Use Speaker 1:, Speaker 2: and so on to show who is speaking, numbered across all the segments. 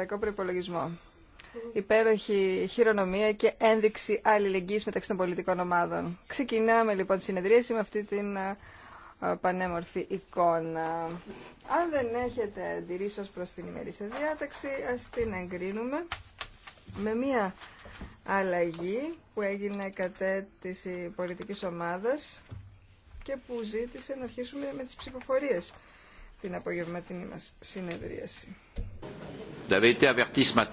Speaker 1: Ευρωπαϊκό Προπολογισμό. Υπέροχη χειρονομία και ένδειξη αλληλεγγύης μεταξύ των πολιτικών ομάδων. Ξεκινάμε λοιπόν τη συνεδρίαση με αυτή την πανέμορφη εικόνα. Αν δεν έχετε αντιρρήσει προς την ημερήσια διάταξη, ας την εγκρίνουμε με μία αλλαγή που έγινε κατέ της πολιτικής ομάδας και που ζήτησε να αρχίσουμε με τις ψηφοφορίε την απογευματινή μας συνεδρίαση.
Speaker 2: Vous avez
Speaker 3: été averti ce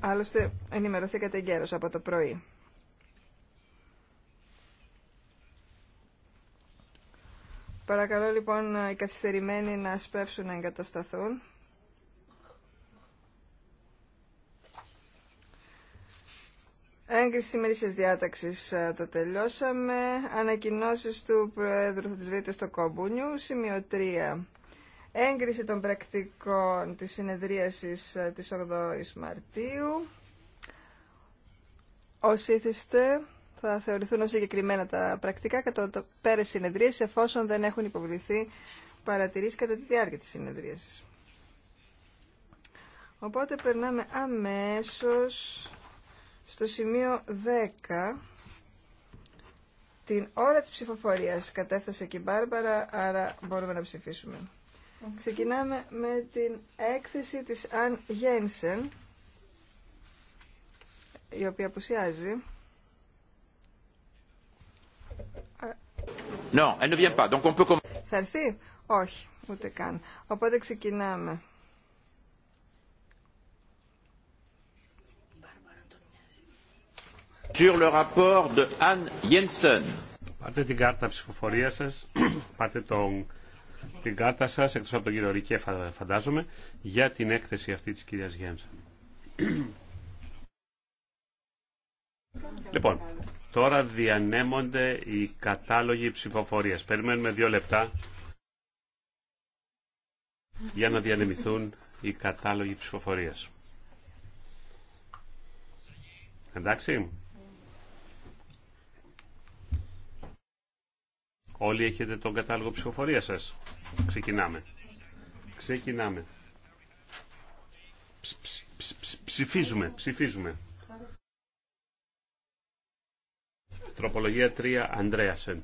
Speaker 1: Άλλωστε ενημερωθήκατε γέρος από το πρωί. Παρακαλώ λοιπόν οι καθυστερημένοι να σπεύσουν να εγκατασταθούν. Έγκριση ημερήσια διάταξη το τελειώσαμε. Ανακοινώσει του Προέδρου θα τι βρείτε στο κομπούνιου. Σημείο 3 έγκριση των πρακτικών της συνεδρίασης ε, της 8ης Μαρτίου. Ως ήθιστε, θα θεωρηθούν ως συγκεκριμένα τα πρακτικά κατά το πέρα συνεδρίαση εφόσον δεν έχουν υποβληθεί παρατηρήσει κατά τη διάρκεια της συνεδρίασης. Οπότε περνάμε αμέσως στο σημείο 10. Την ώρα της ψηφοφορίας κατέφτασε και η Μπάρμπαρα, άρα μπορούμε να ψηφίσουμε. Ξεκινάμε με την έκθεση της Αν Γένσεν, η οποία απουσιάζει. Non,
Speaker 3: elle
Speaker 2: ne vient pas,
Speaker 1: donc on peut... Θα έρθει? Όχι, ούτε καν. Οπότε ξεκινάμε.
Speaker 2: Sur le rapport de Anne Jensen. Πάτε την κάρτα ψηφοφορία σας, πάτε τον την κάρτα σας, εκτός από τον κύριο Ρικέ φαντάζομαι, για την έκθεση αυτή της κυρίας Γέμσα. λοιπόν, τώρα διανέμονται οι κατάλογοι ψηφοφορίας. Περιμένουμε δύο λεπτά για να διανεμηθούν οι κατάλογοι ψηφοφορίας. Εντάξει. Όλοι έχετε τον κατάλογο ψηφοφορία σας. Ξεκινάμε. Ξεκινάμε. ψηφίζουμε, ψηφίζουμε. Τροπολογία 3, Αντρέασεν.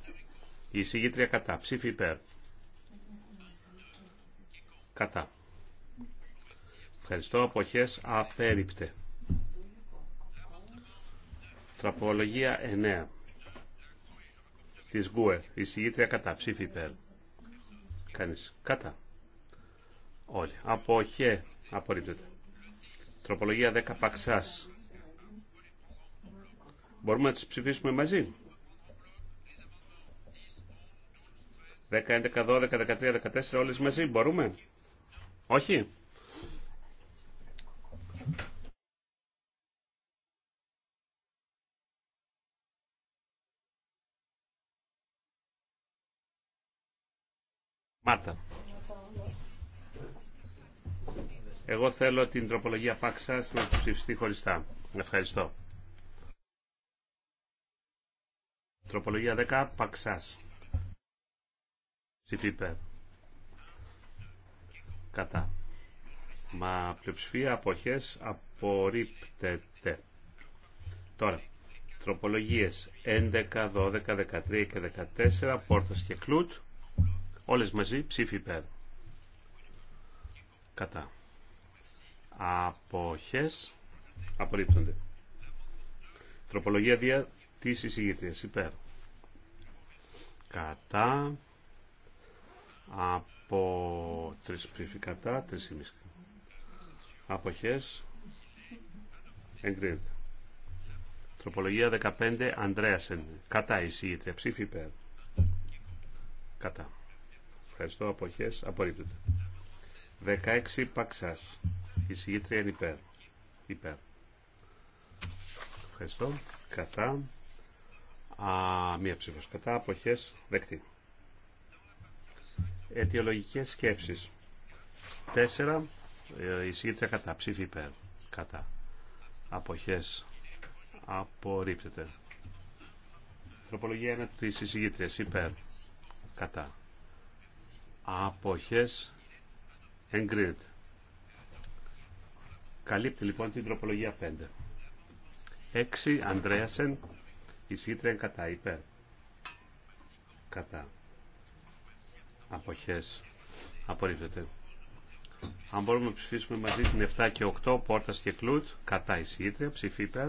Speaker 2: Η εισηγήτρια κατά. Ψήφι υπέρ. Κατά. Ευχαριστώ. Αποχές απέριπτε. Τροπολογία 9 της Γκουε, Η συγγήτρια κατά. Ψήφι υπέρ. Κανείς. Κατά. Όλοι. Από χε. Απορρίπτεται. Τροπολογία 10 Παξάς. Μπορούμε να τις ψηφίσουμε μαζί. 10, 11, 12, 13, 14 όλες μαζί. Μπορούμε. Όχι. Μάρτα. Εγώ θέλω την τροπολογία Πάξα να ψηφιστεί χωριστά. Ευχαριστώ. Τροπολογία 10 Παξά. Ψηφίπε. Κατά. Μα πλειοψηφία αποχές απορρίπτεται. Τώρα, τροπολογίες 11, 12, 13 και 14, πόρτας και κλούτ. Όλες μαζί ψήφι υπέρ. Κατά. Αποχές απορρίπτονται. Τροπολογία δια της εισηγήτριας υπέρ. Κατά. Από τρεις ψήφι κατά, τρεις ημίς. Αποχές εγκρίνεται. Τροπολογία 15, Αντρέασεν. Κατά εισηγήτρια. Ψήφι υπέρ. Κατά. Ευχαριστώ. αποχέ, Απορρίπτεται. 16 Παξά. Η συγγήτρια είναι υπέρ. Υπέρ. Ευχαριστώ. Κατά. Α, μία ψηφο, Κατά. Αποχέ. Δεκτή. Αιτιολογικέ σκέψει. 4. Ε, η συγγήτρια κατά. Ψήφι υπέρ. Κατά. απόχέ. Απορρίπτεται. Τροπολογία είναι τη εισηγήτριας υπέρ. Κατά. Αποχές εγκρίνεται. Καλύπτει λοιπόν την τροπολογία 5. 6. Ανδρέασεν. Η σύντρια κατά υπέρ. Κατά. Αποχές. Απορρίπτεται. Αν μπορούμε να ψηφίσουμε μαζί την 7 και 8, πόρτας και κλούτ, κατά η σύντρια, ψηφί υπέρ.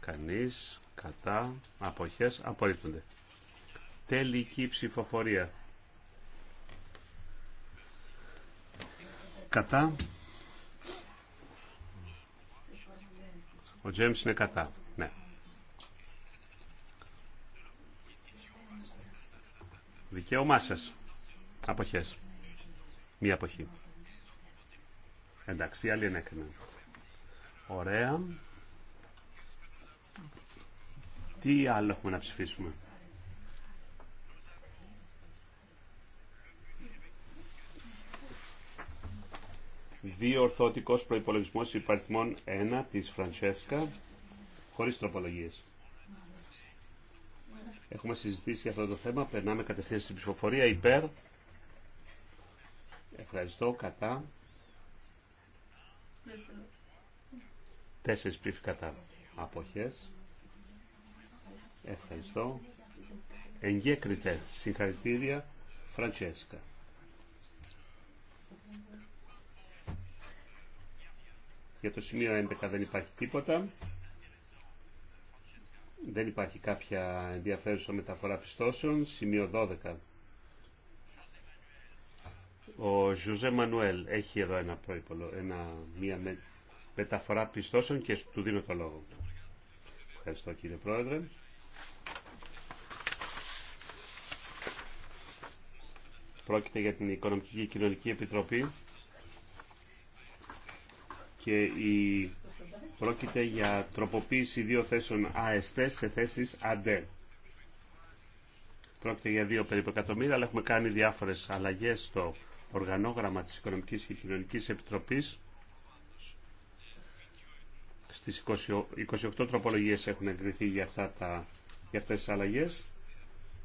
Speaker 2: Κανείς, κατά, αποχές, απορρίπτονται. Τελική ψηφοφορία. κατά. Ο Τζέμς είναι κατά. Ναι. Δικαίωμά σας. Αποχές. Μία αποχή. Εντάξει, άλλη ενέκρινα Ωραία. Τι άλλο έχουμε να ψηφίσουμε. διορθωτικός προϋπολογισμός υπαριθμών 1 της Φραντσέσκα, χωρίς τροπολογίες. Έχουμε συζητήσει αυτό το θέμα, περνάμε κατευθείαν στην ψηφοφορία υπέρ. Ευχαριστώ, κατά. Τέσσερις πλήφη κατά. Αποχές. Ευχαριστώ. Εγγέκριτε, Συγχαρητήρια. Φραντσέσκα. Για το σημείο 11 δεν υπάρχει τίποτα. Δεν υπάρχει κάποια ενδιαφέρουσα μεταφορά πιστώσεων. Σημείο 12. Ο Ζουζέ Μανουέλ έχει εδώ ένα ένα, μια μεταφορά πιστώσεων και του δίνω το λόγο. Ευχαριστώ κύριε Πρόεδρε. Πρόκειται για την Οικονομική και Κοινωνική Επιτροπή και η... πρόκειται για τροποποίηση δύο θέσεων ΑΕΣΤΕ σε θέσεις ΑΝΤΕ. Πρόκειται για δύο περίπου εκατομμύρια, αλλά έχουμε κάνει διάφορες αλλαγές στο οργανόγραμμα της Οικονομικής και Κοινωνικής Επιτροπής. Στις 28 τροπολογίες έχουν εγκριθεί για, αυτά τα, για αυτές τις αλλαγές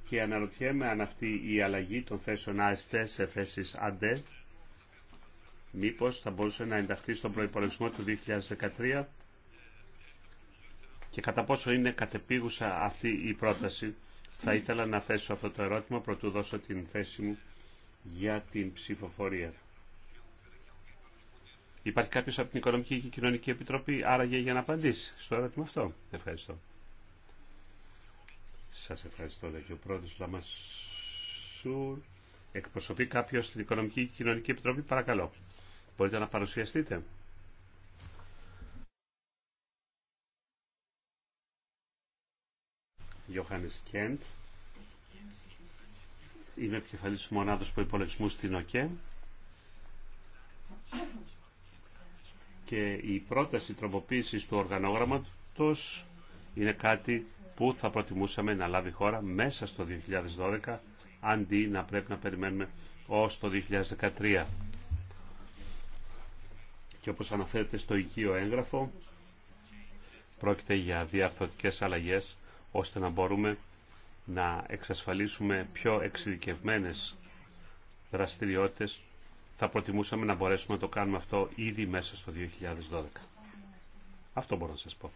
Speaker 2: και αναρωτιέμαι αν αυτή η αλλαγή των θέσεων ΑΕΣΤΕ σε θέσεις ΑΝΤΕ μήπως θα μπορούσε να ενταχθεί στον προϋπολογισμό του 2013 και κατά πόσο είναι κατεπίγουσα αυτή η πρόταση. Θα ήθελα να θέσω αυτό το ερώτημα προτού δώσω την θέση μου για την ψηφοφορία. Υπάρχει κάποιο από την Οικονομική και Κοινωνική Επιτροπή άραγε για να απαντήσει στο ερώτημα αυτό. Ευχαριστώ. Σας ευχαριστώ, λέει ο πρόεδρος Λαμασούρ εκπροσωπεί κάποιο στην Οικονομική και Κοινωνική Επιτροπή, παρακαλώ. Μπορείτε να παρουσιαστείτε. Γιώχανης Κέντ. Είμαι επικεφαλής μονάδος υπολογισμού στην ΟΚΕ. Και η πρόταση τροποποίησης του οργανόγραμματος είναι κάτι που θα προτιμούσαμε να λάβει χώρα μέσα στο 2012 αντί να πρέπει να περιμένουμε ως το 2013. Και όπως αναφέρεται στο οικείο έγγραφο, πρόκειται για διαρθρωτικές αλλαγές, ώστε να μπορούμε να εξασφαλίσουμε πιο εξειδικευμένες δραστηριότητες. Θα προτιμούσαμε να μπορέσουμε να το κάνουμε αυτό ήδη μέσα στο 2012. Αυτό μπορώ να σας πω.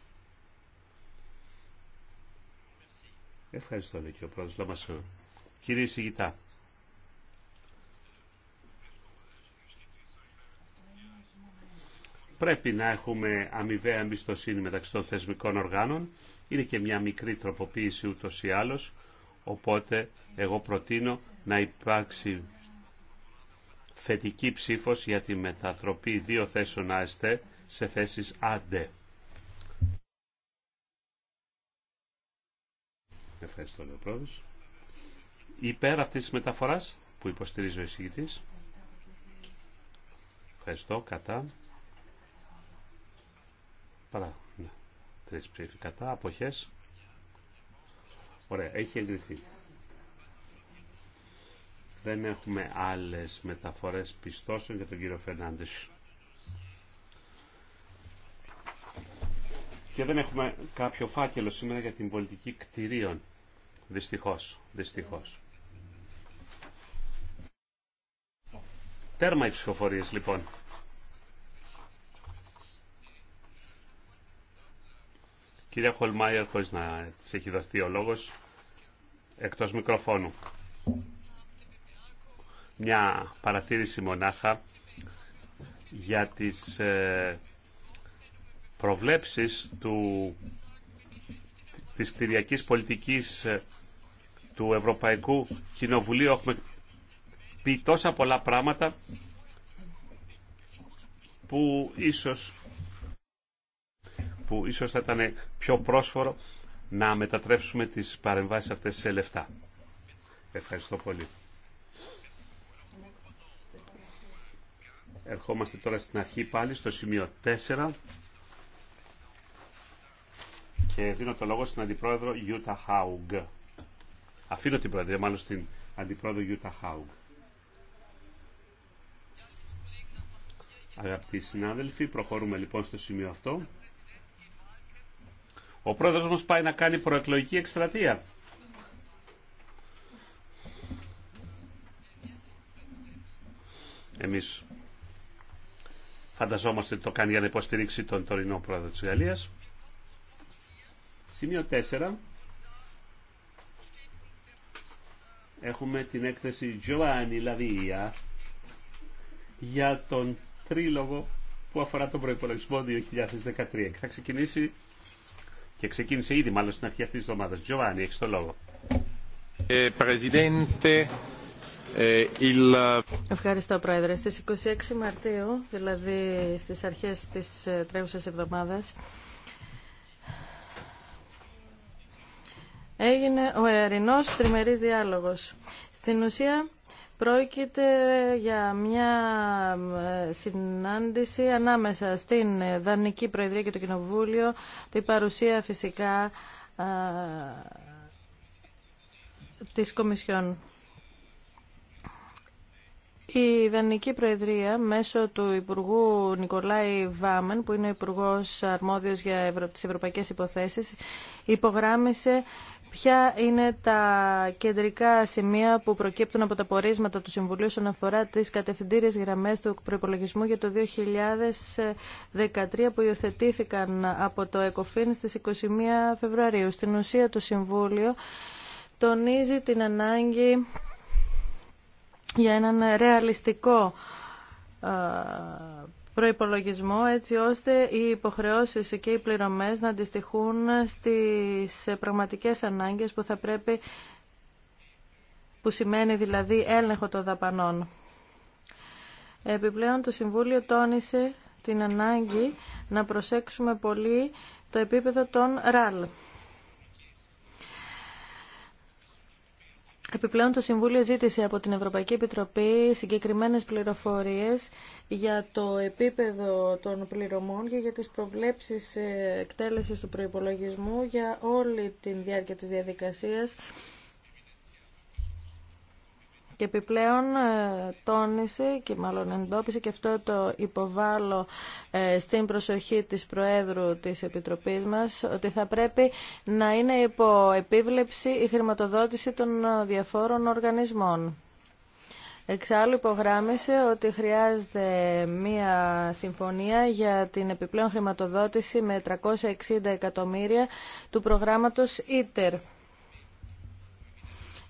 Speaker 2: Ευχαριστώ, λέει και ο πρόεδρος Λαμασού. Κύριε κύριοι, Πρέπει να έχουμε αμοιβαία εμπιστοσύνη μεταξύ των θεσμικών οργάνων. Είναι και μια μικρή τροποποίηση ούτως ή άλλως, οπότε εγώ προτείνω να υπάρξει θετική ψήφος για τη μετατροπή δύο θέσεων ΑΕΣΤΕ σε θέσεις ΑΝΤΕ. Ευχαριστώ, Λεωπρόεδρος υπέρ αυτής της μεταφοράς που υποστηρίζει ο εισηγητής. Ευχαριστώ. Κατά. Παρά. Ναι. Τρεις ψήφοι κατά. Αποχές. Ωραία. Έχει εγκριθεί. Δεν έχουμε άλλες μεταφορές πιστώσεων για τον κύριο Φερνάντες. Και δεν έχουμε κάποιο φάκελο σήμερα για την πολιτική κτηρίων. Δυστυχώς. Δυστυχώς. Τέρμα οι ψηφοφορίες λοιπόν. Κυρία Χολμάιερ, χωρίς να της έχει δοθεί ο λόγος, εκτός μικροφώνου. Μια παρατήρηση μονάχα για τις ε, προβλέψεις του, της κτηριακής πολιτικής ε, του Ευρωπαϊκού Κοινοβουλίου έχουμε πει τόσα πολλά πράγματα που ίσως, που ίσως θα ήταν πιο πρόσφορο να μετατρέψουμε τις παρεμβάσεις αυτές σε λεφτά. Ευχαριστώ πολύ. Ερχόμαστε τώρα στην αρχή πάλι, στο σημείο 4 και δίνω το λόγο στην Αντιπρόεδρο Γιούτα Χάουγκ. Αφήνω την Πρόεδρε, μάλλον στην Αντιπρόεδρο Γιούτα Χάουγκ. Αγαπητοί συνάδελφοι, προχωρούμε λοιπόν στο σημείο αυτό. Ο πρόεδρος μας πάει να κάνει προεκλογική εκστρατεία. Εμείς φανταζόμαστε ότι το κάνει για να υποστηρίξει τον τωρινό πρόεδρο της Γαλλίας. Σημείο 4. Έχουμε την έκθεση Giovanni Lavia για τον τρίλογο που αφορά τον προπολογισμό 2013. θα ξεκινήσει και ξεκίνησε ήδη μάλλον στην αρχή αυτή τη εβδομάδα. Τζοβάνι, έχει το λόγο. Ε, ε,
Speaker 3: Ευχαριστώ Πρόεδρε. Στις 26 Μαρτίου, δηλαδή στις αρχές της ε, τρέχουσας εβδομάδας, έγινε ο ερηνός τριμερής διάλογος. Στην ουσία Πρόκειται για μια συνάντηση ανάμεσα στην Δανική Προεδρία και το Κοινοβούλιο, την παρουσία φυσικά της Κομισιόν. Η Δανική Προεδρία μέσω του Υπουργού Νικολάη Βάμεν, που είναι ο Υπουργό για τι ευρωπαϊκές Υποθέσει, υπογράμμισε Ποια είναι τα κεντρικά σημεία που προκύπτουν από τα πορίσματα του Συμβουλίου όσον αφορά τις κατευθυντήριες γραμμές του προπολογισμού για το 2013 που υιοθετήθηκαν από το ΕΚΟΦΗΝ στις 21 Φεβρουαρίου. Στην ουσία το Συμβούλιο τονίζει την ανάγκη για έναν ρεαλιστικό ε, προϋπολογισμό έτσι ώστε οι υποχρεώσεις και οι πληρωμές να αντιστοιχούν στις πραγματικές ανάγκες που θα πρέπει που σημαίνει δηλαδή έλεγχο των δαπανών. Επιπλέον το Συμβούλιο τόνισε την ανάγκη να προσέξουμε πολύ το επίπεδο των ραλ. Επιπλέον το Συμβούλιο ζήτησε από την Ευρωπαϊκή Επιτροπή συγκεκριμένες πληροφορίες για το επίπεδο των πληρωμών και για τις προβλέψεις ε, εκτέλεσης του προϋπολογισμού για όλη τη διάρκεια της διαδικασίας και επιπλέον ε, τόνισε και μάλλον εντόπισε και αυτό το υποβάλλω ε, στην προσοχή της Προέδρου της Επιτροπής μας ότι θα πρέπει να είναι υπό επίβλεψη η χρηματοδότηση των ε, διαφόρων οργανισμών. Εξάλλου υπογράμμισε ότι χρειάζεται μία συμφωνία για την επιπλέον χρηματοδότηση με 360 εκατομμύρια του προγράμματος ITER.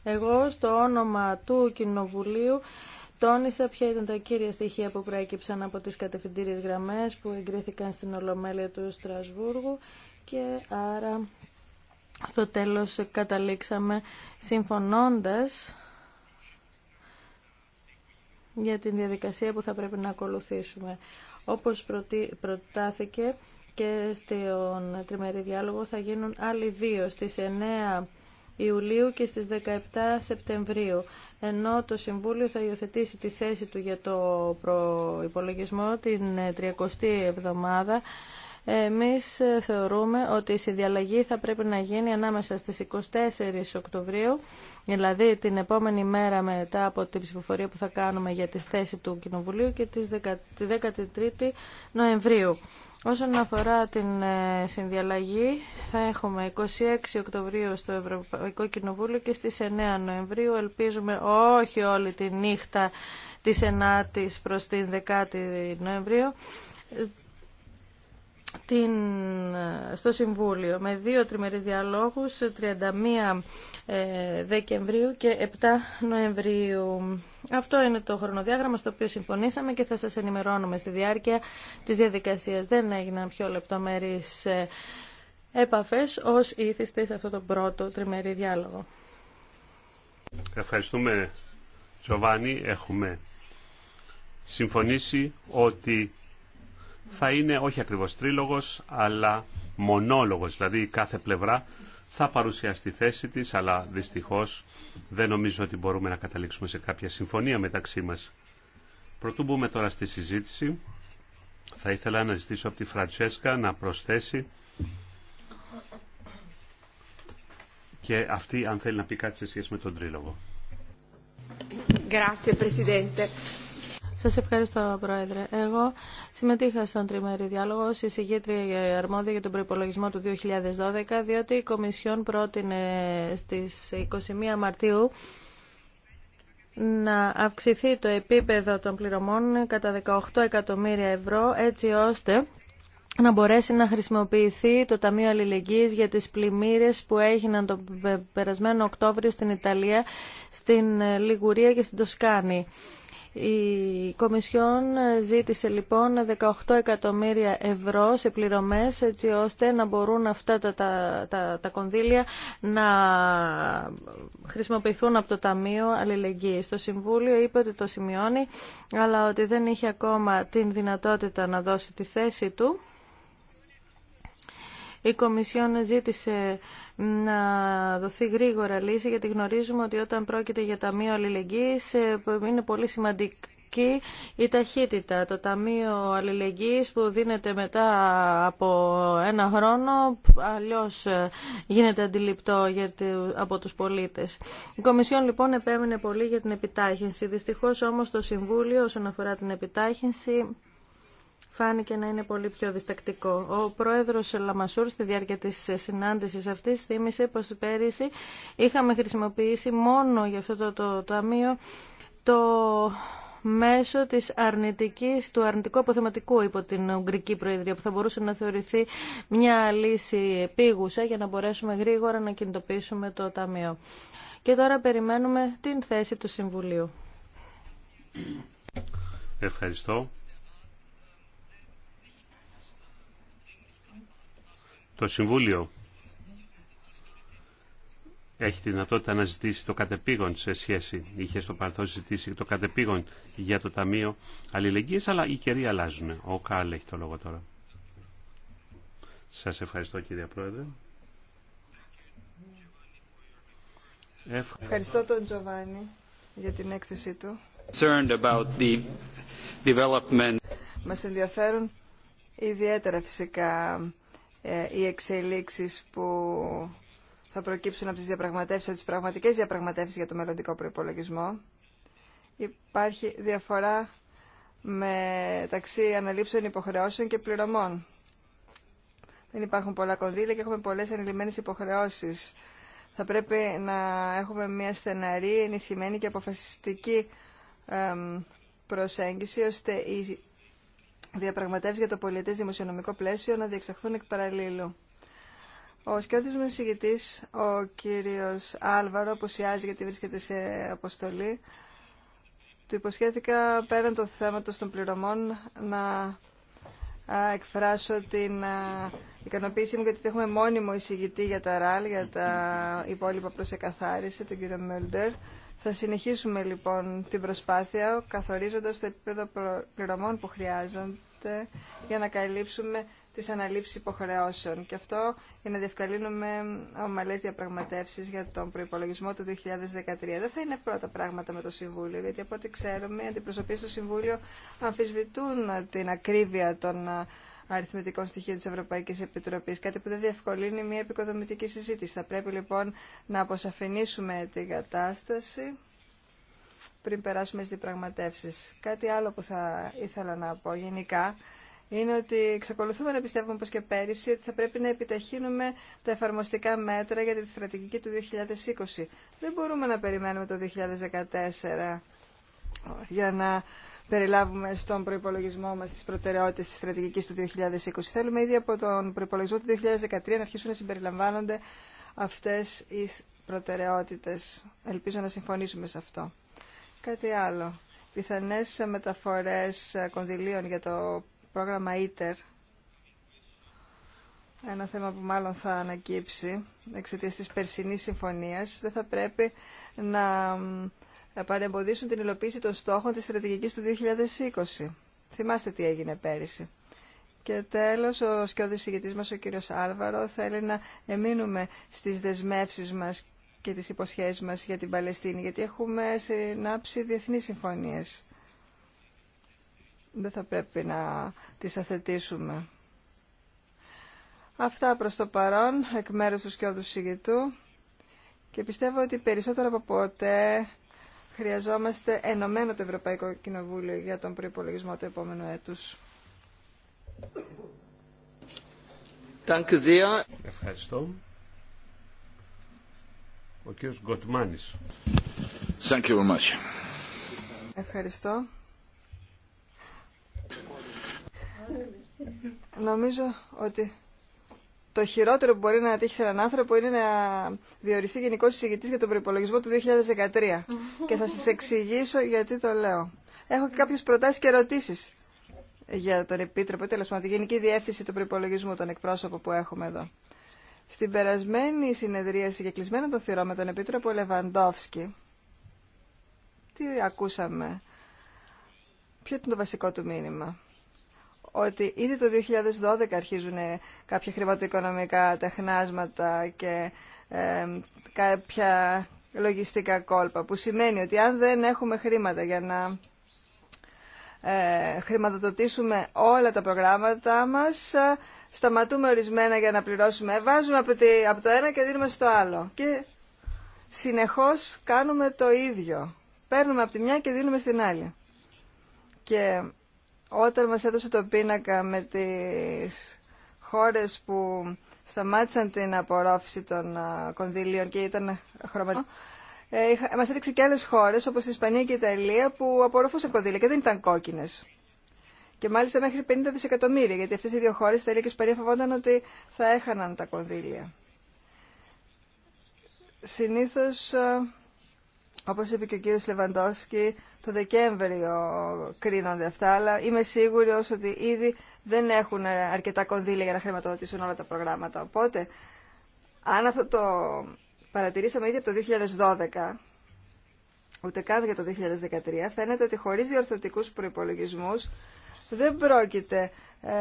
Speaker 3: Εγώ στο όνομα του Κοινοβουλίου τόνισα ποια ήταν τα κύρια στοιχεία που προέκυψαν από τις κατευθυντήριες γραμμές που εγκρίθηκαν στην Ολομέλεια του Στρασβούργου και άρα στο τέλος καταλήξαμε συμφωνώντας για την διαδικασία που θα πρέπει να ακολουθήσουμε. Όπως προτάθηκε και στον τριμερή διάλογο θα γίνουν άλλοι δύο στις 9 Ιουλίου και στις 17 Σεπτεμβρίου, ενώ το Συμβούλιο θα υιοθετήσει τη θέση του για το προϋπολογισμό την 30η ε, εβδομάδα. Εμείς ε, θεωρούμε ότι η συνδιαλλαγή θα πρέπει να γίνει ανάμεσα στις 24 Οκτωβρίου, δηλαδή την επόμενη μέρα μετά από την ψηφοφορία που θα κάνουμε για τη θέση του Κοινοβουλίου και τη 13η Νοεμβρίου. Όσον αφορά την ε, συνδιαλλαγή, θα έχουμε 26 Οκτωβρίου στο Ευρωπαϊκό Κοινοβούλιο και στις 9 Νοεμβρίου ελπίζουμε όχι όλη τη νύχτα της 9ης προς την 10η Νοεμβρίου την, στο Συμβούλιο με δύο τριμερείς διαλόγους 31 ε, Δεκεμβρίου και 7 Νοεμβρίου. Αυτό είναι το χρονοδιάγραμμα στο οποίο συμφωνήσαμε και θα σας ενημερώνουμε στη διάρκεια της διαδικασίας. Δεν έγιναν πιο λεπτομερείς ε, επαφές ως ήθιστε σε αυτό το πρώτο τριμερή διάλογο.
Speaker 2: Ευχαριστούμε Τζοβάνι. Έχουμε συμφωνήσει ότι θα είναι όχι ακριβώς τρίλογος, αλλά μονόλογος. Δηλαδή κάθε πλευρά θα παρουσιάσει τη θέση της, αλλά δυστυχώς δεν νομίζω ότι μπορούμε να καταλήξουμε σε κάποια συμφωνία μεταξύ μας. Προτού μπούμε τώρα στη συζήτηση, θα ήθελα να ζητήσω από τη Φραντσέσκα να προσθέσει και αυτή αν θέλει να πει κάτι σε σχέση με τον τρίλογο.
Speaker 3: Grazie, Presidente. Σας ευχαριστώ, Πρόεδρε. Εγώ συμμετείχα στον τριμερή διάλογο ω εισηγήτρια αρμόδια για τον προπολογισμό του 2012, διότι η Κομισιόν πρότεινε στις 21 Μαρτίου να αυξηθεί το επίπεδο των πληρωμών κατά 18 εκατομμύρια ευρώ, έτσι ώστε να μπορέσει να χρησιμοποιηθεί το Ταμείο Αλληλεγγύης για τις πλημμύρες που έγιναν τον περασμένο Οκτώβριο στην Ιταλία, στην Λιγουρία και στην Τοσκάνη. Η Κομισιόν ζήτησε λοιπόν 18 εκατομμύρια ευρώ σε πληρωμές έτσι ώστε να μπορούν αυτά τα, τα, τα, κονδύλια να χρησιμοποιηθούν από το Ταμείο Αλληλεγγύης. Το Συμβούλιο είπε ότι το σημειώνει αλλά ότι δεν είχε ακόμα την δυνατότητα να δώσει τη θέση του. Η Κομισιόν ζήτησε να δοθεί γρήγορα λύση γιατί γνωρίζουμε ότι όταν πρόκειται για Ταμείο Αλληλεγγύης ε, είναι πολύ σημαντική η ταχύτητα. Το Ταμείο Αλληλεγγύης που δίνεται μετά από ένα χρόνο αλλιώς ε, γίνεται αντιληπτό από τους πολίτες. Η Κομισιόν λοιπόν επέμεινε πολύ για την επιτάχυνση. Δυστυχώς όμως το Συμβούλιο όσον αφορά την επιτάχυνση φάνηκε να είναι πολύ πιο διστακτικό. Ο πρόεδρος Λαμασούρ στη διάρκεια της συνάντησης αυτής θύμισε πως πέρυσι είχαμε χρησιμοποιήσει μόνο για αυτό το, ταμείο το μέσο της αρνητικής, του αρνητικού αποθεματικού υπό την Ουγγρική Προεδρία που θα μπορούσε να θεωρηθεί μια λύση επίγουσα για να μπορέσουμε γρήγορα να κινητοποιήσουμε το Ταμείο. Και τώρα περιμένουμε την θέση του Συμβουλίου.
Speaker 2: Ευχαριστώ. Το Συμβούλιο έχει τη δυνατότητα να ζητήσει το κατεπήγον σε σχέση, είχε στο παρελθόν ζητήσει το κατεπήγον για το Ταμείο Αλληλεγγύης, αλλά οι καιροί αλλάζουν. Ο Κάλ έχει το λόγο τώρα. Σας ευχαριστώ κύριε Πρόεδρε. Ευχαριστώ
Speaker 1: τον Τζοβάνι για την έκθεσή του.
Speaker 2: About
Speaker 1: Μας ενδιαφέρουν ιδιαίτερα φυσικά ε, οι εξελίξεις που θα προκύψουν από τις διαπραγματεύσεις, από τις πραγματικές διαπραγματεύσεις για το μελλοντικό προϋπολογισμό. Υπάρχει διαφορά μεταξύ αναλήψεων υποχρεώσεων και πληρωμών. Δεν υπάρχουν πολλά κονδύλια και έχουμε πολλές ανηλυμένες υποχρεώσεις. Θα πρέπει να έχουμε μια στεναρή, ενισχυμένη και αποφασιστική προσέγγιση, ώστε οι διαπραγματεύσει για το πολιτικό δημοσιονομικό πλαίσιο να διεξαχθούν εκ παραλίλου. Ο σκιώδης μου συγητής, ο κύριος Άλβαρο, σιάζει γιατί βρίσκεται σε αποστολή, του υποσχέθηκα πέραν το θέμα των πληρωμών να εκφράσω την ικανοποίησή μου γιατί έχουμε μόνιμο εισηγητή για τα ΡΑΛ, για τα υπόλοιπα προς εκαθάριση, τον κύριο Μέλντερ. Θα συνεχίσουμε λοιπόν την προσπάθεια καθορίζοντας το επίπεδο πληρωμών που χρειάζονται για να καλύψουμε τις αναλήψεις υποχρεώσεων και αυτό για να διευκαλύνουμε ομαλές διαπραγματεύσεις για τον προϋπολογισμό του 2013. Δεν θα είναι πρώτα πράγματα με το Συμβούλιο, γιατί από ό,τι ξέρουμε οι αντιπροσωπείς στο Συμβούλιο αμφισβητούν την ακρίβεια των αριθμητικών στοιχείων της Ευρωπαϊκής Επιτροπής, κάτι που δεν διευκολύνει μια επικοδομητική συζήτηση. Θα πρέπει λοιπόν να αποσαφηνίσουμε την κατάσταση πριν περάσουμε στις διπραγματεύσεις. Κάτι άλλο που θα ήθελα να πω γενικά είναι ότι εξακολουθούμε να πιστεύουμε όπως και πέρυσι ότι θα πρέπει να επιταχύνουμε τα εφαρμοστικά μέτρα για τη στρατηγική του 2020. Δεν μπορούμε να περιμένουμε το 2014 για να περιλάβουμε στον προϋπολογισμό μας τις προτεραιότητες τη στρατηγικής του 2020. Θέλουμε ήδη από τον προϋπολογισμό του 2013 να αρχίσουν να συμπεριλαμβάνονται αυτές οι προτεραιότητες. Ελπίζω να συμφωνήσουμε σε αυτό. Κάτι άλλο. Πιθανές μεταφορές κονδυλίων για το πρόγραμμα ITER. Ένα θέμα που μάλλον θα ανακύψει εξαιτία τη περσινή συμφωνία, Δεν θα πρέπει να παρεμποδίσουν την υλοποίηση των στόχων της στρατηγικής του 2020. Θυμάστε τι έγινε πέρυσι. Και τέλος, ο σκιώδης ηγετής μας, ο κύριος Άλβαρο, θέλει να εμείνουμε στις δεσμεύσεις μας και τις υποσχέσεις μας για την Παλαιστίνη, γιατί έχουμε συνάψει διεθνείς συμφωνίες. Δεν θα πρέπει να τις αθετήσουμε. Αυτά προς το παρόν, εκ μέρους του σκιώδου ηγετού. Και πιστεύω ότι περισσότερο από ποτέ χρειαζόμαστε ενωμένο το Ευρωπαϊκό Κοινοβούλιο για τον προϋπολογισμό του επόμενου έτους.
Speaker 2: Ευχαριστώ. Ο κύριος Γκοτμάνης. Thank you very much.
Speaker 1: Ευχαριστώ. Νομίζω ότι το χειρότερο που μπορεί να τύχει σε έναν άνθρωπο είναι να διοριστεί γενικό συζητητή για τον προπολογισμό του 2013. και θα σα εξηγήσω γιατί το λέω. Έχω και κάποιε προτάσει και ερωτήσει για τον Επίτροπο, τέλο πάντων, τη Γενική Διεύθυνση του Προπολογισμού, τον εκπρόσωπο που έχουμε εδώ. Στην περασμένη συνεδρίαση για κλεισμένο το θηρό με τον Επίτροπο Λεβαντόφσκι, τι ακούσαμε, ποιο ήταν το βασικό του μήνυμα ότι ήδη το 2012 αρχίζουν κάποια χρηματοοικονομικά τεχνάσματα και κάποια λογιστικά κόλπα, που σημαίνει ότι αν δεν έχουμε χρήματα για να ε, χρηματοδοτήσουμε όλα τα προγράμματα μας, ε, σταματούμε ορισμένα για να πληρώσουμε, βάζουμε από, από το ένα και δίνουμε στο άλλο. Και συνεχώς κάνουμε το ίδιο. Παίρνουμε από τη μια και δίνουμε στην άλλη. Και όταν μας έδωσε το πίνακα με τις χώρες που σταμάτησαν την απορρόφηση των κονδυλίων και ήταν χρωματικό, ε, μας έδειξε και άλλες χώρες όπως η Ισπανία και η Ιταλία που απορροφούσαν κονδύλια και δεν ήταν κόκκινες. Και μάλιστα μέχρι 50 δισεκατομμύρια, γιατί αυτές οι δύο χώρες, η Ιταλία και η Ισπανία, φοβόνταν ότι θα έχαναν τα κονδύλια. Συνήθως όπως είπε και ο κύριος Λεβαντόσκη, το Δεκέμβριο κρίνονται αυτά, αλλά είμαι σίγουρη ότι ήδη δεν έχουν αρκετά κονδύλια για να χρηματοδοτήσουν όλα τα προγράμματα. Οπότε, αν αυτό το παρατηρήσαμε ήδη από το 2012, ούτε καν για το 2013, φαίνεται ότι χωρίς διορθωτικούς προϋπολογισμούς δεν πρόκειται ε,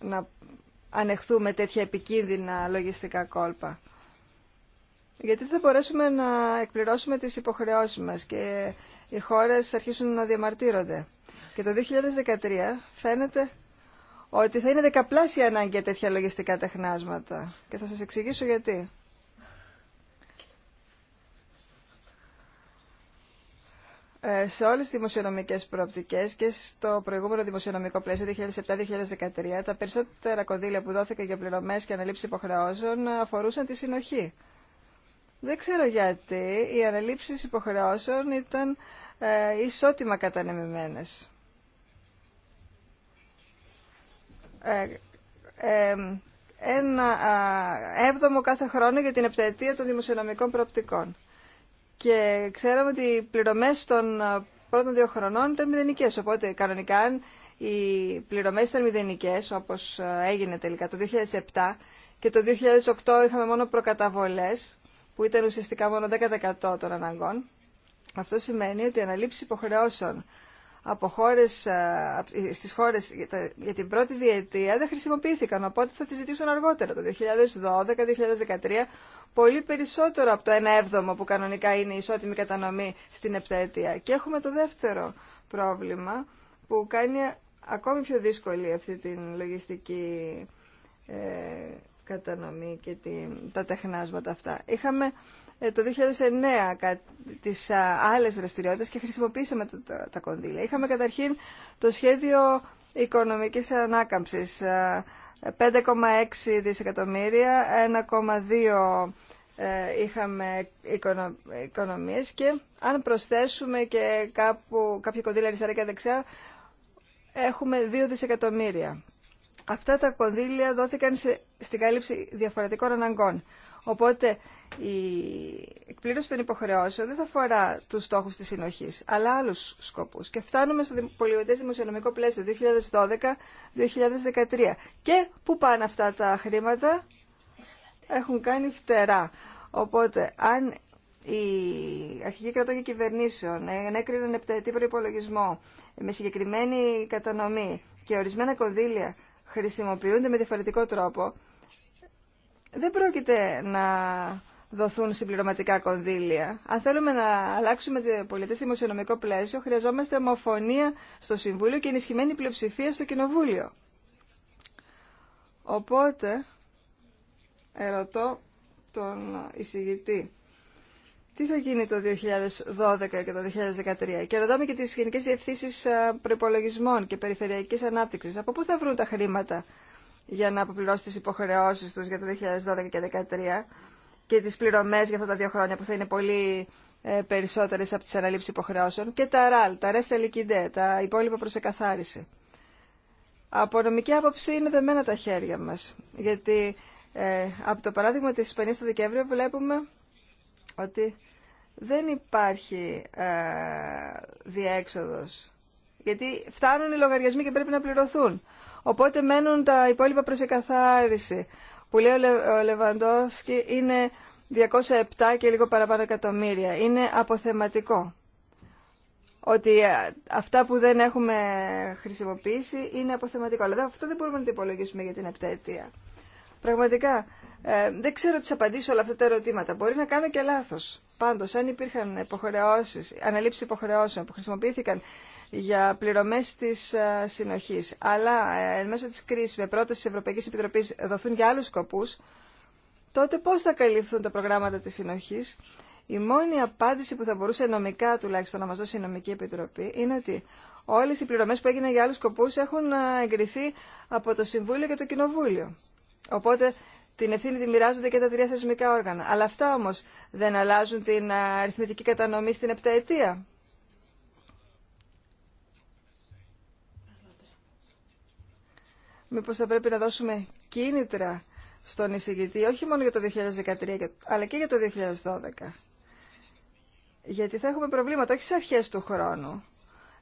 Speaker 1: να ανεχθούμε τέτοια επικίνδυνα λογιστικά κόλπα γιατί θα μπορέσουμε να εκπληρώσουμε τις υποχρεώσεις μας και οι χώρες αρχίσουν να διαμαρτύρονται. Και το 2013 φαίνεται ότι θα είναι δεκαπλάσια ανάγκη για τέτοια λογιστικά τεχνάσματα. Και θα σας εξηγήσω γιατί. Ε, σε όλες τις δημοσιονομικές προοπτικές και στο προηγούμενο δημοσιονομικό πλαίσιο 2007-2013, τα περισσότερα κονδύλια που δόθηκαν για πληρωμές και αναλήψεις υποχρεώσεων αφορούσαν τη συνοχή. Δεν ξέρω γιατί οι αναλήψεις υποχρεώσεων ήταν ε, ισότιμα κατανεμημένες. Ε, ε, ένα έβδομο κάθε χρόνο για την επταετία των δημοσιονομικών προοπτικών. Και ξέραμε ότι οι πληρωμές των ε, πρώτων δύο χρονών ήταν μηδενικές, οπότε κανονικά οι πληρωμές ήταν μηδενικές, όπως ε, έγινε τελικά το 2007 και το 2008 είχαμε μόνο προκαταβολές, που ήταν ουσιαστικά μόνο 10% των αναγκών. Αυτό σημαίνει ότι η αναλήψη υποχρεώσεων από χώρες, ε, ε, στις χώρες για την πρώτη διετία δεν χρησιμοποιήθηκαν, οπότε θα τις ζητήσουν αργότερα, το 2012-2013, πολύ περισσότερο από το 1 έβδομο που κανονικά είναι η ισότιμη κατανομή στην επταετία. Και έχουμε το δεύτερο πρόβλημα που κάνει ακόμη πιο δύσκολη αυτή την λογιστική ε, κατανομή και τα τεχνάσματα αυτά. Είχαμε ε, το 2009 τις άλλες δραστηριότητες και χρησιμοποίησαμε τα κονδύλια. Είχαμε καταρχήν το σχέδιο οικονομικής ανάκαμψης 5,6 δισεκατομμύρια, 1,2 ε, είχαμε οικονομίες και αν προσθέσουμε και κάπου, κάποια κονδύλια αριστερά και δεξιά έχουμε 2 δισεκατομμύρια αυτά τα κονδύλια δόθηκαν στην κάλυψη διαφορετικών αναγκών. Οπότε η εκπλήρωση των υποχρεώσεων δεν θα αφορά του στόχου τη συνοχής, αλλά άλλου σκοπού. Και φτάνουμε στο πολιωτές δημοσιονομικό πλαίσιο 2012-2013. Και πού πάνε αυτά τα χρήματα? Έχουν κάνει φτερά. Οπότε, αν η αρχική κρατών και κυβερνήσεων ενέκριναν επταετή προπολογισμό με συγκεκριμένη κατανομή και ορισμένα κονδύλια χρησιμοποιούνται με διαφορετικό τρόπο, δεν πρόκειται να δοθούν συμπληρωματικά κονδύλια. Αν θέλουμε να αλλάξουμε το πολιτικό δημοσιονομικό πλαίσιο, χρειαζόμαστε ομοφωνία στο Συμβούλιο και ενισχυμένη πλειοψηφία στο Κοινοβούλιο. Οπότε, ερωτώ τον εισηγητή τι θα γίνει το 2012 και το 2013. Και ρωτάμε και τις γενικές διευθύνσεις ε, προπολογισμών και περιφερειακής ανάπτυξης. Από πού θα βρουν τα χρήματα για να αποπληρώσουν τις υποχρεώσεις τους για το 2012 και 2013 και τις πληρωμές για αυτά τα δύο χρόνια που θα είναι πολύ ε, περισσότερες από τις αναλήψεις υποχρεώσεων και τα RAL, τα LIQUIDE, τα υπόλοιπα προς εκαθάριση. Από νομική άποψη είναι δεμένα τα χέρια μας, γιατί ε, από το παράδειγμα της 5 το Δεκέμβριου βλέπουμε ότι δεν υπάρχει ε, διέξοδος. Γιατί φτάνουν οι λογαριασμοί και πρέπει να πληρωθούν. Οπότε μένουν τα υπόλοιπα προς εκαθάριση, που λέει ο, Λε, Λεβαντόσκι είναι 207 και λίγο παραπάνω εκατομμύρια. Είναι αποθεματικό. Ότι ε, αυτά που δεν έχουμε χρησιμοποιήσει είναι αποθεματικό. Αλλά αυτό δεν μπορούμε να το υπολογίσουμε για την επτέτεια. Πραγματικά, ε, δεν ξέρω τι απαντήσω όλα αυτά τα ερωτήματα. Μπορεί να κάνω και λάθος. Πάντω, αν υπήρχαν υποχρεώσει, αναλήψεις υποχρεώσεων που χρησιμοποιήθηκαν για πληρωμέ τη ε, συνοχή. αλλά ε, εν μέσω τη κρίση με πρόταση τη Ευρωπαϊκή Επιτροπή δοθούν για άλλου σκοπού. τότε πώ θα καλυφθούν τα προγράμματα τη συνοχή? Η μόνη απάντηση που θα μπορούσε νομικά τουλάχιστον να μα δώσει η νομική επιτροπή είναι ότι όλε οι πληρωμές που έγιναν για άλλου σκοπού έχουν ε, εγκριθεί από το Συμβούλιο και το Κοινοβούλιο. Οπότε την ευθύνη τη μοιράζονται και τα τρία θεσμικά όργανα. Αλλά αυτά όμως δεν αλλάζουν την αριθμητική κατανομή στην επταετία. Μήπως θα πρέπει να δώσουμε κίνητρα στον εισηγητή, όχι μόνο για το 2013, αλλά και για το 2012. Γιατί θα έχουμε προβλήματα, όχι σε αρχές του χρόνου.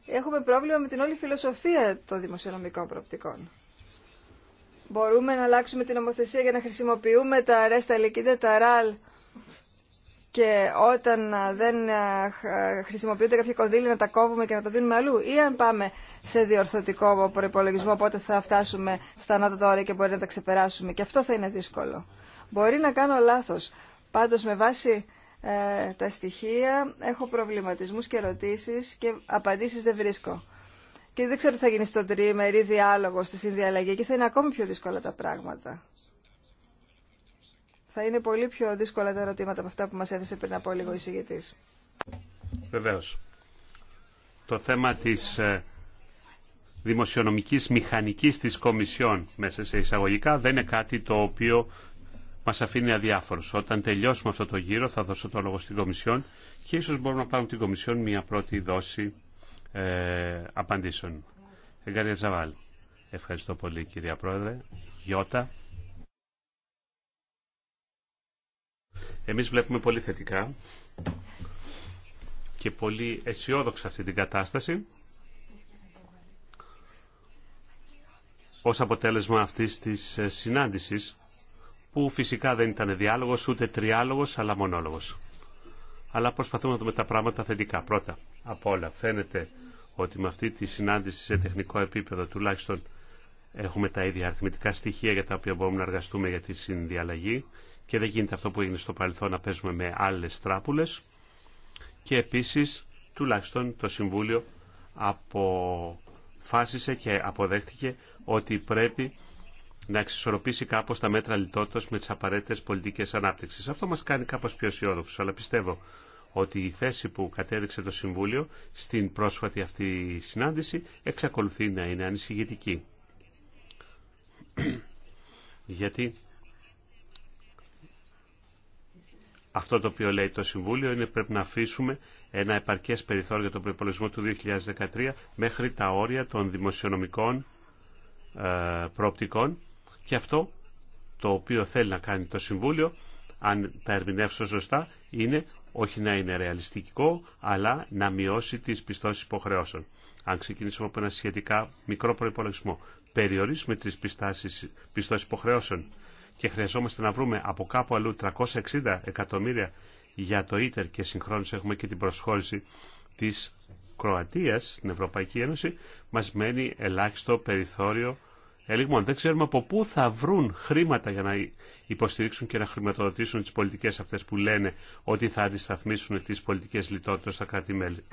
Speaker 1: Έχουμε πρόβλημα με την όλη φιλοσοφία των δημοσιονομικών προοπτικών. Μπορούμε να αλλάξουμε την νομοθεσία για να χρησιμοποιούμε τα αρέστα ελικίντα, τα ραλ και όταν ε, δεν ε, ε, χρησιμοποιούνται κάποια κονδύλια να τα κόβουμε και να τα δίνουμε αλλού ή αν πάμε σε διορθωτικό προπολογισμό πότε θα φτάσουμε στα ανώτατα όρια και μπορεί να τα ξεπεράσουμε και αυτό θα είναι δύσκολο. Μπορεί να κάνω λάθος. Πάντως με βάση τα στοιχεία έχω προβληματισμούς και ερωτήσεις και απαντήσεις δεν βρίσκω. Και δεν ξέρω τι θα γίνει στο τριήμερη διάλογο, στη συνδιαλλαγή. Εκεί θα είναι ακόμη πιο δύσκολα τα πράγματα. Θα είναι πολύ πιο δύσκολα τα ερωτήματα από αυτά που μας έθεσε πριν από λίγο η συγγετής.
Speaker 2: Βεβαίως. Το θέμα της ε, δημοσιονομικής μηχανικής της Κομισιόν μέσα σε εισαγωγικά δεν είναι κάτι το οποίο μας αφήνει αδιάφορος. Όταν τελειώσουμε αυτό το γύρο θα δώσω το λόγο στην Κομισιόν και ίσως μπορούμε να πάρουμε την Κομισιόν μια πρώτη δόση ε, απαντήσεων. Εγκαρία Ζαβάλ. Ευχαριστώ πολύ κυρία Πρόεδρε. Γιώτα. Εμείς βλέπουμε πολύ θετικά και πολύ αισιόδοξα αυτή την κατάσταση ως αποτέλεσμα αυτής της ε, συνάντησης που φυσικά δεν ήταν διάλογος ούτε τριάλογος αλλά μονόλογος αλλά προσπαθούμε να δούμε τα πράγματα θετικά. Πρώτα απ' όλα φαίνεται ότι με αυτή τη συνάντηση σε τεχνικό επίπεδο τουλάχιστον έχουμε τα ίδια αριθμητικά στοιχεία για τα οποία μπορούμε να εργαστούμε για τη συνδιαλλαγή και δεν γίνεται αυτό που έγινε στο παρελθόν να παίζουμε με άλλες τράπουλες και επίσης τουλάχιστον το Συμβούλιο αποφάσισε και αποδέχτηκε ότι πρέπει να εξισορροπήσει κάπω τα μέτρα λιτότητα με τι απαραίτητε πολιτικέ ανάπτυξη. Αυτό μα κάνει κάπω πιο αισιόδοξου, αλλά πιστεύω ότι η θέση που κατέδειξε το Συμβούλιο στην πρόσφατη αυτή συνάντηση εξακολουθεί να είναι ανησυχητική. Γιατί αυτό το οποίο λέει το Συμβούλιο είναι πρέπει να αφήσουμε ένα επαρκές περιθώριο για τον προπολογισμό του 2013 μέχρι τα όρια των δημοσιονομικών ε, προοπτικών και αυτό το οποίο θέλει να κάνει το Συμβούλιο, αν τα ερμηνεύσω σωστά, είναι όχι να είναι ρεαλιστικό, αλλά να μειώσει τις πιστώσεις υποχρεώσεων. Αν ξεκινήσουμε από ένα σχετικά μικρό προϋπολογισμό, περιορίσουμε τις πιστώσεις υποχρεώσεων και χρειαζόμαστε να βρούμε από κάπου αλλού 360 εκατομμύρια για το ίτερ και συγχρόνως έχουμε και την προσχώρηση της Κροατίας στην Ευρωπαϊκή Ένωση, μας μένει ελάχιστο περιθώριο λοιπόν, Δεν ξέρουμε από πού θα βρουν χρήματα για να υποστηρίξουν και να χρηματοδοτήσουν τις πολιτικές αυτές που λένε ότι θα αντισταθμίσουν τις πολιτικές λιτότητες στα κράτη-μέλη.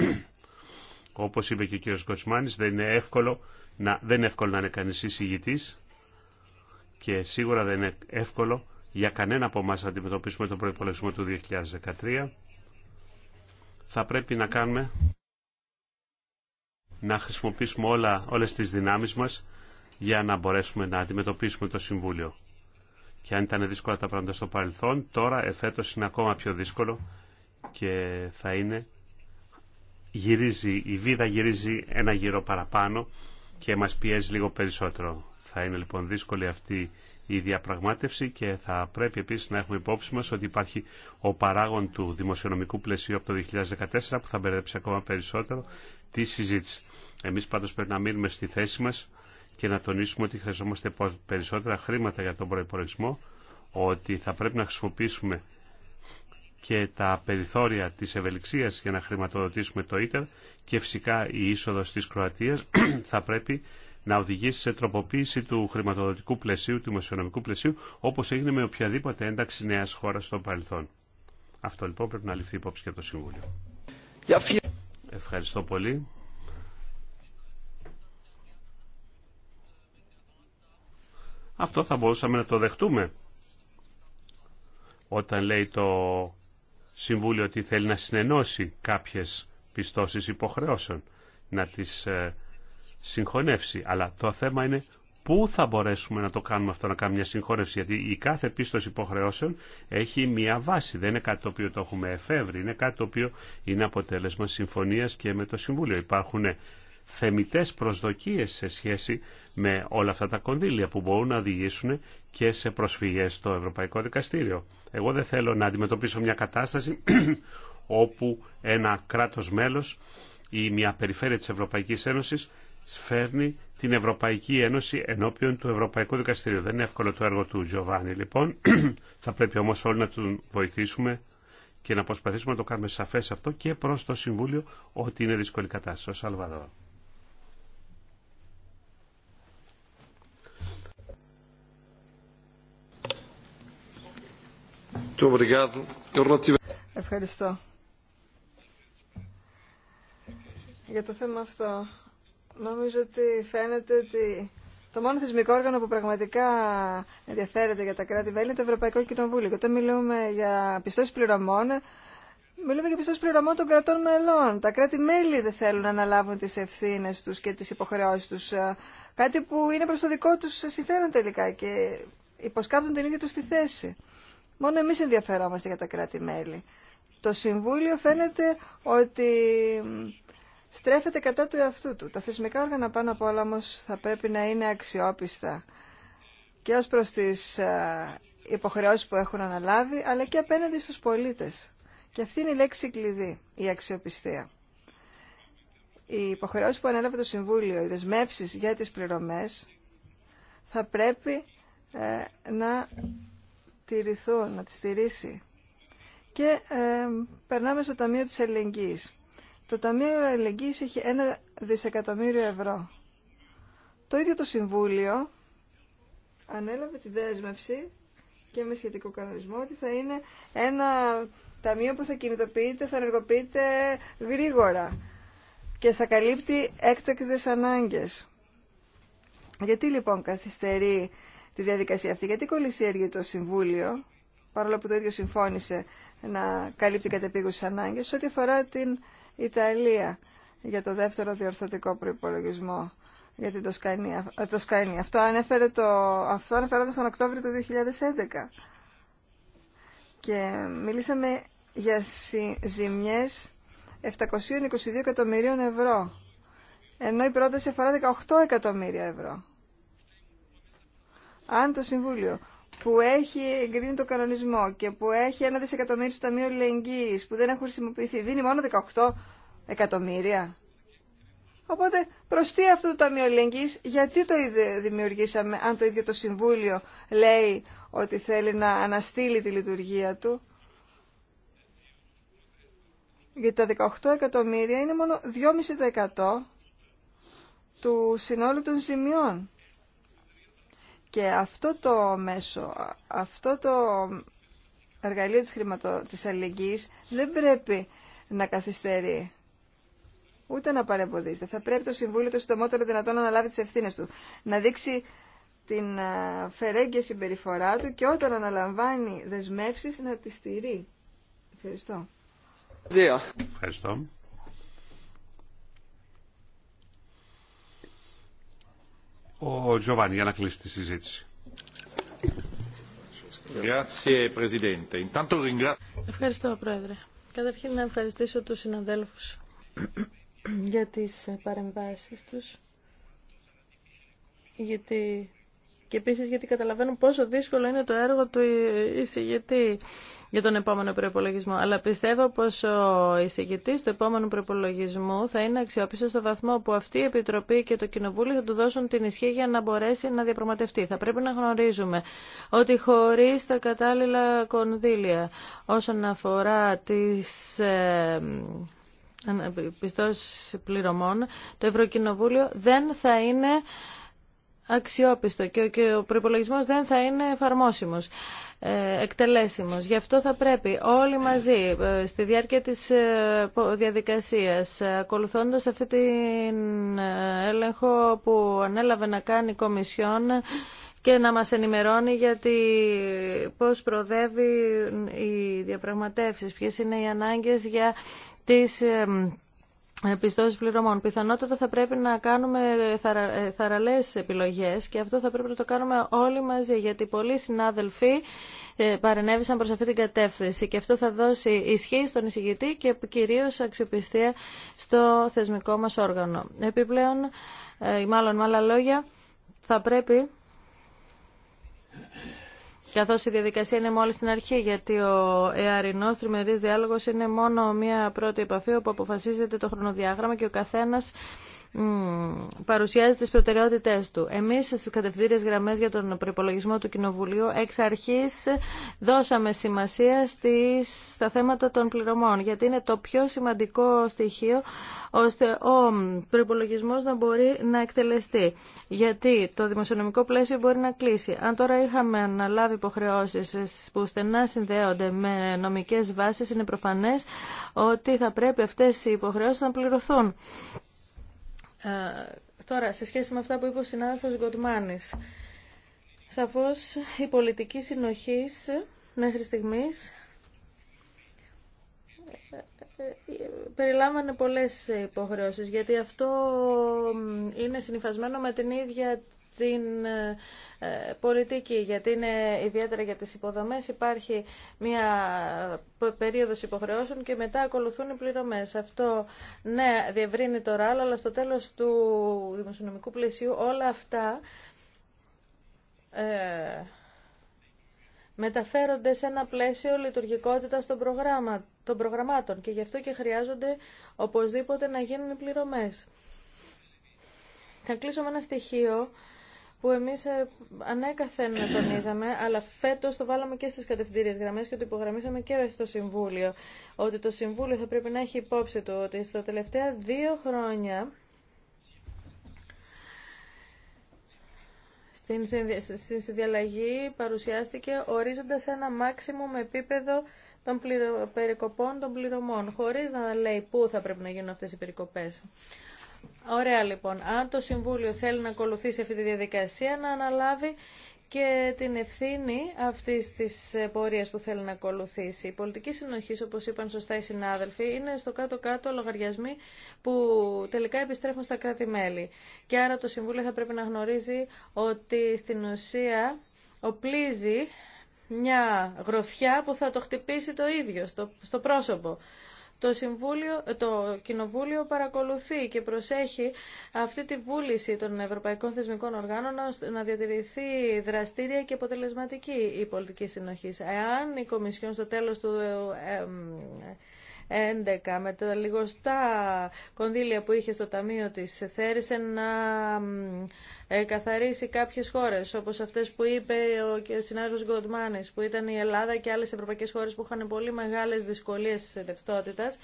Speaker 2: Όπως είπε και ο κ. Κοτσμάνης, δεν είναι εύκολο να, δεν είναι εύκολο να είναι κανείς εισηγητής και σίγουρα δεν είναι εύκολο για κανένα από εμάς να αντιμετωπίσουμε τον προϋπολογισμό του 2013. Θα πρέπει να κάνουμε να χρησιμοποιήσουμε όλα, όλες τις δυνάμεις μας για να μπορέσουμε να αντιμετωπίσουμε το Συμβούλιο. Και αν ήταν δύσκολα τα πράγματα στο παρελθόν, τώρα εφέτος είναι ακόμα πιο δύσκολο και θα είναι γυρίζει, η βίδα γυρίζει ένα γύρο παραπάνω και μας πιέζει λίγο περισσότερο. Θα είναι λοιπόν δύσκολη αυτή η διαπραγμάτευση και θα πρέπει επίσης να έχουμε υπόψη μας ότι υπάρχει ο παράγον του δημοσιονομικού πλαισίου από το 2014 που θα μπερδέψει ακόμα περισσότερο τη συζήτηση. Εμείς πάντως πρέπει να μείνουμε στη θέση μας και να τονίσουμε ότι χρειαζόμαστε περισσότερα χρήματα για τον προϋπολογισμό, ότι θα πρέπει να χρησιμοποιήσουμε και τα περιθώρια της ευελιξίας για να χρηματοδοτήσουμε το ίτερ και φυσικά η είσοδος της Κροατίας θα πρέπει να οδηγήσει σε τροποποίηση του χρηματοδοτικού πλαισίου, του δημοσιονομικού πλαισίου, όπως έγινε με οποιαδήποτε ένταξη νέας χώρας στο παρελθόν. Αυτό λοιπόν πρέπει να ληφθεί υπόψη και από το Συμβούλιο. Ευχαριστώ πολύ. Αυτό θα μπορούσαμε να το δεχτούμε. Όταν λέει το Συμβούλιο ότι θέλει να συνενώσει κάποιες πιστώσεις υποχρεώσεων, να τις ε, συγχωνεύσει. Αλλά το θέμα είναι πού θα μπορέσουμε να το κάνουμε αυτό, να κάνουμε μια συγχώνευση. Γιατί η κάθε πίστοση υποχρεώσεων έχει μια βάση. Δεν είναι κάτι το οποίο το έχουμε εφεύρει. Είναι κάτι το οποίο είναι αποτέλεσμα συμφωνίας και με το Συμβούλιο θεμητές προσδοκίες σε σχέση με όλα αυτά τα κονδύλια που μπορούν να οδηγήσουν και σε προσφυγές στο Ευρωπαϊκό Δικαστήριο. Εγώ δεν θέλω να αντιμετωπίσω μια κατάσταση όπου ένα κράτος μέλος ή μια περιφέρεια της Ευρωπαϊκής Ένωσης φέρνει την Ευρωπαϊκή Ένωση ενώπιον του Ευρωπαϊκού Δικαστηρίου. Δεν είναι εύκολο το έργο του Τζοβάνι λοιπόν. Θα πρέπει όμως όλοι να τον βοηθήσουμε και να προσπαθήσουμε να το κάνουμε σαφές αυτό και προς το Συμβούλιο ότι είναι δύσκολη κατάσταση. Ο
Speaker 1: Ευχαριστώ. Για το θέμα αυτό, νομίζω ότι φαίνεται ότι το μόνο θεσμικό όργανο που πραγματικά ενδιαφέρεται για τα κράτη-μέλη είναι το Ευρωπαϊκό Κοινοβούλιο. Και όταν μιλούμε για πιστώσει πληρωμών, μιλούμε για πιστώσει πληρωμών των κρατών μελών. Τα κράτη-μέλη δεν θέλουν να αναλάβουν τι ευθύνε του και τι υποχρεώσει του. Κάτι που είναι προ το δικό του συμφέρον τελικά και υποσκάπτουν την ίδια του τη θέση. Μόνο εμείς ενδιαφερόμαστε για τα κράτη-μέλη. Το Συμβούλιο φαίνεται ότι στρέφεται κατά του εαυτού του. Τα θεσμικά όργανα πάνω απ' όλα όμως θα πρέπει να είναι αξιόπιστα και ως προς τις ε, υποχρεώσεις που έχουν αναλάβει, αλλά και απέναντι στους πολίτες. Και αυτή είναι η λέξη κλειδί, η αξιοπιστία. Οι υποχρεώσεις που ανέλαβε το Συμβούλιο, οι δεσμεύσεις για τις πληρωμές, θα πρέπει ε, να τηρηθούν, να τη στηρίσει. Και ε, περνάμε στο Ταμείο της Ελληνικής. Το Ταμείο Ελληνικής έχει ένα δισεκατομμύριο ευρώ. Το ίδιο το Συμβούλιο ανέλαβε τη δέσμευση και με σχετικό κανονισμό ότι θα είναι ένα ταμείο που θα κινητοποιείται, θα ενεργοποιείται γρήγορα και θα καλύπτει έκτακτες ανάγκες. Γιατί λοιπόν καθυστερεί τη διαδικασία αυτή. Γιατί κολλησιέργει το Συμβούλιο, παρόλο που το ίδιο συμφώνησε να καλύπτει κατεπίγουσες ανάγκες, ό,τι αφορά την Ιταλία για το δεύτερο διορθωτικό προϋπολογισμό για την Τοσκανία. Ε, αυτό, ανέφερε το, αυτό αναφερόταν στον Οκτώβριο του 2011. Και μίλησαμε για ζημιέ 722 εκατομμυρίων ευρώ, ενώ η πρόταση αφορά 18 εκατομμύρια ευρώ. Αν το Συμβούλιο που έχει εγκρίνει το κανονισμό και που έχει ένα δισεκατομμύριο Ταμείο Λεγγύης που δεν έχουν χρησιμοποιηθεί, δίνει μόνο 18 εκατομμύρια. Οπότε, προς τι αυτό το Ταμείο Λεγγύης, γιατί το δημιουργήσαμε, αν το ίδιο το Συμβούλιο λέει ότι θέλει να αναστείλει τη λειτουργία του. Γιατί τα 18 εκατομμύρια είναι μόνο 2,5% του συνόλου των ζημιών. Και αυτό το μέσο, αυτό το εργαλείο της, χρηματο... της αλληλεγγύης δεν πρέπει να καθυστερεί ούτε να παρεμποδίζεται. Θα πρέπει το Συμβούλιο το συντομότερο δυνατόν να αναλάβει τις ευθύνες του, να δείξει την φερέγγια συμπεριφορά του και όταν αναλαμβάνει δεσμεύσεις να τις στηρεί. Ευχαριστώ.
Speaker 2: Ευχαριστώ. Ο Τζοβάνι για να κλείσει τη συζήτηση.
Speaker 3: Ευχαριστώ, Πρόεδρε. Καταρχήν να ευχαριστήσω τους συναδέλφους για τις παρεμβάσεις τους, γιατί και επίσης γιατί καταλαβαίνουν πόσο δύσκολο είναι το έργο του εισηγητή για τον επόμενο προπολογισμό. Αλλά πιστεύω πως ο εισηγητή του επόμενου προπολογισμού θα είναι αξιόπιστο στο βαθμό που αυτή η Επιτροπή και το Κοινοβούλιο θα του δώσουν την ισχύ για να μπορέσει να διαπραγματευτεί. Θα πρέπει να γνωρίζουμε ότι χωρί τα κατάλληλα κονδύλια όσον αφορά τις ε, ε, πιστώσεις πληρωμών, το Ευρωκοινοβούλιο δεν θα είναι αξιόπιστο και ο προϋπολογισμός δεν θα είναι εφαρμόσιμος ε, εκτελέσιμος. Γι' αυτό θα πρέπει όλοι μαζί ε, στη διάρκεια της ε, διαδικασίας ακολουθώντας αυτή την έλεγχο που ανέλαβε να κάνει η Κομισιόν και να μας ενημερώνει γιατί πώς προοδεύει οι διαπραγματεύσεις, ποιες είναι οι ανάγκες για τις Επιστώσει πληρωμών. Πιθανότατα θα πρέπει να κάνουμε θαρα, ε, θαραλές επιλογές και αυτό θα πρέπει να το κάνουμε όλοι μαζί γιατί πολλοί συνάδελφοι ε, παρενέβησαν προ αυτή την κατεύθυνση και αυτό θα δώσει ισχύ στον εισηγητή και κυρίω αξιοπιστία στο θεσμικό μας όργανο. Επιπλέον, ε, μάλλον με άλλα λόγια, θα πρέπει Καθώ η διαδικασία είναι μόλις στην αρχή, γιατί ο εαρινός τριμερή διάλογο είναι μόνο μια πρώτη επαφή όπου αποφασίζεται το χρονοδιάγραμμα και ο καθένας παρουσιάζει τις προτεραιότητές του. Εμείς στις κατευθύνες γραμμές για τον προπολογισμό του Κοινοβουλίου εξ αρχής δώσαμε σημασία στις, στα θέματα των πληρωμών γιατί είναι το πιο σημαντικό στοιχείο ώστε ο προπολογισμό να μπορεί να εκτελεστεί. Γιατί το δημοσιονομικό πλαίσιο μπορεί να κλείσει. Αν τώρα είχαμε αναλάβει υποχρεώσει που στενά συνδέονται με νομικέ βάσει, είναι προφανέ ότι θα πρέπει αυτέ οι υποχρεώσει να πληρωθούν. Τώρα, σε σχέση με αυτά που είπε ο συνάδελφος Γκοτμάνης, σαφώς η πολιτική συνοχή μέχρι στιγμή, περιλάμβανε πολλές υποχρεώσεις, γιατί αυτό είναι συνειφασμένο με την ίδια στην ε, πολιτική, γιατί είναι ιδιαίτερα για τις υποδομές. Υπάρχει μια περίοδος υποχρεώσεων και μετά ακολουθούν οι πληρωμές. Αυτό, ναι, διευρύνει το ράλο, αλλά στο τέλος του δημοσιονομικού πλαισίου όλα αυτά ε, μεταφέρονται σε ένα πλαίσιο λειτουργικότητας των, προγράμμα, των προγραμμάτων και γι' αυτό και χρειάζονται οπωσδήποτε να γίνουν οι πληρωμές. Θα κλείσω με ένα στοιχείο που εμείς ε, ανέκαθεν τονίζαμε, αλλά φέτος το βάλαμε και στις κατευθυντήριες γραμμές και το υπογραμμίσαμε και στο Συμβούλιο, ότι το Συμβούλιο θα πρέπει να έχει υπόψη του ότι στα τελευταία δύο χρόνια στην, συνδιαλλαγή παρουσιάστηκε ορίζοντας ένα μάξιμο με επίπεδο των περικοπών των πληρωμών, χωρίς να λέει πού θα πρέπει να γίνουν αυτές οι περικοπές. Ωραία λοιπόν. Αν το Συμβούλιο θέλει να ακολουθήσει αυτή τη διαδικασία, να αναλάβει και την ευθύνη αυτή τη πορεία που θέλει να ακολουθήσει. Η πολιτική συνοχή, όπω είπαν σωστά οι συνάδελφοι, είναι στο κάτω-κάτω λογαριασμοί που τελικά επιστρέφουν στα κράτη-μέλη. Και άρα το Συμβούλιο θα πρέπει να γνωρίζει ότι στην ουσία οπλίζει μια γροθιά που θα το χτυπήσει το ίδιο στο, στο πρόσωπο. Το, συμβούλιο, το Κοινοβούλιο παρακολουθεί και προσέχει αυτή τη βούληση των Ευρωπαϊκών Θεσμικών Οργάνων ώστε να διατηρηθεί δραστήρια και αποτελεσματική η πολιτική συνοχή. Εάν η Κομισιόν στο τέλος του ε, 11. με τα λιγοστά κονδύλια που είχε στο ταμείο της θέρισε να ε, καθαρίσει κάποιες χώρες όπως αυτές που είπε ο συνάδελφος Γκοντμάνης που ήταν η Ελλάδα και άλλες ευρωπαϊκές χώρες που είχαν πολύ μεγάλες δυσκολίες ρευστότητας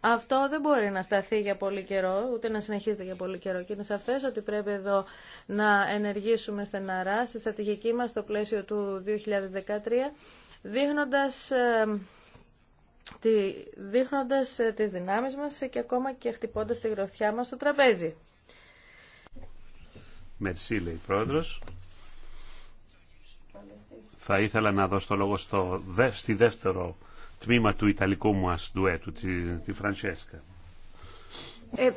Speaker 3: αυτό δεν μπορεί να σταθεί για πολύ καιρό, ούτε να συνεχίζεται για πολύ καιρό. Και είναι σαφέ ότι πρέπει εδώ να ενεργήσουμε στεναρά στη στρατηγική μα στο πλαίσιο του 2013, δείχνοντα ε, δείχνοντας ε, τις δυνάμεις μας και ακόμα και χτυπώντας τη γροθιά μας στο τραπέζι.
Speaker 2: Μερσή, λέει πρόεδρος. Θα ήθελα να δώσω το λόγο στο, στη δεύτερο τμήμα του ιταλικού μου ντουέτου, τη, τη Φραντσέσκα.
Speaker 1: Ε,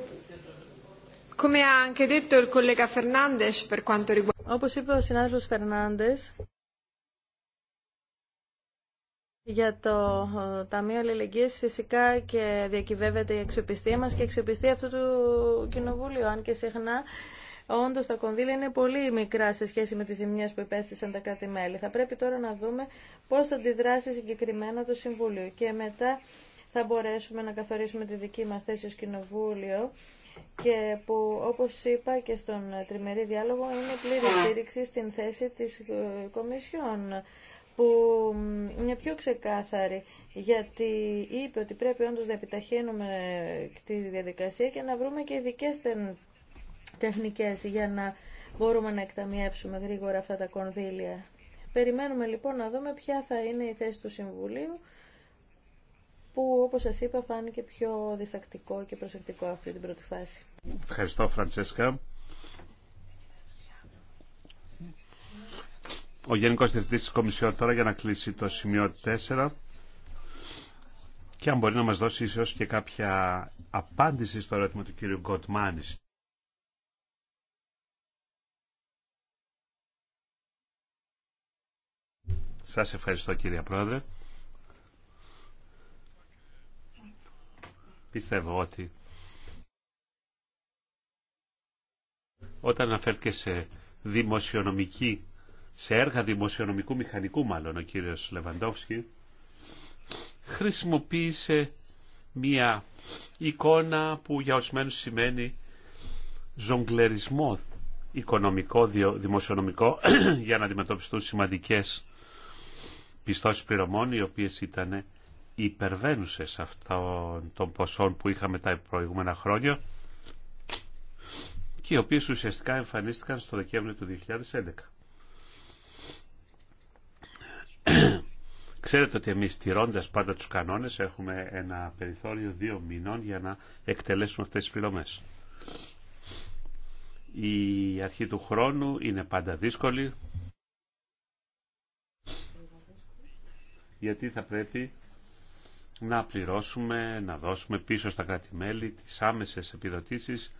Speaker 1: Όπως είπε ο
Speaker 3: συνάδελφος Φερνάντες, για το ε, Ταμείο Αλληλεγγύης φυσικά και διακυβεύεται η αξιοπιστία μας και η αξιοπιστία αυτού του κοινοβούλιο, αν και συχνά Όντω τα κονδύλια είναι πολύ μικρά σε σχέση με τι ζημιέ που υπέστησαν τα κράτη-μέλη. Θα πρέπει τώρα να δούμε πώ θα αντιδράσει συγκεκριμένα το Συμβούλιο. Και μετά θα μπορέσουμε να καθορίσουμε τη δική μας θέση ως Κοινοβούλιο και που όπως είπα και στον τριμερή διάλογο είναι πλήρη στήριξη στην θέση τη ε, Κομισιόν που είναι πιο ξεκάθαρη γιατί είπε ότι πρέπει όντως να επιταχύνουμε τη διαδικασία και να βρούμε και ειδικέ τεχνικές για να μπορούμε να εκταμιεύσουμε γρήγορα αυτά τα κονδύλια. Περιμένουμε λοιπόν να δούμε ποια θα είναι η θέση του Συμβουλίου που όπως σας είπα φάνηκε πιο διστακτικό και προσεκτικό αυτή την πρώτη φάση.
Speaker 2: Ευχαριστώ Φραντσέσκα. ο Γενικός Διευθυντής της Κομισιόν τώρα για να κλείσει το σημείο 4 και αν μπορεί να μας δώσει ίσως και κάποια απάντηση στο ερώτημα του κύριου Γκοτμάνης. Σας ευχαριστώ κύριε Πρόεδρε. Πιστεύω ότι όταν αναφέρθηκε σε δημοσιονομική σε έργα δημοσιονομικού μηχανικού μάλλον ο κύριος Λεβαντόφσκι χρησιμοποίησε μία εικόνα που για ορισμένου σημαίνει ζογκλερισμό οικονομικό, δημοσιονομικό για να αντιμετωπιστούν σημαντικές πιστώσεις πληρωμών οι οποίες ήταν υπερβαίνουσες αυτών των ποσών που είχαμε τα προηγούμενα χρόνια και οι οποίες ουσιαστικά εμφανίστηκαν στο Δεκέμβριο του 2011. Ξέρετε ότι εμείς τηρώντας πάντα τους κανόνες έχουμε ένα περιθώριο δύο μηνών για να εκτελέσουμε αυτές τις πληρωμές. Η αρχή του χρόνου είναι πάντα δύσκολη γιατί θα πρέπει να πληρώσουμε, να δώσουμε πίσω στα κρατημέλη τις άμεσες επιδοτήσεις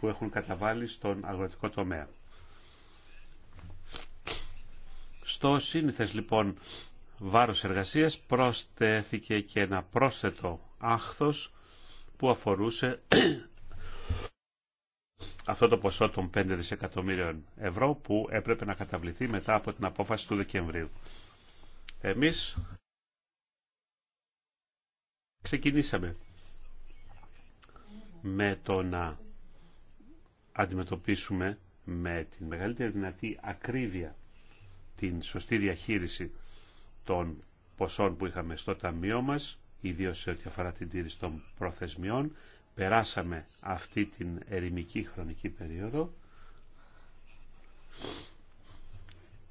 Speaker 2: που έχουν καταβάλει στον αγροτικό τομέα. Στο σύνηθες λοιπόν βάρος εργασίας προσθέθηκε και ένα πρόσθετο άχθος που αφορούσε αυτό το ποσό των 5 δισεκατομμύριων ευρώ που έπρεπε να καταβληθεί μετά από την απόφαση του Δεκεμβρίου. Εμείς ξεκινήσαμε με το να αντιμετωπίσουμε με την μεγαλύτερη δυνατή ακρίβεια την σωστή διαχείριση των ποσών που είχαμε στο ταμείο μας, ιδίως σε ό,τι αφορά την τήρηση των προθεσμιών. Περάσαμε αυτή την ερημική χρονική περίοδο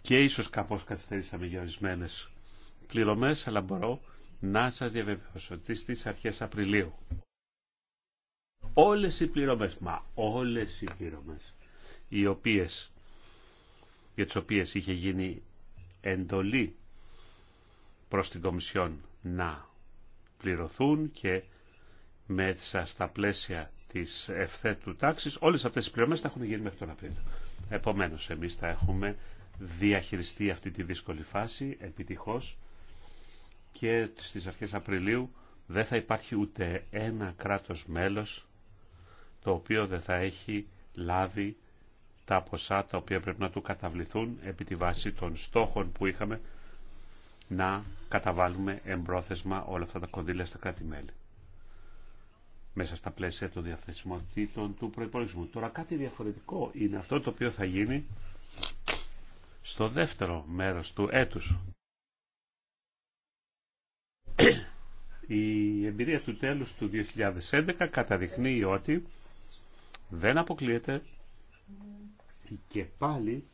Speaker 2: και ίσως κάπως καθυστερήσαμε για ορισμένε πληρωμές, αλλά μπορώ να σας διαβεβαιώσω ότι στις αρχές Απριλίου όλες οι πληρωμές, μα όλες οι πληρωμές, οι οποίες για τις οποίες είχε γίνει εντολή προς την Κομισιόν να πληρωθούν και μέσα στα πλαίσια της ευθέτου τάξης όλες αυτές οι πληρωμές θα έχουν γίνει μέχρι τον Απρίλιο. Επομένως εμείς θα έχουμε διαχειριστεί αυτή τη δύσκολη φάση επιτυχώς και στις αρχές Απριλίου δεν θα υπάρχει ούτε ένα κράτος μέλος το οποίο δεν θα έχει λάβει τα ποσά τα οποία πρέπει να του καταβληθούν επί τη βάση των στόχων που είχαμε να καταβάλουμε εμπρόθεσμα όλα αυτά τα κονδύλια στα κράτη-μέλη μέσα στα πλαίσια των διαθεσιμοτήτων του προϋπολογισμού. Τώρα κάτι διαφορετικό είναι αυτό το οποίο θα γίνει στο δεύτερο μέρος του έτους. Η εμπειρία του τέλους του 2011 καταδεικνύει ότι δεν αποκλείεται και πάλι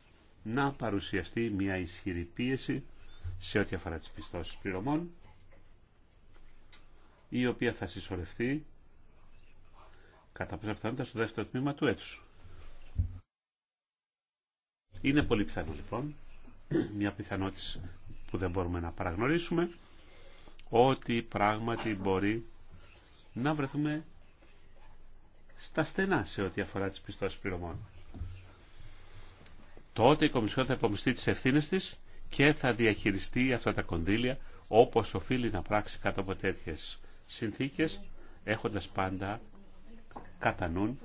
Speaker 2: να παρουσιαστεί μια ισχυρή πίεση σε ό,τι αφορά τις πιστώσεις πληρωμών η οποία θα συσσωρευτεί κατά πάσα πιθανότητα στο δεύτερο τμήμα του έτους. Είναι πολύ πιθανό λοιπόν, μια πιθανότητα που δεν μπορούμε να παραγνωρίσουμε, ότι πράγματι μπορεί να βρεθούμε στα στενά σε ό,τι αφορά τις πιστώσεις πληρωμών τότε η Κομισιόν θα υπομειστεί τις ευθύνες της και θα διαχειριστεί αυτά τα κονδύλια όπως οφείλει να πράξει κάτω από τέτοιες συνθήκες, έχοντας πάντα κατά νου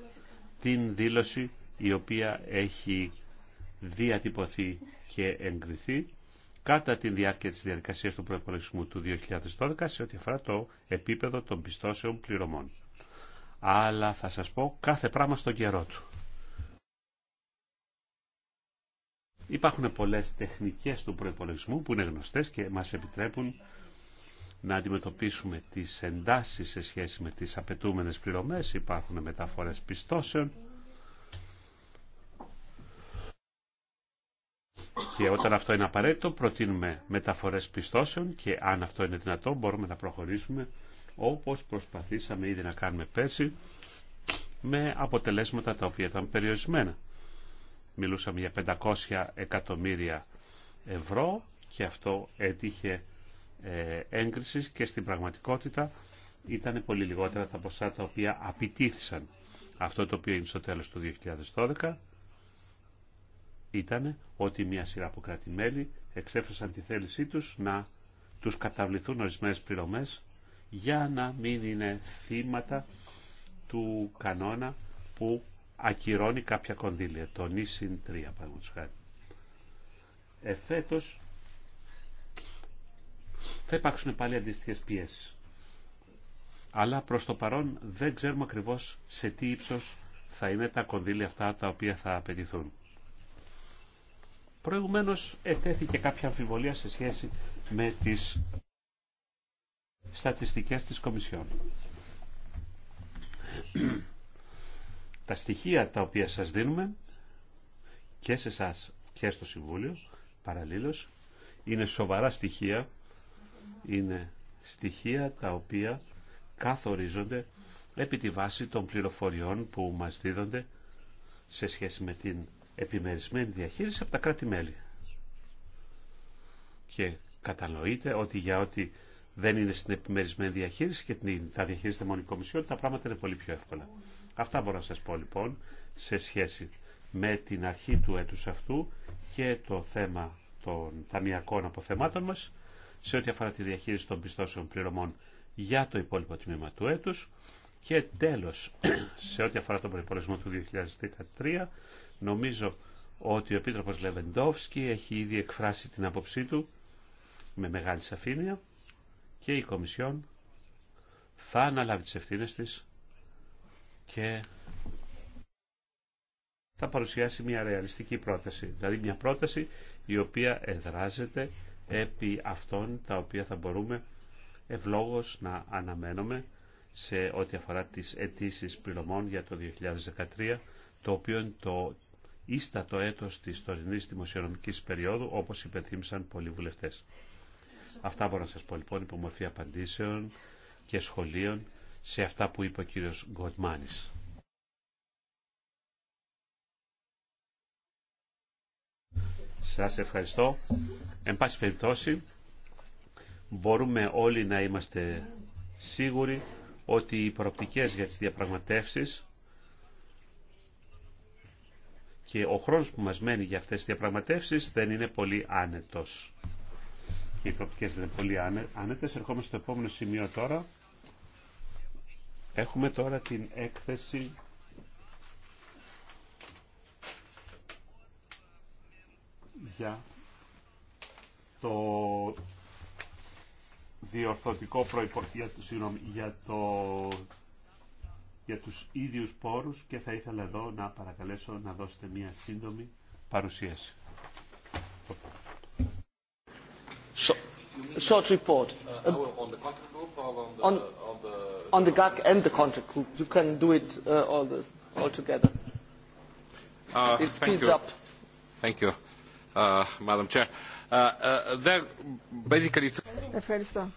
Speaker 2: την δήλωση η οποία έχει διατυπωθεί και εγκριθεί κατά τη διάρκεια της διαδικασίας του προϋπολογισμού του 2012 σε ό,τι αφορά το επίπεδο των πιστώσεων πληρωμών. Αλλά θα σας πω κάθε πράγμα στον καιρό του. Υπάρχουν πολλές τεχνικές του προϋπολογισμού που είναι γνωστές και μας επιτρέπουν να αντιμετωπίσουμε τις εντάσεις σε σχέση με τις απαιτούμενες πληρωμές. Υπάρχουν μεταφορές πιστώσεων. Και όταν αυτό είναι απαραίτητο προτείνουμε μεταφορές πιστώσεων και αν αυτό είναι δυνατό μπορούμε να προχωρήσουμε όπως προσπαθήσαμε ήδη να κάνουμε πέρσι με αποτελέσματα τα οποία ήταν περιορισμένα. Μιλούσαμε για 500 εκατομμύρια ευρώ και αυτό έτυχε ε, έγκριση και στην πραγματικότητα ήταν πολύ λιγότερα τα ποσά τα οποία απαιτήθησαν. Αυτό το οποίο είναι στο τέλος του 2012 ήταν ότι μια σειρά από κράτη-μέλη εξέφρασαν τη θέλησή τους να τους καταβληθούν ορισμένες πληρωμές για να μην είναι θύματα του κανόνα που ακυρώνει κάποια κονδύλια. Το νησιν 3 παραδείγματο χάρη. Εφέτο θα υπάρξουν πάλι αντίστοιχε πιέσει. Αλλά προ το παρόν δεν ξέρουμε ακριβώ σε τι ύψο θα είναι τα κονδύλια αυτά τα οποία θα απαιτηθούν. Προηγουμένω ετέθηκε κάποια αμφιβολία σε σχέση με τι στατιστικέ τη Κομισιόν τα στοιχεία τα οποία σας δίνουμε και σε εσά και στο Συμβούλιο παραλλήλως είναι σοβαρά στοιχεία είναι στοιχεία τα οποία καθορίζονται επί τη βάση των πληροφοριών που μας δίδονται σε σχέση με την επιμερισμένη διαχείριση από τα κράτη-μέλη. Και κατανοείται ότι για ό,τι δεν είναι στην επιμερισμένη διαχείριση και τα διαχείριζεται μόνο η Κομισιόν, τα πράγματα είναι πολύ πιο εύκολα. Αυτά μπορώ να σας πω λοιπόν σε σχέση με την αρχή του έτους αυτού και το θέμα των ταμιακών αποθεμάτων μας σε ό,τι αφορά τη διαχείριση των πιστώσεων πληρωμών για το υπόλοιπο τμήμα του έτους και τέλος σε ό,τι αφορά τον προϋπολογισμό του 2013 νομίζω ότι ο Επίτροπος Λεβεντόφσκι έχει ήδη εκφράσει την άποψή του με μεγάλη σαφήνεια και η Κομισιόν θα αναλάβει τις ευθύνες της και θα παρουσιάσει μια ρεαλιστική πρόταση. Δηλαδή μια πρόταση η οποία εδράζεται επί αυτών τα οποία θα μπορούμε ευλόγως να αναμένουμε σε ό,τι αφορά τις αιτήσει πληρωμών για το 2013, το οποίο είναι το ίστατο έτος της τωρινής δημοσιονομικής περίοδου, όπως υπενθύμησαν πολλοί βουλευτές. Αυτά μπορώ να σας πω λοιπόν υπό μορφή απαντήσεων και σχολείων σε αυτά που είπε ο κύριος Γκοτμάνης. Σας ευχαριστώ. Εν πάση περιπτώσει, μπορούμε όλοι να είμαστε σίγουροι ότι οι προοπτικές για τις διαπραγματεύσεις και ο χρόνος που μας μένει για αυτές τις διαπραγματεύσεις δεν είναι πολύ άνετος. Και οι προοπτικές δεν είναι πολύ άνετες. Ερχόμαστε στο επόμενο σημείο τώρα Έχουμε τώρα την έκθεση για το διορθωτικό προϋπολογισμό για, για, το, για τους ίδιους πόρους και θα ήθελα εδώ να παρακαλέσω να δώσετε μία σύντομη παρουσίαση short report. On the contact
Speaker 1: group or on the... On the GAC and the contact group. You can do it all together.
Speaker 3: It speeds up. Thank you, Madam
Speaker 2: Chair. basically...
Speaker 1: Ευχαριστώ.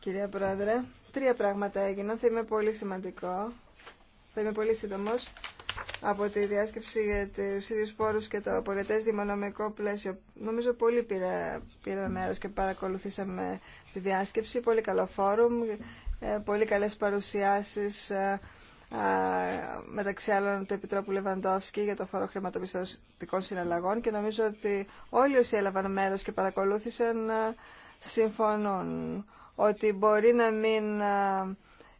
Speaker 1: Κυρία Πρόεδρε, τρία πράγματα έγιναν. Θα είμαι πολύ σημαντικό. Θα είμαι πολύ σύντομος από τη διάσκεψη για του ίδιου πόρου και το πολιτέ δημονομικό πλαίσιο. Νομίζω πολύ πήρα, πήρα μέρος και παρακολουθήσαμε τη διάσκεψη. Πολύ καλό φόρουμ, ε, πολύ καλές παρουσιάσεις ε, μεταξύ άλλων του Επιτρόπου Λεβαντόφσκι για το φόρο χρηματοπιστωτικών συναλλαγών και νομίζω ότι όλοι όσοι έλαβαν μέρος και παρακολούθησαν ε, συμφωνούν ότι μπορεί να μην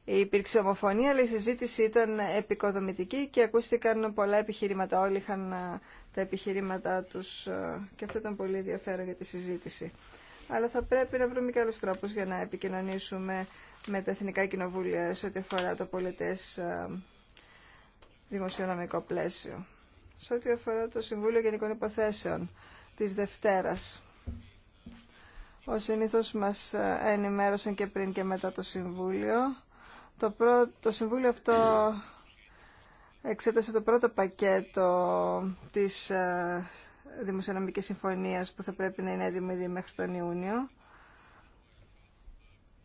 Speaker 1: Υπήρξε ομοφωνία, αλλά η συζήτηση ήταν επικοδομητική και ακούστηκαν πολλά επιχειρήματα. Όλοι είχαν ε, τα επιχειρήματά τους ε, και αυτό ήταν πολύ ενδιαφέρον για τη συζήτηση. Αλλά θα πρέπει να βρούμε και άλλους τρόπους για να επικοινωνήσουμε με τα Εθνικά Κοινοβούλια σε ό,τι αφορά το πολιτές ε, δημοσιονομικό πλαίσιο. Σε ό,τι αφορά το Συμβούλιο Γενικών Υποθέσεων της Δευτέρας. Ο συνήθως μας ενημέρωσαν και πριν και μετά το Συμβούλιο το, Συμβούλιο αυτό εξέτασε το πρώτο πακέτο της ε, Δημοσιονομικής Συμφωνίας που θα πρέπει να είναι έτοιμη μέχρι τον Ιούνιο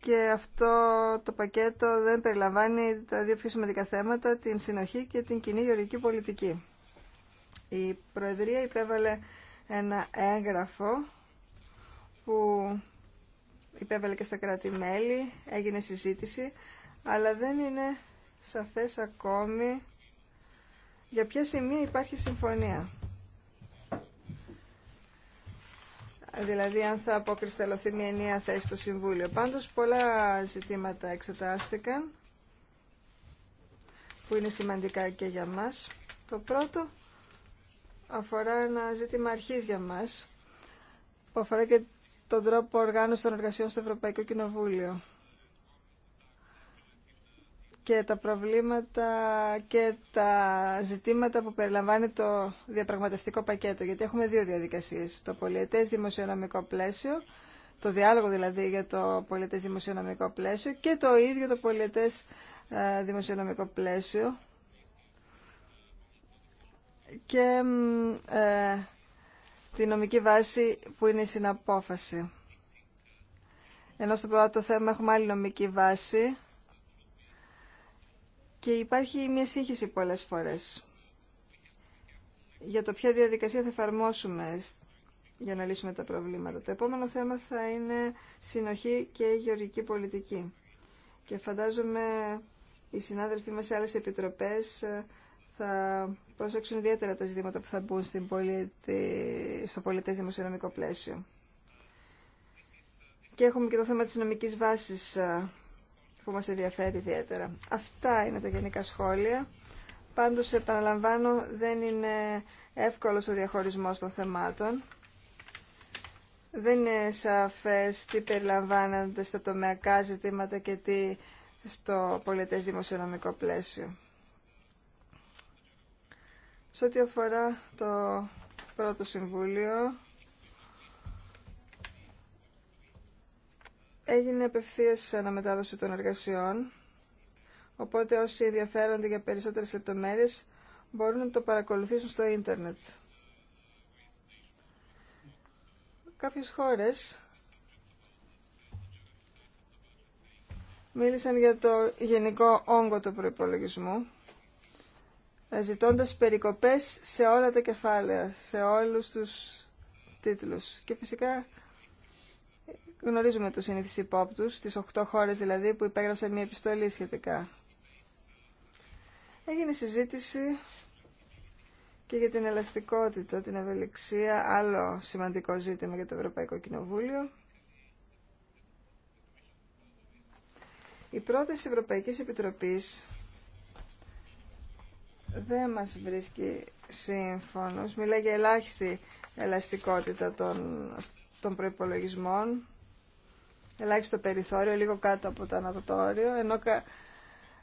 Speaker 1: και αυτό το πακέτο δεν περιλαμβάνει τα δύο πιο σημαντικά θέματα, την συνοχή και την κοινή γεωργική πολιτική. Η Προεδρία υπέβαλε ένα έγγραφο που υπέβαλε και στα κράτη-μέλη, έγινε συζήτηση, αλλά δεν είναι σαφές ακόμη για ποια σημεία υπάρχει συμφωνία. Δηλαδή αν θα αποκρισταλωθεί μια ενιαία θέση στο Συμβούλιο. Πάντως πολλά ζητήματα εξετάστηκαν που είναι σημαντικά και για μας. Το πρώτο αφορά ένα ζήτημα αρχής για μας που αφορά και τον τρόπο οργάνωση των εργασιών στο Ευρωπαϊκό Κοινοβούλιο και τα προβλήματα και τα ζητήματα που περιλαμβάνει το διαπραγματευτικό πακέτο. Γιατί έχουμε δύο διαδικασίες. Το πολιετές δημοσιονομικό πλαίσιο, το διάλογο δηλαδή για το πολιετές δημοσιονομικό πλαίσιο και το ίδιο το πολιετές ε, δημοσιονομικό πλαίσιο. Και ε, τη νομική βάση που είναι η συναπόφαση. Ενώ στο πρώτο θέμα έχουμε άλλη νομική βάση και υπάρχει μια σύγχυση πολλές φορές για το ποια διαδικασία θα εφαρμόσουμε για να λύσουμε τα προβλήματα. Το επόμενο θέμα θα είναι συνοχή και γεωργική πολιτική. Και φαντάζομαι οι συνάδελφοί μας σε άλλες επιτροπές ε, θα προσέξουν ιδιαίτερα τα ζητήματα που θα μπουν στην πολιτι... στο πολιτές δημοσιονομικό πλαίσιο. Και έχουμε και το θέμα της νομικής βάσης ε, που μας ενδιαφέρει ιδιαίτερα. Αυτά είναι τα γενικά σχόλια. Πάντως, επαναλαμβάνω, δεν είναι εύκολος ο διαχωρισμός των θεμάτων. Δεν είναι σαφές τι περιλαμβάνονται στα τομεακά ζητήματα και τι στο πολιτές δημοσιονομικό πλαίσιο. Σε ό,τι αφορά το πρώτο συμβούλιο, Έγινε απευθεία αναμετάδοση των εργασιών, οπότε όσοι ενδιαφέρονται για περισσότερες λεπτομέρειε μπορούν να το παρακολουθήσουν στο ίντερνετ. Κάποιες χώρες μίλησαν για το γενικό όγκο του προϋπολογισμού, ζητώντας περικοπές σε όλα τα κεφάλαια, σε όλους τους τίτλους. Και φυσικά Γνωρίζουμε τους συνήθεις υπόπτους, τις 8 χώρες δηλαδή που υπέγραψαν μια επιστολή σχετικά. Έγινε συζήτηση και για την ελαστικότητα, την ευελιξία, άλλο σημαντικό ζήτημα για το Ευρωπαϊκό Κοινοβούλιο. Η πρόταση Ευρωπαϊκής Επιτροπής δεν μας βρίσκει σύμφωνος. Μιλάει για ελάχιστη ελαστικότητα των, των προϋπολογισμών ελάχιστο περιθώριο, λίγο κάτω από το ανατοτόριο, ενώ,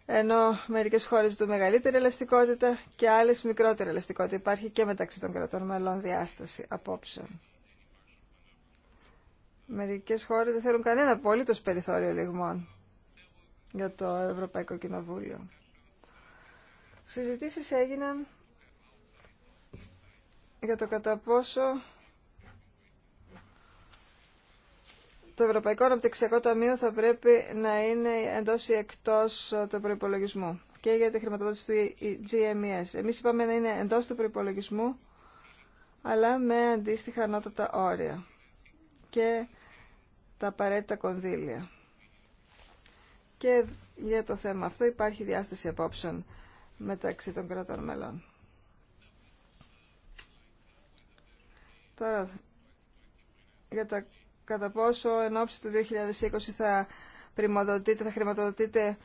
Speaker 1: ενώ μερικές χώρες του μεγαλύτερη ελαστικότητα και άλλες μικρότερη ελαστικότητα. Υπάρχει και μεταξύ των κρατών μελών διάσταση απόψεων. Μερικές χώρες δεν θέλουν κανένα απόλυτο περιθώριο λιγμών για το Ευρωπαϊκό Κοινοβούλιο. Συζητήσεις έγιναν για το κατά πόσο το Ευρωπαϊκό Αναπτυξιακό Ταμείο θα πρέπει να είναι εντός ή εκτός ε, του προπολογισμού. και για τη χρηματοδότηση του GMES. Εμείς είπαμε να είναι εντός του προπολογισμού, αλλά με αντίστοιχα ανώτατα όρια και τα απαραίτητα κονδύλια. Και για το θέμα αυτό υπάρχει διάσταση απόψεων μεταξύ των κρατών μελών. Τώρα, για τα κατά πόσο εν ώψη του 2020 θα πρημοδοτείται, θα χρηματοδοτείται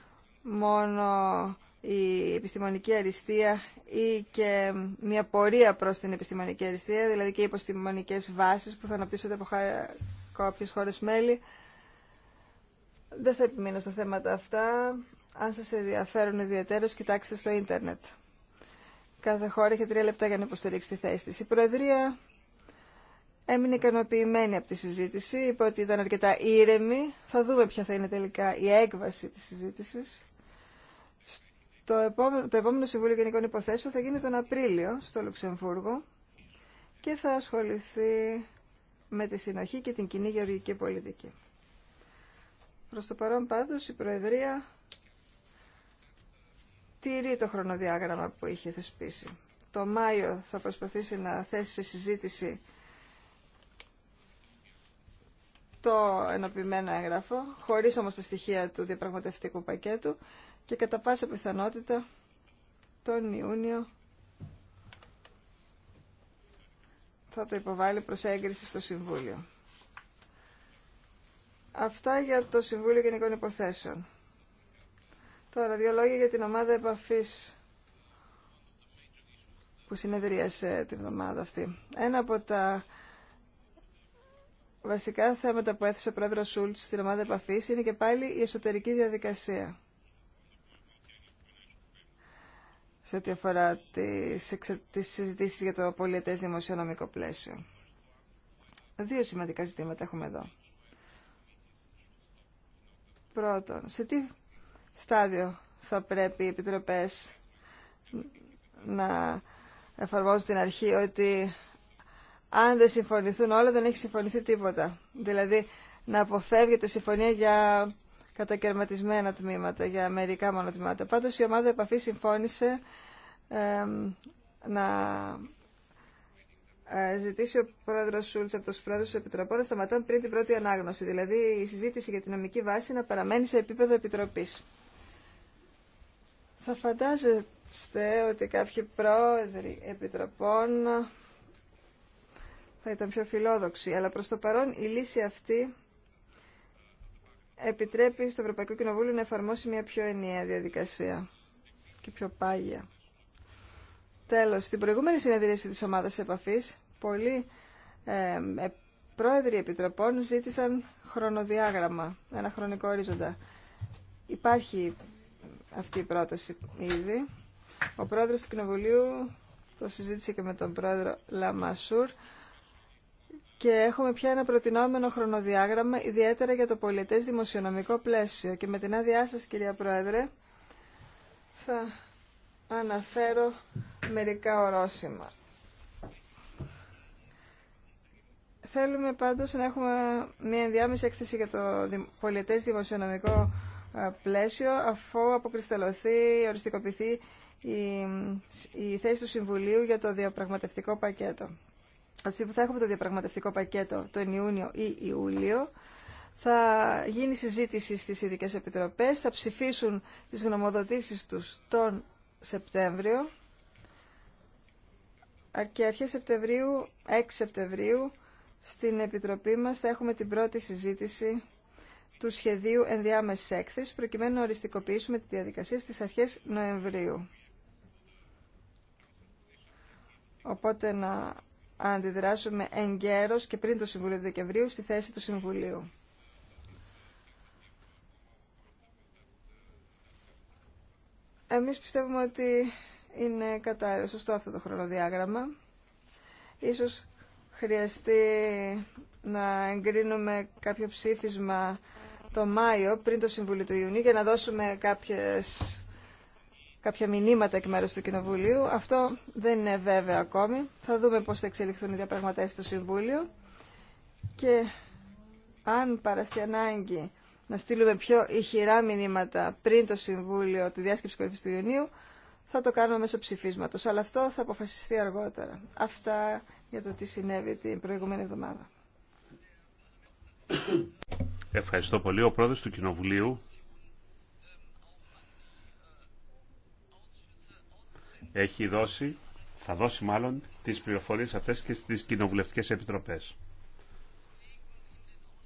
Speaker 1: μόνο η επιστημονική αριστεία ή και μια πορεία προς την επιστημονική αριστεία, δηλαδή και οι επιστημονικές βάσεις που θα αναπτύσσονται από κάποιες χώρες μέλη. Δεν θα επιμείνω στα θέματα αυτά. Αν σας ενδιαφέρουν ιδιαίτερως, κοιτάξτε στο ίντερνετ. Κάθε χώρα έχει τρία λεπτά για να υποστηρίξει τη θέση της. Η Προεδρία έμεινε ικανοποιημένη από τη συζήτηση, είπε ότι ήταν αρκετά ήρεμη. Θα δούμε ποια θα είναι τελικά η έκβαση της συζήτησης. Το επόμενο, το επόμενο Συμβούλιο Γενικών Υποθέσεων θα γίνει τον Απρίλιο στο Λουξεμβούργο και θα ασχοληθεί με τη συνοχή και την κοινή γεωργική πολιτική. Προς το παρόν πάντως η Προεδρία τηρεί το χρονοδιάγραμμα που είχε θεσπίσει. Το Μάιο θα προσπαθήσει να θέσει σε συζήτηση το ενοποιημένο έγγραφο, χωρίς όμως τα στοιχεία του διαπραγματευτικού πακέτου και κατά πάσα πιθανότητα τον Ιούνιο θα το υποβάλει προς έγκριση στο Συμβούλιο. Αυτά για το Συμβούλιο Γενικών Υποθέσεων. Τώρα, δύο λόγια για την ομάδα επαφής που συνεδρίασε την εβδομάδα αυτή. Ένα από τα βασικά θέματα που έθεσε ο πρόεδρος Σούλτ στην ομάδα επαφή είναι και πάλι η εσωτερική διαδικασία. Σε ό,τι αφορά τις, εξε... συζητήσεις για το πολιετές δημοσιονομικό πλαίσιο. Δύο σημαντικά ζητήματα έχουμε εδώ. Πρώτον, σε τι στάδιο θα πρέπει οι επιτροπές να εφαρμόζουν την αρχή ότι αν δεν συμφωνηθούν όλα, δεν έχει συμφωνηθεί τίποτα. Δηλαδή, να αποφεύγεται συμφωνία για κατακαιρματισμένα τμήματα, για μερικά μόνο τμήματα. Πάντως, η ομάδα επαφή συμφώνησε να ε, ζητήσει ο πρόεδρο Σούλτ από του πρόεδρου τη Επιτροπή να σταματάνε πριν την πρώτη ανάγνωση. Δηλαδή, η συζήτηση για την νομική βάση να παραμένει σε επίπεδο Επιτροπή. Θα φαντάζεστε ότι κάποιοι πρόεδροι επιτροπών θα ήταν πιο φιλόδοξη. Αλλά προς το παρόν η λύση αυτή επιτρέπει στο Ευρωπαϊκό Κοινοβούλιο να εφαρμόσει μια πιο ενιαία διαδικασία και πιο πάγια. Τέλος, στην προηγούμενη συνεδρίαση της ομάδας επαφής, πολλοί ε, πρόεδροι επιτροπών ζήτησαν χρονοδιάγραμμα, ένα χρονικό ορίζοντα. Υπάρχει αυτή η πρόταση ήδη. Ο πρόεδρος του Κοινοβουλίου το συζήτησε και με τον πρόεδρο Λαμασούρ και έχουμε πια ένα προτινόμενο χρονοδιάγραμμα, ιδιαίτερα για το πολιτές δημοσιονομικό πλαίσιο. Και με την άδειά σας, κυρία Πρόεδρε, θα αναφέρω μερικά ορόσημα. Θέλουμε πάντως να έχουμε μια ενδιάμεση έκθεση για το πολιτές δημοσιονομικό ε, πλαίσιο, αφού αποκρισταλωθεί, οριστικοποιηθεί η, η θέση του Συμβουλίου για το διαπραγματευτικό πακέτο που θα έχουμε το διαπραγματευτικό πακέτο τον Ιούνιο ή Ιούλιο, θα γίνει συζήτηση στις ειδικέ επιτροπές, θα ψηφίσουν τις γνωμοδοτήσεις τους τον Σεπτέμβριο και αρχές Σεπτεμβρίου, 6 Σεπτεμβρίου, στην Επιτροπή μας θα έχουμε την πρώτη συζήτηση του σχεδίου ενδιάμεσης έκθεση προκειμένου να οριστικοποιήσουμε τη διαδικασία στις αρχές Νοεμβρίου. Οπότε να αντιδράσουμε εγκαίρως και πριν το Συμβούλιο του Δεκεμβρίου στη θέση του Συμβουλίου. Εμείς πιστεύουμε ότι είναι κατάλληλο σωστό αυτό το χρονοδιάγραμμα. Ίσως χρειαστεί να εγκρίνουμε κάποιο ψήφισμα το Μάιο πριν το Συμβούλιο του Ιουνίου για να δώσουμε κάποιες κάποια μηνύματα εκ μέρους του Κοινοβουλίου. Αυτό δεν είναι βέβαιο ακόμη. Θα δούμε πώς θα εξελιχθούν οι διαπραγματεύσεις στο Συμβούλιο και αν παραστεί ανάγκη να στείλουμε πιο ηχηρά μηνύματα πριν το Συμβούλιο τη διάσκεψη κορυφής του Ιουνίου, θα το κάνουμε μέσω ψηφίσματο. Αλλά αυτό θα αποφασιστεί αργότερα. Αυτά για το τι συνέβη την προηγούμενη εβδομάδα.
Speaker 2: Ευχαριστώ πολύ. Ο πρόεδρος του Κοινοβουλίου έχει δώσει, θα δώσει μάλλον τις πληροφορίες αυτές και στις κοινοβουλευτικές επιτροπές.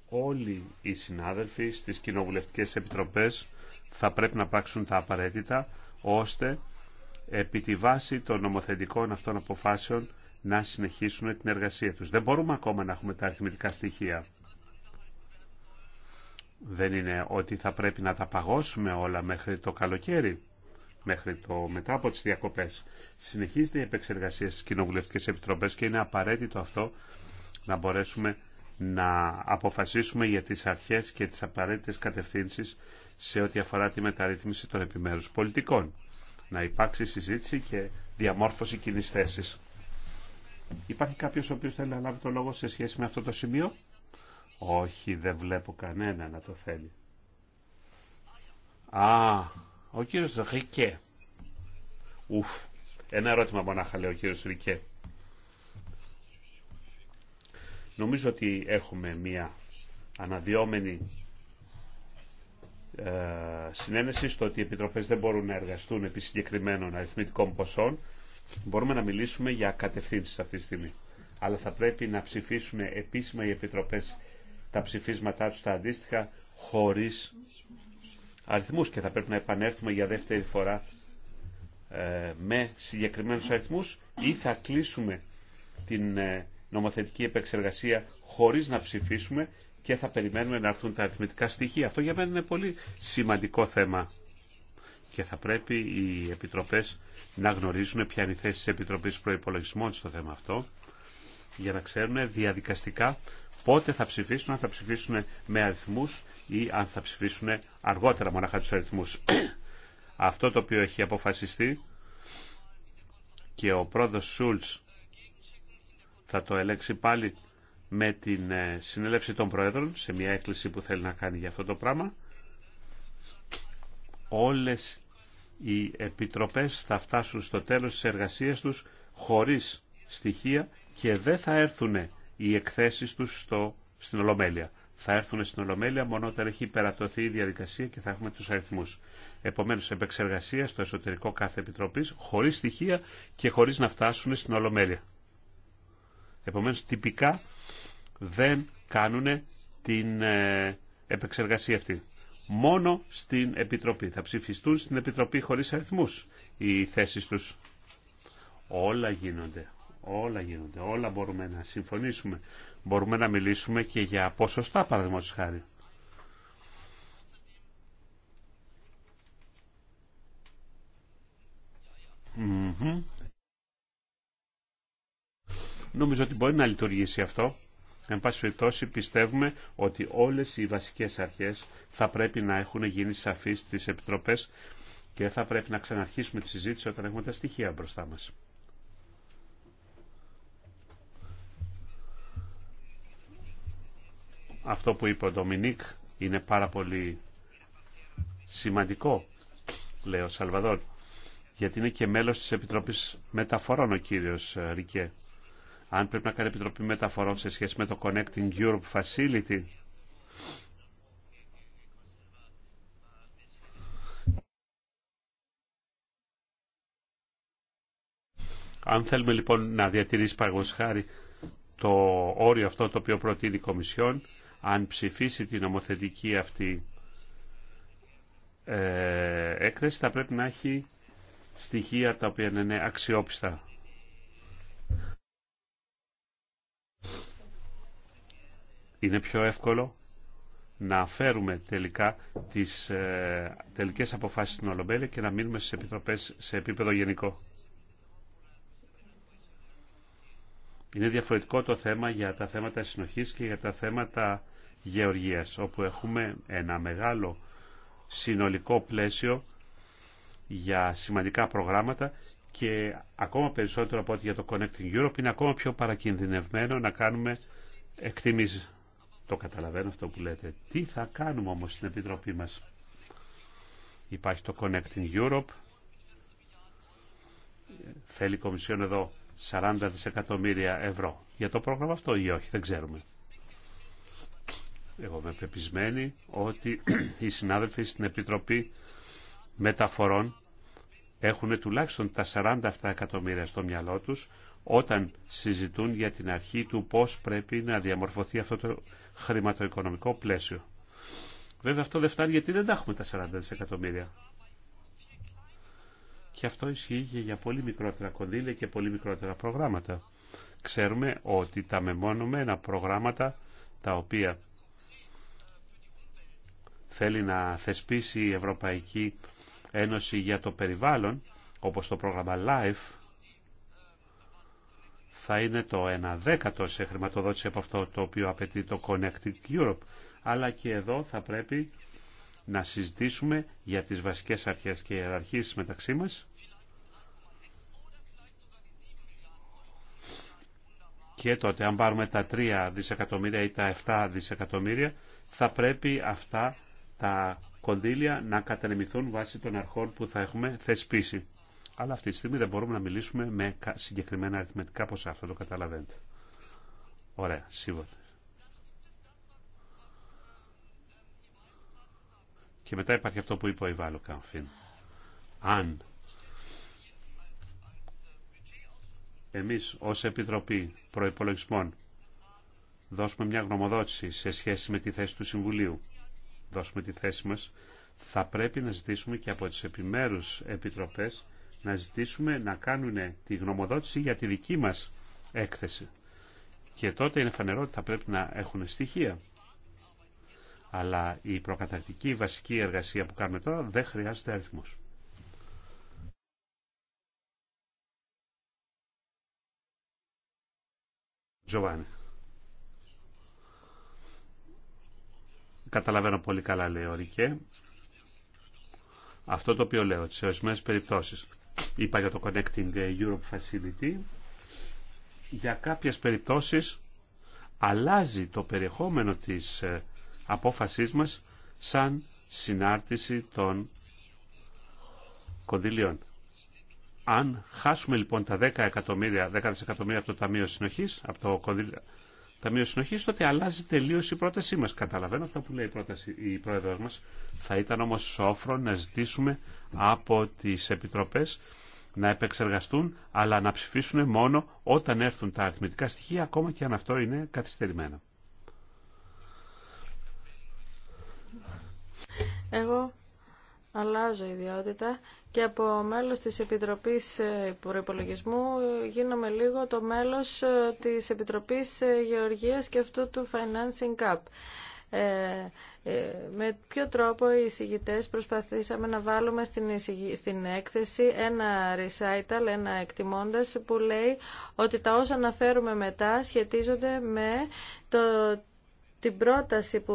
Speaker 2: Όλοι οι συνάδελφοι στις κοινοβουλευτικές επιτροπές θα πρέπει να πράξουν τα απαραίτητα ώστε επί τη βάση των νομοθετικών αυτών αποφάσεων να συνεχίσουν την εργασία τους. Δεν μπορούμε ακόμα να έχουμε τα αριθμητικά στοιχεία. Δεν είναι ότι θα πρέπει να τα παγώσουμε όλα μέχρι το καλοκαίρι μέχρι το μετά από τις διακοπές. Συνεχίζεται η επεξεργασία στις κοινοβουλευτικές επιτροπές και είναι απαραίτητο αυτό να μπορέσουμε να αποφασίσουμε για τις αρχές και τις απαραίτητες κατευθύνσεις σε ό,τι αφορά τη μεταρρύθμιση των επιμέρους πολιτικών. Να υπάρξει συζήτηση και διαμόρφωση κοινή θέση. Υπάρχει κάποιος ο οποίος θέλει να λάβει το λόγο σε σχέση με αυτό το σημείο. Όχι, δεν βλέπω κανένα να το θέλει. Α, ο κύριος Ρικέ. Ουφ. Ένα ερώτημα μονάχα λέει ο κύριος Ρικέ. Νομίζω ότι έχουμε μία αναδυόμενη ε, συνένεση στο ότι οι επιτροπές δεν μπορούν να εργαστούν επί συγκεκριμένων αριθμητικών ποσών. Μπορούμε να μιλήσουμε για κατευθύνσεις αυτή τη στιγμή. Αλλά θα πρέπει να ψηφίσουν επίσημα οι επιτροπές τα ψηφίσματά τους τα αντίστοιχα χωρίς αριθμούς και θα πρέπει να επανέλθουμε για δεύτερη φορά ε, με συγκεκριμένους αριθμούς ή θα κλείσουμε την ε, νομοθετική επεξεργασία χωρίς να ψηφίσουμε και θα περιμένουμε να έρθουν τα αριθμητικά στοιχεία. Αυτό για μένα είναι πολύ σημαντικό θέμα και θα πρέπει οι επιτροπές να γνωρίζουν ποια είναι η θέση της Επιτροπής Προϋπολογισμών στο θέμα αυτό για να ξέρουν διαδικαστικά πότε θα ψηφίσουν, αν θα ψηφίσουν με αριθμού ή αν θα ψηφίσουν αργότερα μονάχα του αριθμού. Αυτό το οποίο έχει αποφασιστεί και ο πρόεδρος Σούλτς θα το ελέξει πάλι με την ε, συνέλευση των Προέδρων σε μια έκκληση που θέλει να κάνει για αυτό το πράγμα. Όλες οι επιτροπές θα φτάσουν στο τέλος της εργασίας τους χωρίς στοιχεία και δεν θα έρθουν οι εκθέσεις τους στο, στην Ολομέλεια. Θα έρθουν στην Ολομέλεια μόνο όταν έχει υπερατωθεί η διαδικασία και θα έχουμε τους αριθμούς. Επομένως, επεξεργασία στο εσωτερικό κάθε επιτροπής, χωρίς στοιχεία και χωρίς να φτάσουν στην Ολομέλεια. Επομένως, τυπικά δεν κάνουν την ε, επεξεργασία αυτή. Μόνο στην Επιτροπή. Θα ψηφιστούν στην Επιτροπή χωρίς αριθμούς οι θέσεις τους. Όλα γίνονται όλα γίνονται, όλα μπορούμε να συμφωνήσουμε. Μπορούμε να μιλήσουμε και για ποσοστά παραδειγματο χάρη. Νομίζω ότι μπορεί να λειτουργήσει αυτό. Εν πάση περιπτώσει πιστεύουμε ότι όλες οι βασικές αρχές θα πρέπει να έχουν γίνει σαφείς στις επιτροπές και θα πρέπει να ξαναρχίσουμε τη συζήτηση όταν έχουμε τα στοιχεία μπροστά μας. αυτό που είπε ο Ντομινίκ είναι πάρα πολύ σημαντικό, λέει ο Σαλβαδόρ, γιατί είναι και μέλος της Επιτροπής Μεταφορών ο κύριος ε, Ρικέ. Αν πρέπει να κάνει Επιτροπή Μεταφορών σε σχέση με το Connecting Europe Facility, Αν θέλουμε λοιπόν να διατηρήσει παραγωγή το όριο αυτό το οποίο προτείνει η Κομισιόν, αν ψηφίσει την νομοθετική αυτή ε, έκθεση θα πρέπει να έχει στοιχεία τα οποία είναι αξιόπιστα. Είναι πιο εύκολο να φέρουμε τελικά τις ε, τελικές αποφάσεις στην ολομέλεια και να μείνουμε στις επιτροπές σε επίπεδο γενικό. Είναι διαφορετικό το θέμα για τα θέματα συνοχής και για τα θέματα γεωργίας, όπου έχουμε ένα μεγάλο συνολικό πλαίσιο για σημαντικά προγράμματα και ακόμα περισσότερο από ό,τι για το Connecting Europe είναι ακόμα πιο παρακινδυνευμένο να κάνουμε εκτιμήσεις. Το καταλαβαίνω αυτό που λέτε. Τι θα κάνουμε όμως στην Επιτροπή μας. Υπάρχει το Connecting Europe. Θέλει η Κομισιόν εδώ 40 δισεκατομμύρια ευρώ. Για το πρόγραμμα αυτό ή όχι, δεν ξέρουμε. Εγώ είμαι πεπισμένη ότι οι συνάδελφοι στην Επιτροπή Μεταφορών έχουν τουλάχιστον τα 47 εκατομμύρια στο μυαλό τους όταν συζητούν για την αρχή του πώς πρέπει να διαμορφωθεί αυτό το χρηματοοικονομικό πλαίσιο. Βέβαια αυτό δεν φτάνει γιατί δεν τα έχουμε τα 40 εκατομμύρια. Και αυτό ισχύει και για πολύ μικρότερα κονδύλια και πολύ μικρότερα προγράμματα. Ξέρουμε ότι τα μεμονωμένα προγράμματα τα οποία θέλει να θεσπίσει η Ευρωπαϊκή Ένωση για το περιβάλλον, όπως το πρόγραμμα LIFE, θα είναι το 1 δέκατο σε χρηματοδότηση από αυτό το οποίο απαιτεί το Connected Europe. Αλλά και εδώ θα πρέπει να συζητήσουμε για τις βασικές αρχές και ιεραρχίες μεταξύ μας. Και τότε αν πάρουμε τα 3 δισεκατομμύρια ή τα 7 δισεκατομμύρια θα πρέπει αυτά τα κονδύλια να κατανεμηθούν βάσει των αρχών που θα έχουμε θεσπίσει. Αλλά αυτή τη στιγμή δεν μπορούμε να μιλήσουμε με συγκεκριμένα αριθμητικά ποσά. Αυτό το καταλαβαίνετε. Ωραία, σίγουρα. Και μετά υπάρχει αυτό που είπε ο Ιβάλλο Καμφίν. Αν εμείς ως Επιτροπή Προϋπολογισμών δώσουμε μια γνωμοδότηση σε σχέση με τη θέση του Συμβουλίου δώσουμε τη θέση μας, θα πρέπει να ζητήσουμε και από τις επιμέρους επιτροπές να ζητήσουμε να κάνουν τη γνωμοδότηση για τη δική μας έκθεση. Και τότε είναι φανερό ότι θα πρέπει να έχουν στοιχεία. Αλλά η προκαταρκτική βασική εργασία που κάνουμε τώρα δεν χρειάζεται αριθμός. Giovanni. Καταλαβαίνω πολύ καλά, λέει ο Ρικέ. Αυτό το οποίο λέω, σε ορισμένε περιπτώσει, είπα για το Connecting Europe Facility, για κάποιες περιπτώσεις αλλάζει το περιεχόμενο της ε, απόφασής μας σαν συνάρτηση των κονδυλίων. Αν χάσουμε λοιπόν τα 10 εκατομμύρια, 10 εκατομμύρια από το Ταμείο Συνοχής, από το Ταμείο Συνοχή, τότε αλλάζει τελείω η πρότασή μα. Καταλαβαίνω αυτό που λέει η, πρόταση, η πρόεδρο μα. Θα ήταν όμω σόφρο να ζητήσουμε από τι επιτροπέ να επεξεργαστούν, αλλά να ψηφίσουν μόνο όταν έρθουν τα αριθμητικά στοιχεία, ακόμα και αν αυτό είναι καθυστερημένο.
Speaker 3: Εγώ αλλάζω ιδιότητα και από μέλος της Επιτροπής ε, Προϋπολογισμού γίνομαι λίγο το μέλος ε, της Επιτροπής ε, Γεωργίας και αυτού του Financing Cup. με ποιο τρόπο οι εισηγητές προσπαθήσαμε να βάλουμε στην, στην έκθεση ένα recital, ένα εκτιμώντας που λέει ότι τα όσα αναφέρουμε μετά σχετίζονται με το την πρόταση που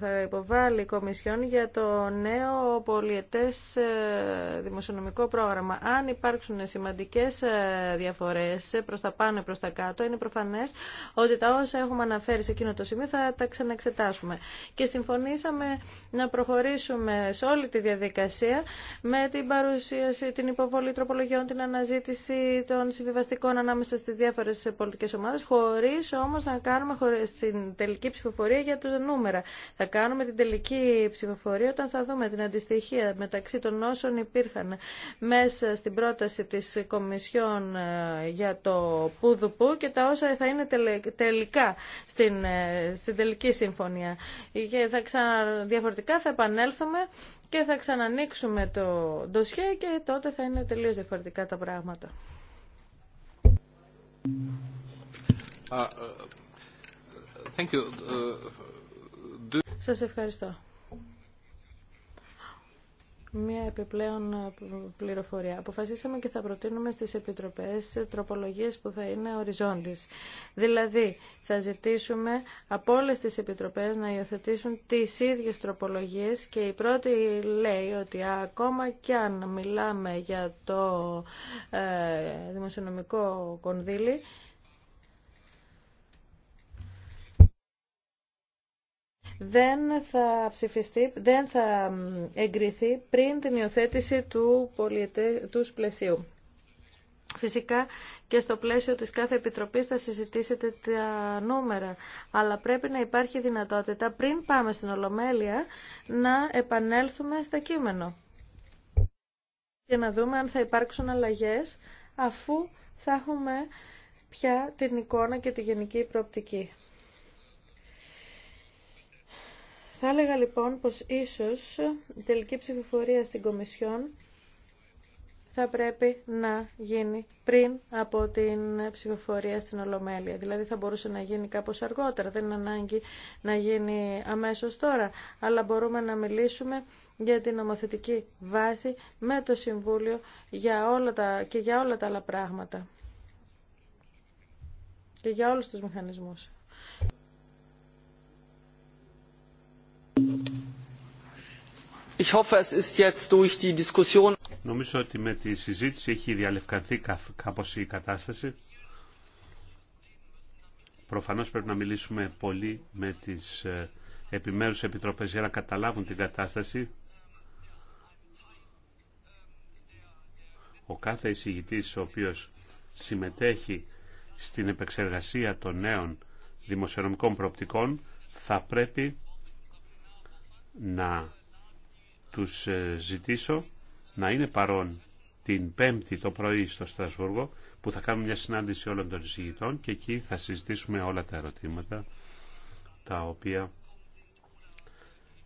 Speaker 3: θα υποβάλει η Κομισιόν για το νέο πολιετές ε, δημοσιονομικό πρόγραμμα. Αν υπάρξουν σημαντικές ε, διαφορές ε, προς τα πάνω ή προς τα κάτω, είναι προφανές ότι τα όσα έχουμε αναφέρει σε εκείνο το σημείο θα τα ξαναεξετάσουμε. Και συμφωνήσαμε να προχωρήσουμε σε όλη τη διαδικασία με την παρουσίαση, την υποβολή τροπολογιών, την αναζήτηση των συμβιβαστικών ανάμεσα στις διάφορες πολιτικές ομάδες, χωρίς όμως να κάνουμε στην τελική ψηφοφορία για τα νούμερα. Θα κάνουμε την τελική ψηφοφορία όταν θα δούμε την αντιστοιχία μεταξύ των όσων υπήρχαν μέσα στην πρόταση της Κομισιόν ε, για το Πουδουπού και τα όσα θα είναι τελικά στην, ε, στην τελική συμφωνία. Και θα ξανα, διαφορετικά θα επανέλθουμε και θα ξανανοίξουμε το ντοσιέ και τότε θα είναι τελείως διαφορετικά τα πράγματα.
Speaker 2: Ε, Thank
Speaker 3: Σας ευχαριστώ. Μία επιπλέον ε, πληροφορία. Αποφασίσαμε και θα προτείνουμε στις επιτροπές τροπολογίες που θα είναι οριζόντιες. Δηλαδή, θα ζητήσουμε από όλες τις επιτροπές να υιοθετήσουν τις ίδιες τροπολογίες και η πρώτη λέει ότι ακόμα κι αν μιλάμε για το ε, δημοσιονομικό κονδύλι, δεν θα ψηφιστεί, δεν θα εγκριθεί πριν την υιοθέτηση του, πολιετέ, πλαισίου. Φυσικά και στο πλαίσιο της κάθε επιτροπής θα συζητήσετε τα νούμερα, αλλά πρέπει να υπάρχει δυνατότητα πριν πάμε στην Ολομέλεια να επανέλθουμε στα κείμενο και να δούμε αν θα υπάρξουν αλλαγές αφού θα έχουμε πια την εικόνα και τη γενική προοπτική. Θα έλεγα λοιπόν πως ίσως η τελική ψηφοφορία στην Κομισιόν θα πρέπει να γίνει πριν από την ψηφοφορία στην Ολομέλεια. Δηλαδή θα μπορούσε να γίνει κάπως αργότερα, δεν είναι ανάγκη να γίνει αμέσως τώρα, αλλά μπορούμε να μιλήσουμε για την νομοθετική βάση με το Συμβούλιο για όλα τα, και για όλα τα άλλα πράγματα και για όλους τους μηχανισμούς.
Speaker 2: Νομίζω ότι με τη συζήτηση έχει διαλευκανθεί κάπως η κατάσταση. Προφανώς πρέπει να μιλήσουμε πολύ με τις ε, επιμέρους επιτροπές για να καταλάβουν την κατάσταση. Ο κάθε εισηγητής ο οποίος συμμετέχει στην επεξεργασία των νέων δημοσιονομικών προοπτικών θα πρέπει να τους ε, ζητήσω να είναι παρόν την Πέμπτη το πρωί στο Στρασβούργο που θα κάνουμε μια συνάντηση όλων των εισηγητών και εκεί θα συζητήσουμε όλα τα ερωτήματα τα οποία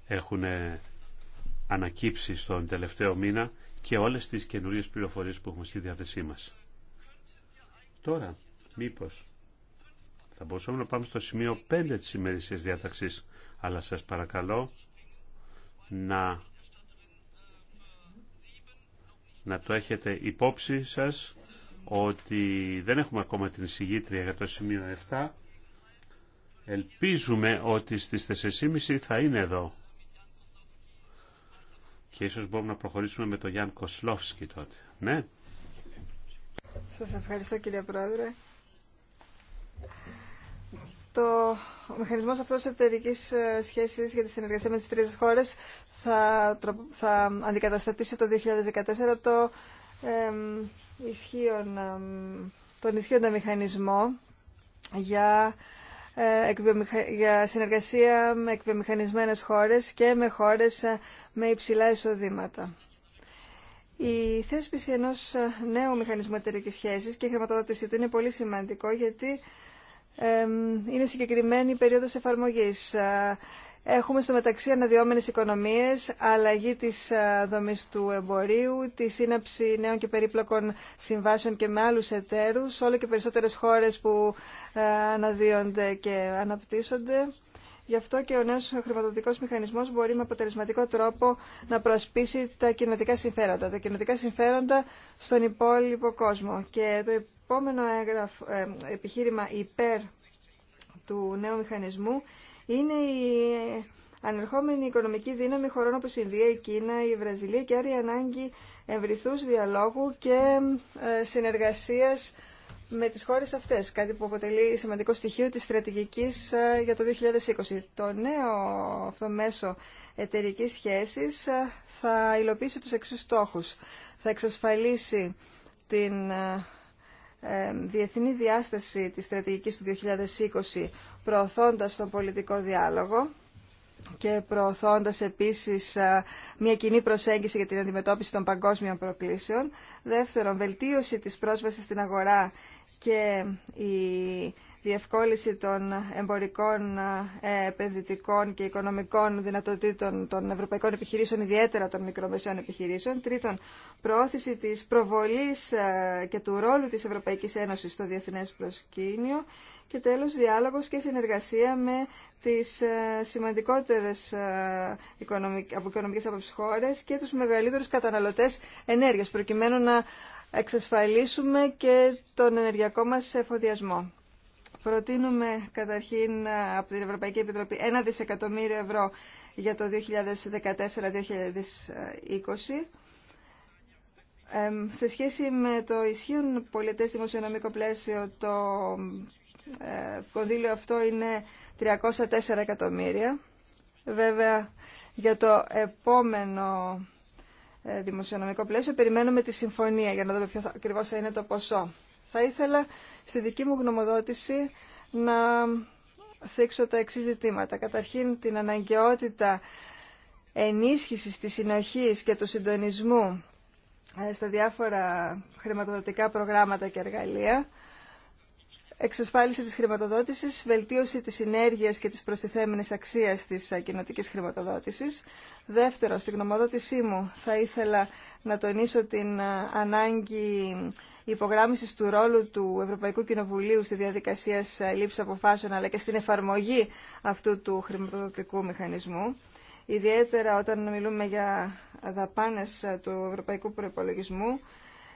Speaker 2: έχουν ε, ανακύψει στον τελευταίο μήνα και όλες τις καινούριες πληροφορίες που έχουμε στη διάθεσή μας. Τώρα, μήπως θα μπορούσαμε να πάμε στο σημείο 5 της ημερησίας διάταξης, αλλά σας παρακαλώ να να το έχετε υπόψη σας ότι δεν έχουμε ακόμα την εισηγήτρια για το σημείο 7. Ελπίζουμε ότι στις 4.30 θα είναι εδώ. Και ίσως μπορούμε να προχωρήσουμε με τον Γιάνν Κοσλόφσκι τότε. Ναι.
Speaker 1: Σας ευχαριστώ κύριε Πρόεδρε το, ο μηχανισμός αυτός εταιρική ε, σχέσης για τη συνεργασία με τις τρίτες χώρες θα, θα αντικαταστατήσει το 2014 το, ισχύον, τον ισχύοντα μηχανισμό για, ε, για συνεργασία με εκβιομηχανισμένες χώρες και με χώρες ε, με υψηλά εισοδήματα. Η θέσπιση ενός ε, νέου μηχανισμού εταιρικής σχέσης και η χρηματοδότησή του είναι πολύ σημαντικό γιατί είναι συγκεκριμένη η περίοδος εφαρμογής. Έχουμε στο μεταξύ αναδυόμενες οικονομίες, αλλαγή της δομής του εμπορίου, τη σύναψη νέων και περίπλοκων συμβάσεων και με άλλους εταίρους, όλο και περισσότερες χώρες που αναδύονται και αναπτύσσονται Γι' αυτό και ο νέος χρηματοδοτικός μηχανισμός μπορεί με αποτελεσματικό τρόπο να προασπίσει τα κοινοτικά συμφέροντα, τα κοινοτικά συμφέροντα στον υπόλοιπο κόσμο. Και το επόμενο ε, επιχείρημα υπέρ του νέου μηχανισμού είναι η ανερχόμενη οικονομική δύναμη χωρών όπως η Ινδία, η Κίνα, η Βραζιλία και άρα η ανάγκη ευρυθούς διαλόγου και ε, συνεργασίας με τις χώρες αυτές, κάτι που αποτελεί σημαντικό στοιχείο της στρατηγικής ε, για το 2020. Το νέο αυτό μέσο εταιρική σχέσης ε, θα υλοποιήσει τους εξής στόχους. Θα εξασφαλίσει την ε, διεθνή διάσταση της στρατηγικής του 2020, προωθώντας τον πολιτικό διάλογο και προωθώντας επίσης μια κοινή προσέγγιση για την αντιμετώπιση των παγκόσμιων προκλήσεων. Δεύτερον, βελτίωση της πρόσβασης στην αγορά και η διευκόλυση των εμπορικών, ε, επενδυτικών και οικονομικών δυνατοτήτων των ευρωπαϊκών επιχειρήσεων, ιδιαίτερα των μικρομεσαίων επιχειρήσεων. Τρίτον, προώθηση της προβολής ε, και του ρόλου της Ευρωπαϊκής Ένωσης στο διεθνές προσκήνιο. Και τέλος, διάλογος και συνεργασία με τις ε, σημαντικότερες από οικονομικές χώρες και τους μεγαλύτερους καταναλωτές ενέργειας, προκειμένου να εξασφαλίσουμε και τον ενεργειακό μας εφοδιασμό. Προτείνουμε καταρχήν ε, από την Ευρωπαϊκή Επιτροπή ένα δισεκατομμύριο ευρώ για το 2014-2020 σε σχέση με το ισχύον πολιτές δημοσιονομικό πλαίσιο, το ε, κονδύλιο αυτό είναι 304 εκατομμύρια. Βέβαια, για το επόμενο ε, δημοσιονομικό πλαίσιο. Περιμένουμε τη συμφωνία για να δούμε ποιο ακριβώ θα είναι το ποσό. Θα ήθελα στη δική μου γνωμοδότηση να θίξω τα εξή ζητήματα. Καταρχήν την αναγκαιότητα ενίσχυσης της συνοχής και του συντονισμού ε, στα διάφορα χρηματοδοτικά προγράμματα και εργαλεία εξασφάλιση της χρηματοδότησης, βελτίωση της συνέργειας και της προστιθέμενης αξίας της κοινοτικής χρηματοδότησης. Δεύτερο, στην γνωμοδότησή μου θα ήθελα να τονίσω την ε, ανάγκη υπογράμμισης του ρόλου του Ευρωπαϊκού Κοινοβουλίου στη διαδικασία λήψη αποφάσεων αλλά και στην εφαρμογή αυτού του χρηματοδοτικού μηχανισμού. Ιδιαίτερα όταν μιλούμε για δαπάνες ε, του Ευρωπαϊκού Προϋπολογισμού,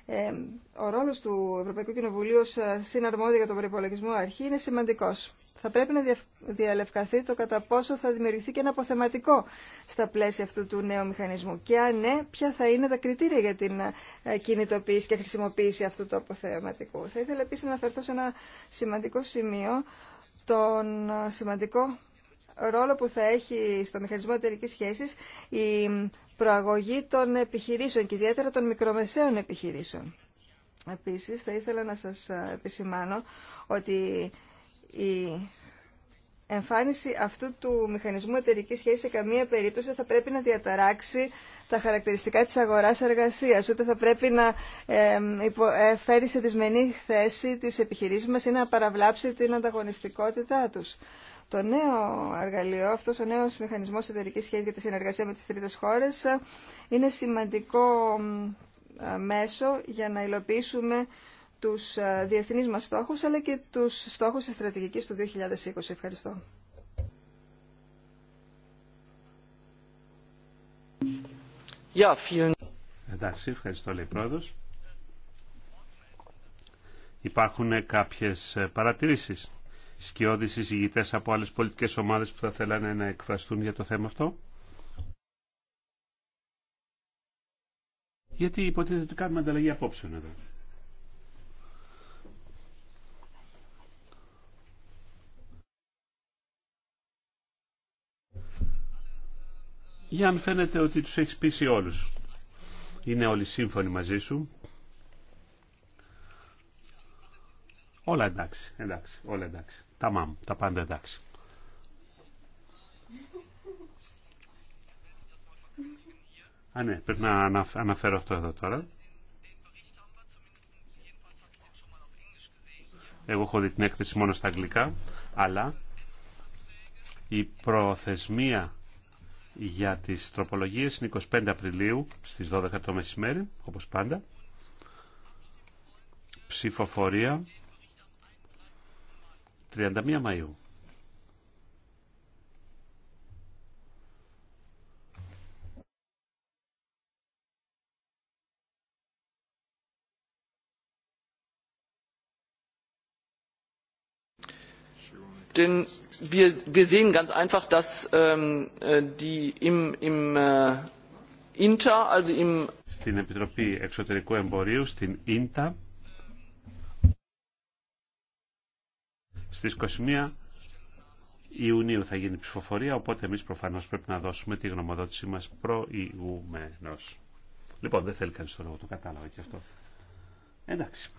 Speaker 1: ε, ο ρόλος του Ευρωπαϊκού Κοινοβουλίου ως ε, συναρμόδια για τον προπολογισμό αρχή είναι σημαντικός. Θα πρέπει να διαλευκαθεί το κατά πόσο θα δημιουργηθεί και ένα αποθεματικό στα πλαίσια αυτού του νέου μηχανισμού. Και αν ναι, ποια θα είναι τα κριτήρια για την ε, κινητοποίηση και χρησιμοποίηση αυτού του αποθεματικού. Θα ήθελα επίση να αναφερθώ σε ένα σημαντικό σημείο, τον σημαντικό ρόλο που θα έχει στο μηχανισμό εταιρική σχέση η προαγωγή των επιχειρήσεων και ιδιαίτερα των μικρομεσαίων επιχειρήσεων. Επίσης, θα ήθελα να σας επισημάνω ότι η εμφάνιση αυτού του μηχανισμού εταιρικής σχέσης σε καμία περίπτωση θα πρέπει να διαταράξει τα χαρακτηριστικά της αγοράς εργασίας, ούτε θα πρέπει να ε, φέρει σε δυσμενή θέση τις επιχειρήσεις μας ή να παραβλάψει την ανταγωνιστικότητά τους το νέο εργαλείο, αυτό ο νέο μηχανισμό εταιρική σχέσης για τη συνεργασία με τις τρίτες χώρες είναι σημαντικό ε, μέσο για να υλοποιήσουμε τους ε, διεθνείς μας στόχους αλλά και τους στόχους τη στρατηγική του 2020. Ευχαριστώ.
Speaker 2: Εντάξει, ευχαριστώ λέει πρόεδρο. Υπάρχουν κάποιες ε, παρατηρήσεις σκιώδεις συζητητέ από άλλε πολιτικέ ομάδε που θα θέλανε να εκφραστούν για το θέμα αυτό. Γιατί υποτίθεται ότι κάνουμε ανταλλαγή απόψεων εδώ. Για αν φαίνεται ότι τους έχει πείσει όλους. Είναι όλοι σύμφωνοι μαζί σου. Όλα εντάξει, εντάξει, όλα εντάξει. Τα μάμ, τα πάντα εντάξει. Α, ναι, πρέπει να αναφέρω αυτό εδώ τώρα. Εγώ έχω δει την έκθεση μόνο στα αγγλικά, αλλά η προθεσμία για τις τροπολογίες είναι 25 Απριλίου στις 12 το μεσημέρι, όπως πάντα. Ψηφοφορία 31 Μαΐου.
Speaker 1: Denn wir wir
Speaker 2: sehen ganz einfach, dass ähm, die im im äh, INTA, also im Στην Επιτροπή Εξωτερικού Εμπορίου, στην INTA, Στις 21 Ιουνίου θα γίνει ψηφοφορία, οπότε εμείς προφανώς πρέπει να δώσουμε τη γνωμοδότησή μας προηγουμένω. Λοιπόν, δεν θέλει κανεί το λόγο, το κατάλαβα και αυτό. Εντάξει.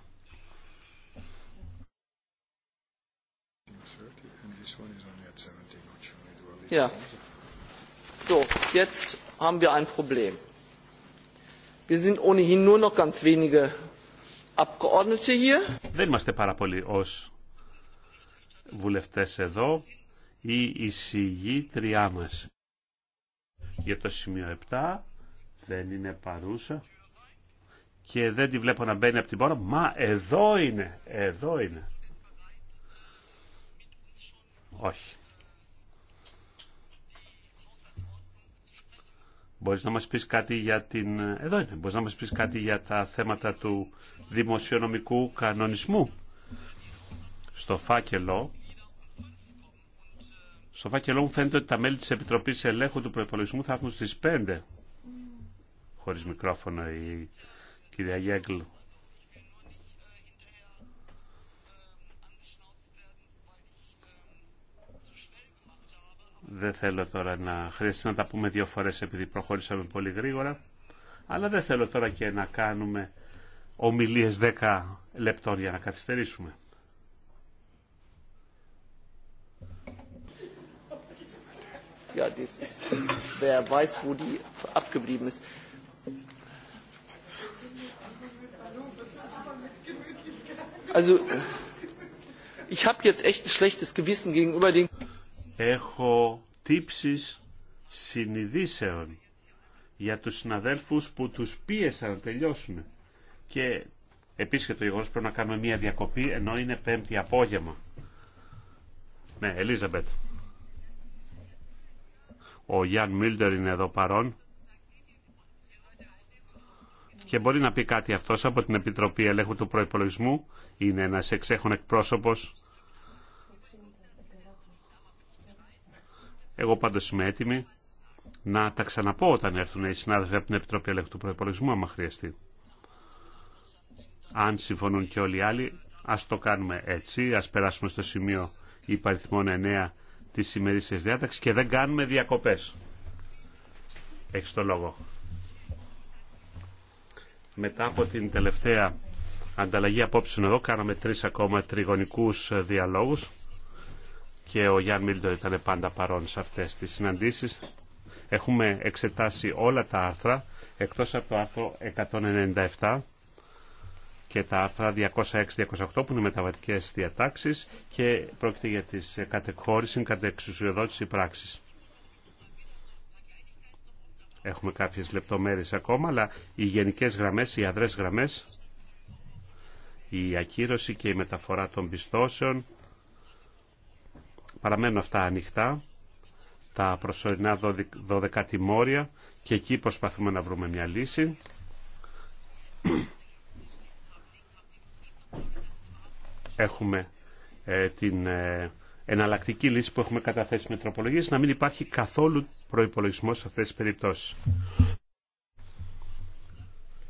Speaker 1: Ja, So, jetzt haben wir ein Problem. Wir sind ohnehin nur noch ganz wenige
Speaker 2: Abgeordnete hier. Δεν είμαστε πάρα πολλοί ως βουλευτές εδώ ή η η τριά μας. Για το σημείο 7 δεν είναι παρούσα και δεν τη βλέπω να μπαίνει από την πόρα. Μα εδώ είναι, εδώ είναι. Όχι. Μπορείς να μας πεις κάτι για την... Εδώ είναι. Μπορείς να μας πεις κάτι για τα θέματα του δημοσιονομικού κανονισμού στο φάκελο στο φάκελό μου φαίνεται ότι τα μέλη της Επιτροπής Ελέγχου του Προϋπολογισμού θα έρθουν στις 5. Χωρίς μικρόφωνο η κυρία Γέγκλ. Δεν θέλω τώρα να χρειάζεται να τα πούμε δύο φορές επειδή προχώρησαμε πολύ γρήγορα. Αλλά δεν θέλω τώρα και να κάνουμε ομιλίες 10 λεπτών για να καθυστερήσουμε. Ja, das ist, wer weiß, wo die abgeblieben ist.
Speaker 1: Also, ich habe jetzt echt ein schlechtes Gewissen gegenüber den...
Speaker 2: Echo Tipsis Sinidiseon. για του συναδέλφου που του πίεσαν να τελειώσουν. Και επίση και το γεγονό πρέπει να κάνουμε μια διακοπή ενώ είναι πέμπτη απόγευμα. Ναι, Ελίζαμπετ. Ο Γιάν Μίλτερ είναι εδώ παρόν και μπορεί να πει κάτι αυτός από την Επιτροπή Ελέγχου του Προϋπολογισμού. Είναι ένας εξέχων εκπρόσωπος. Εγώ πάντως είμαι έτοιμη να τα ξαναπώ όταν έρθουν οι συνάδελφοι από την Επιτροπή Ελέγχου του Προϋπολογισμού, άμα χρειαστεί. Αν συμφωνούν και όλοι οι άλλοι, ας το κάνουμε έτσι, ας περάσουμε στο σημείο υπαριθμών Τη σημερινή διάταξη και δεν κάνουμε διακοπέ. Έχει το λόγο. Μετά από την τελευταία ανταλλαγή απόψεων εδώ, κάναμε τρει ακόμα τριγωνικού διαλόγου και ο Γιάνν Μίλτον ήταν πάντα παρόν σε αυτέ τι συναντήσει. Έχουμε εξετάσει όλα τα άρθρα, εκτός από το άρθρο 197 και τα άρθρα 206-208 που είναι μεταβατικές διατάξεις και πρόκειται για τις κατεχώρηση κατεξουσιοδότηση πράξη. Έχουμε κάποιες λεπτομέρειες ακόμα, αλλά οι γενικέ γραμμές, οι αδρές γραμμές, η ακύρωση και η μεταφορά των πιστώσεων, παραμένουν αυτά ανοιχτά, τα προσωρινά 12 τιμόρια και εκεί προσπαθούμε να βρούμε μια λύση. έχουμε ε, την ε, εναλλακτική λύση που έχουμε καταθέσει με τροπολογίες να μην υπάρχει καθόλου προϋπολογισμός σε αυτές τις περιπτώσεις.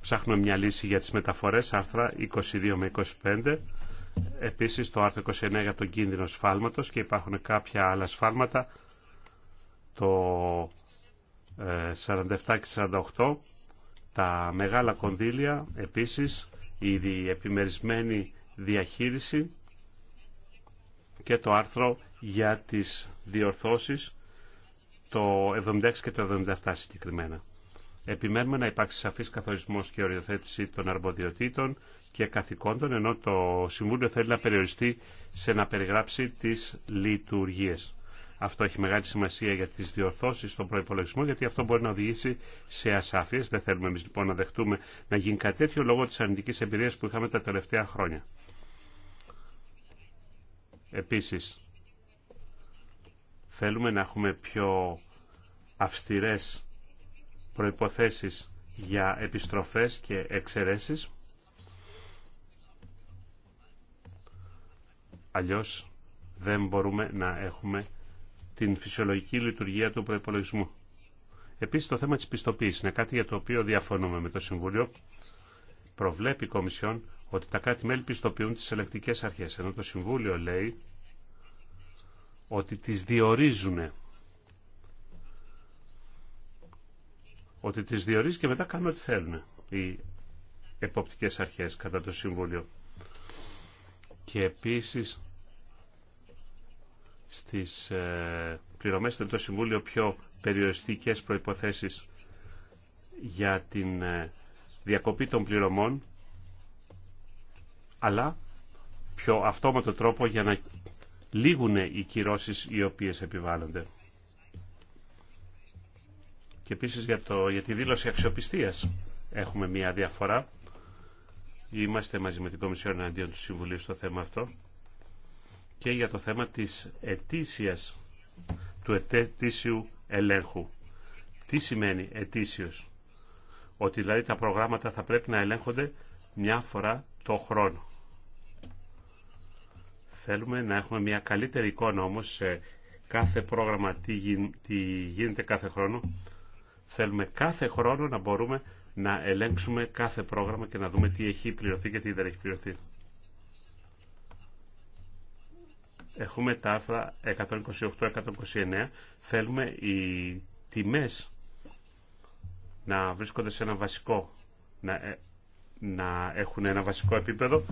Speaker 2: Ψάχνουμε μια λύση για τις μεταφορές, άρθρα 22 με 25, επίσης το άρθρο 29 για τον κίνδυνο σφάλματος και υπάρχουν κάποια άλλα σφάλματα, το 47 ε, και 48, τα μεγάλα κονδύλια, επίσης, η επιμερισμένη διαχείριση και το άρθρο για τις διορθώσεις το 76 και το 77 συγκεκριμένα. Επιμένουμε να υπάρξει σαφής καθορισμός και οριοθέτηση των αρμοδιοτήτων και καθηκόντων, ενώ το Συμβούλιο θέλει να περιοριστεί σε να περιγράψει τις λειτουργίες. Αυτό έχει μεγάλη σημασία για τις διορθώσεις στον προϋπολογισμό, γιατί αυτό μπορεί να οδηγήσει σε ασάφειες. Δεν θέλουμε εμείς λοιπόν να δεχτούμε να γίνει κάτι τέτοιο λόγω της αρνητικής εμπειρίας που είχαμε τα τελευταία χρόνια. Επίσης, θέλουμε να έχουμε πιο αυστηρές προϋποθέσεις για επιστροφές και εξαιρέσεις. Αλλιώς δεν μπορούμε να έχουμε την φυσιολογική λειτουργία του προϋπολογισμού. Επίσης το θέμα της πιστοποίησης είναι κάτι για το οποίο διαφωνούμε με το Συμβουλίο. Προβλέπει η Κομισιόν ότι τα κράτη-μέλη πιστοποιούν τις ελεκτικές αρχές, ενώ το Συμβούλιο λέει ότι τις διορίζουν. Ότι τις διορίζει και μετά κάνουν ό,τι θέλουν οι εποπτικές αρχές κατά το Συμβούλιο. Και επίσης στις ε, πληρωμές το Συμβούλιο πιο περιοριστικές προϋποθέσεις για την ε, διακοπή των πληρωμών αλλά πιο αυτόματο τρόπο για να λήγουν οι κυρώσεις οι οποίες επιβάλλονται. Και επίσης για, το, για τη δήλωση αξιοπιστίας έχουμε μία διαφορά. Είμαστε μαζί με την Κομισιόν εναντίον του Συμβουλίου στο θέμα αυτό και για το θέμα της ετήσιας, του ετήσιου ελέγχου. Τι σημαίνει ετήσιος? Ότι δηλαδή τα προγράμματα θα πρέπει να ελέγχονται μια φορά το χρόνο. Θέλουμε να έχουμε μια καλύτερη εικόνα όμως σε κάθε πρόγραμμα τι, γίνεται κάθε χρόνο. Θέλουμε κάθε χρόνο να μπορούμε να ελέγξουμε κάθε πρόγραμμα και να δούμε τι έχει πληρωθεί και τι δεν έχει πληρωθεί. Έχουμε τα άρθρα 128-129. Θέλουμε οι τιμές να βρίσκονται σε ένα βασικό, να, ε, να έχουν ένα βασικό επίπεδο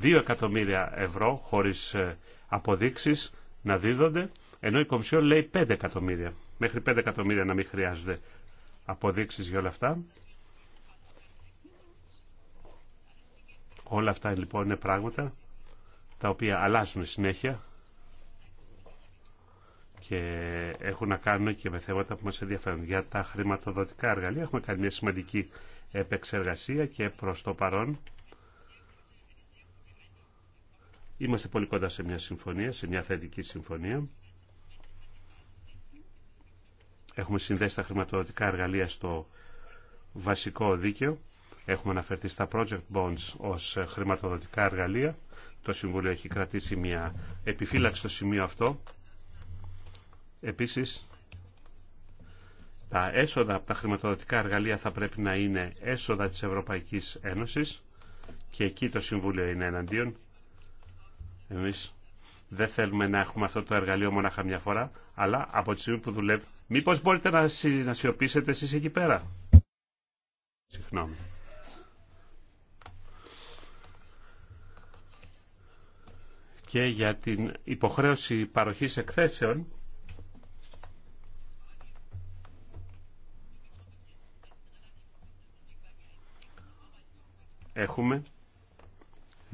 Speaker 2: 2 εκατομμύρια ευρώ χωρίς ε, αποδείξεις να δίδονται, ενώ η Κομισιόν λέει 5 εκατομμύρια. Μέχρι 5 εκατομμύρια να μην χρειάζονται αποδείξεις για όλα αυτά. Όλα αυτά λοιπόν είναι πράγματα τα οποία αλλάζουν συνέχεια και έχουν να κάνουν και με θέματα που μας ενδιαφέρουν. Για τα χρηματοδοτικά εργαλεία έχουμε κάνει μια σημαντική επεξεργασία και προς το παρόν Είμαστε πολύ κοντά σε μια συμφωνία, σε μια θετική συμφωνία. Έχουμε συνδέσει τα χρηματοδοτικά εργαλεία στο βασικό δίκαιο. Έχουμε αναφερθεί στα project bonds ως χρηματοδοτικά εργαλεία. Το Συμβούλιο έχει κρατήσει μια επιφύλαξη στο σημείο αυτό. Επίσης, τα έσοδα από τα χρηματοδοτικά εργαλεία θα πρέπει να είναι έσοδα της Ευρωπαϊκής Ένωσης και εκεί το Συμβούλιο είναι εναντίον. Εμεί δεν θέλουμε να έχουμε αυτό το εργαλείο μονάχα μια φορά, αλλά από τη στιγμή που δουλεύει. Μήπως μπορείτε να, συ, να εκεί πέρα. Συγγνώμη. Και για την υποχρέωση παροχής εκθέσεων, έχουμε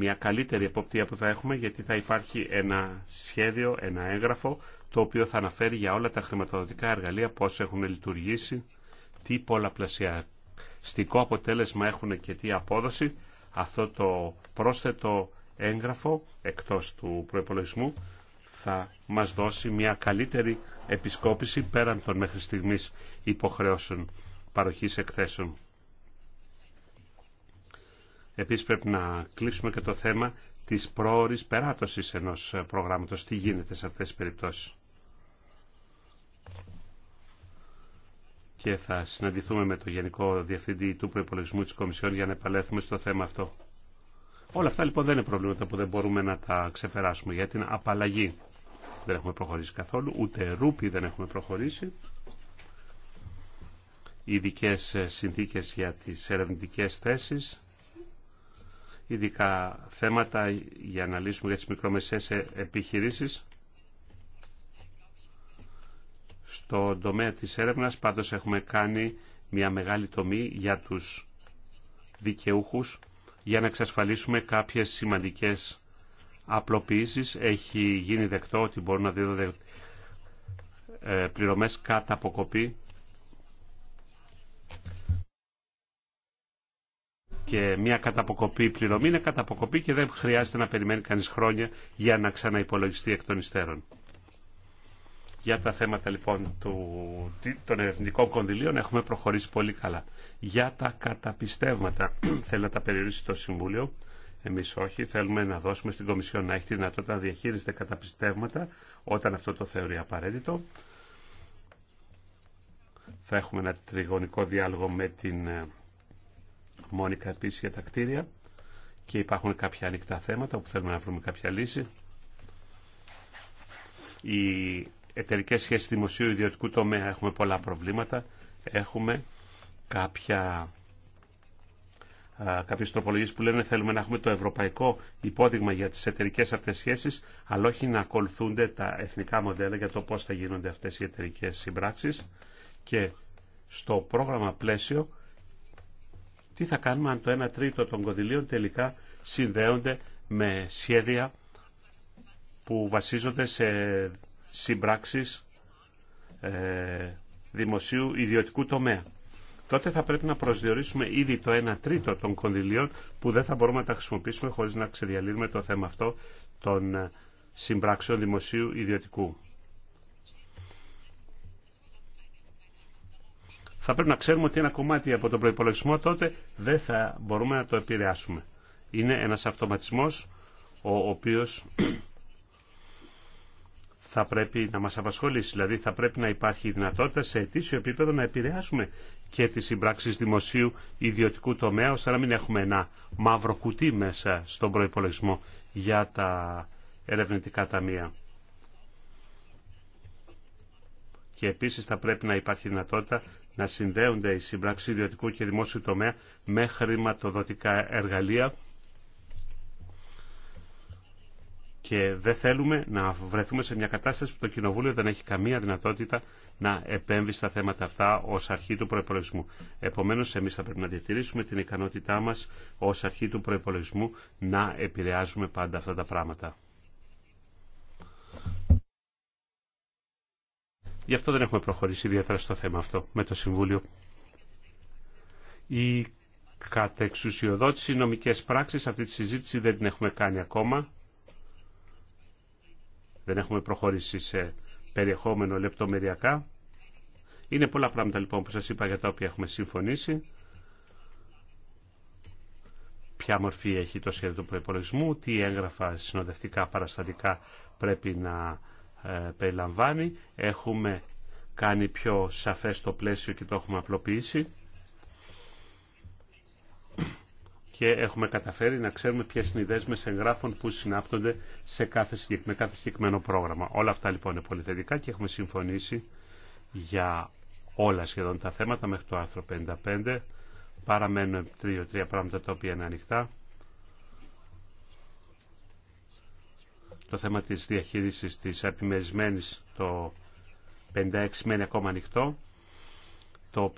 Speaker 2: μια καλύτερη εποπτεία που θα έχουμε γιατί θα υπάρχει ένα σχέδιο, ένα έγγραφο το οποίο θα αναφέρει για όλα τα χρηματοδοτικά εργαλεία πώς έχουν λειτουργήσει, τι πολλαπλασιαστικό αποτέλεσμα έχουν και τι απόδοση. Αυτό το πρόσθετο έγγραφο εκτός του προπολογισμού θα μας δώσει μια καλύτερη επισκόπηση πέραν των μέχρι στιγμής υποχρεώσεων παροχής εκθέσεων. Επίσης πρέπει να κλείσουμε και το θέμα της πρόορης περάτωσης ενός προγράμματος. Τι γίνεται σε αυτές τις περιπτώσεις. Και θα συναντηθούμε με το Γενικό Διευθυντή του Προϋπολογισμού της Κομισιόν για να επαλέθουμε στο θέμα αυτό. Όλα αυτά λοιπόν δεν είναι προβλήματα που δεν μπορούμε να τα ξεπεράσουμε για την απαλλαγή. Δεν έχουμε προχωρήσει καθόλου, ούτε ρούπι δεν έχουμε προχωρήσει. Ειδικέ συνθήκες για τις ερευνητικές θέσεις ειδικά θέματα για να λύσουμε για τις μικρομεσαίες ε, επιχειρήσεις. στο τομέα της έρευνας πάντως έχουμε κάνει μια μεγάλη τομή για τους δικαιούχους για να εξασφαλίσουμε κάποιες σημαντικές απλοποιήσεις. Έχει γίνει δεκτό ότι μπορούν να δίδονται ε, πληρωμές κατά αποκοπή και μια καταποκοπή πληρωμή είναι καταποκοπή και δεν χρειάζεται να περιμένει κανείς χρόνια για να ξαναυπολογιστεί εκ των υστέρων. Για τα θέματα λοιπόν του, των ερευνητικών κονδυλίων έχουμε προχωρήσει πολύ καλά. Για τα καταπιστεύματα θέλει να τα περιορίσει το Συμβούλιο. Εμεί όχι, θέλουμε να δώσουμε στην Κομισιόν να έχει τη δυνατότητα να διαχείριζεται καταπιστεύματα όταν αυτό το θεωρεί απαραίτητο. Θα έχουμε ένα τριγωνικό διάλογο με την ε, Μόνικα επίσης για τα κτίρια και υπάρχουν κάποια ανοιχτά θέματα όπου θέλουμε να βρούμε κάποια λύση. Οι εταιρικέ σχέσει δημοσίου ιδιωτικού τομέα έχουμε πολλά προβλήματα. Έχουμε κάποια κάποιες που λένε θέλουμε να έχουμε το ευρωπαϊκό υπόδειγμα για τι εταιρικέ αυτές σχέσεις, αλλά όχι να ακολουθούνται τα εθνικά μοντέλα για το πώ θα γίνονται αυτέ οι εταιρικέ συμπράξει Και στο πρόγραμμα πλαίσιο τι θα κάνουμε αν το 1 τρίτο των κονδυλίων τελικά συνδέονται με σχέδια που βασίζονται σε συμπράξεις ε, δημοσίου ιδιωτικού τομέα. Τότε θα πρέπει να προσδιορίσουμε ήδη το 1 τρίτο των κονδυλίων που δεν θα μπορούμε να τα χρησιμοποιήσουμε χωρίς να ξεδιαλύνουμε το θέμα αυτό των ε, συμπράξεων δημοσίου ιδιωτικού. θα πρέπει να ξέρουμε ότι ένα κομμάτι από τον προπολογισμό τότε δεν θα μπορούμε να το επηρεάσουμε. Είναι ένας αυτοματισμός ο οποίος θα πρέπει να μας απασχολήσει. Δηλαδή θα πρέπει να υπάρχει δυνατότητα σε ετήσιο επίπεδο να επηρεάσουμε και τις συμπράξεις δημοσίου ιδιωτικού τομέα, ώστε να μην έχουμε ένα μαύρο κουτί μέσα στον προϋπολογισμό για τα ερευνητικά ταμεία. και επίσης θα πρέπει να υπάρχει δυνατότητα να συνδέονται οι σύμπραξη ιδιωτικού και δημόσιου τομέα με χρηματοδοτικά εργαλεία και δεν θέλουμε να βρεθούμε σε μια κατάσταση που το Κοινοβούλιο δεν έχει καμία δυνατότητα να επέμβει στα θέματα αυτά ως αρχή του προϋπολογισμού. Επομένως, εμείς θα πρέπει να διατηρήσουμε την ικανότητά μας ως αρχή του προϋπολογισμού να επηρεάζουμε πάντα αυτά τα πράγματα. Γι' αυτό δεν έχουμε προχωρήσει ιδιαίτερα στο θέμα αυτό με το Συμβούλιο. Η κατεξουσιοδότηση νομικές πράξεις, αυτή τη συζήτηση δεν την έχουμε κάνει ακόμα. Δεν έχουμε προχωρήσει σε περιεχόμενο λεπτομεριακά. Είναι πολλά πράγματα λοιπόν που σας είπα για τα οποία έχουμε συμφωνήσει. Ποια μορφή έχει το σχέδιο του προπολογισμού, τι έγγραφα συνοδευτικά παραστατικά πρέπει να ε, περιλαμβάνει. Έχουμε κάνει πιο σαφές το πλαίσιο και το έχουμε απλοποιήσει. Και έχουμε καταφέρει να ξέρουμε ποιε είναι οι δέσμε εγγράφων που συνάπτονται σε κάθε, με κάθε συγκεκριμένο πρόγραμμα. Όλα αυτά λοιπόν είναι πολύ και έχουμε συμφωνήσει για όλα σχεδόν τα θέματα μέχρι το άρθρο 55. παραμενουν δύο-τρία πράγματα τα οποία είναι ανοιχτά. το θέμα της διαχείρισης της επιμερισμένης το 56 μένει ακόμα ανοιχτό. Το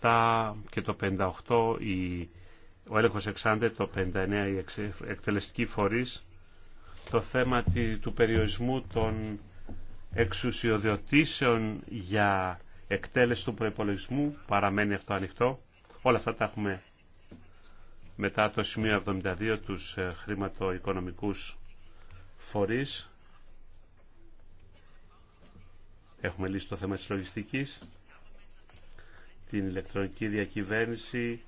Speaker 2: 57 και το 58 η, ο έλεγχος εξάντε, το 59 η εκτελεστική φορής. Το θέμα του περιορισμού των εξουσιοδιοτήσεων για εκτέλεση του προϋπολογισμού παραμένει αυτό ανοιχτό. Όλα αυτά τα έχουμε μετά το σημείο 72 τους ε, χρηματοοικονομικούς φορείς. Έχουμε λύσει το θέμα της λογιστικής, την ηλεκτρονική διακυβέρνηση,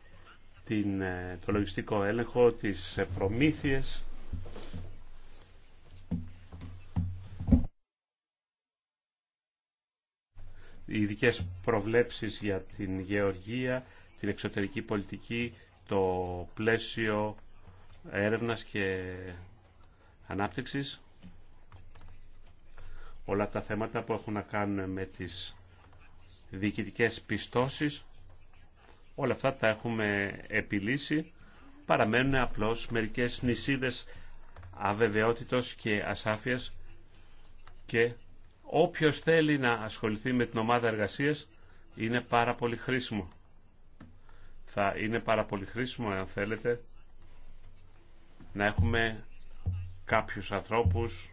Speaker 2: την, ε, το λογιστικό έλεγχο, τις ε, προμήθειες. Οι ειδικέ προβλέψεις για την γεωργία, την εξωτερική πολιτική, το πλαίσιο έρευνας και ανάπτυξης, όλα τα θέματα που έχουν να κάνουν με τις διοικητικές πιστώσεις, όλα αυτά τα έχουμε επιλύσει, παραμένουν απλώς μερικές νησίδες αβεβαιότητος και ασάφειας και όποιος θέλει να ασχοληθεί με την ομάδα εργασίας είναι πάρα πολύ χρήσιμο. Θα είναι πάρα πολύ χρήσιμο, αν θέλετε, να έχουμε κάποιους ανθρώπους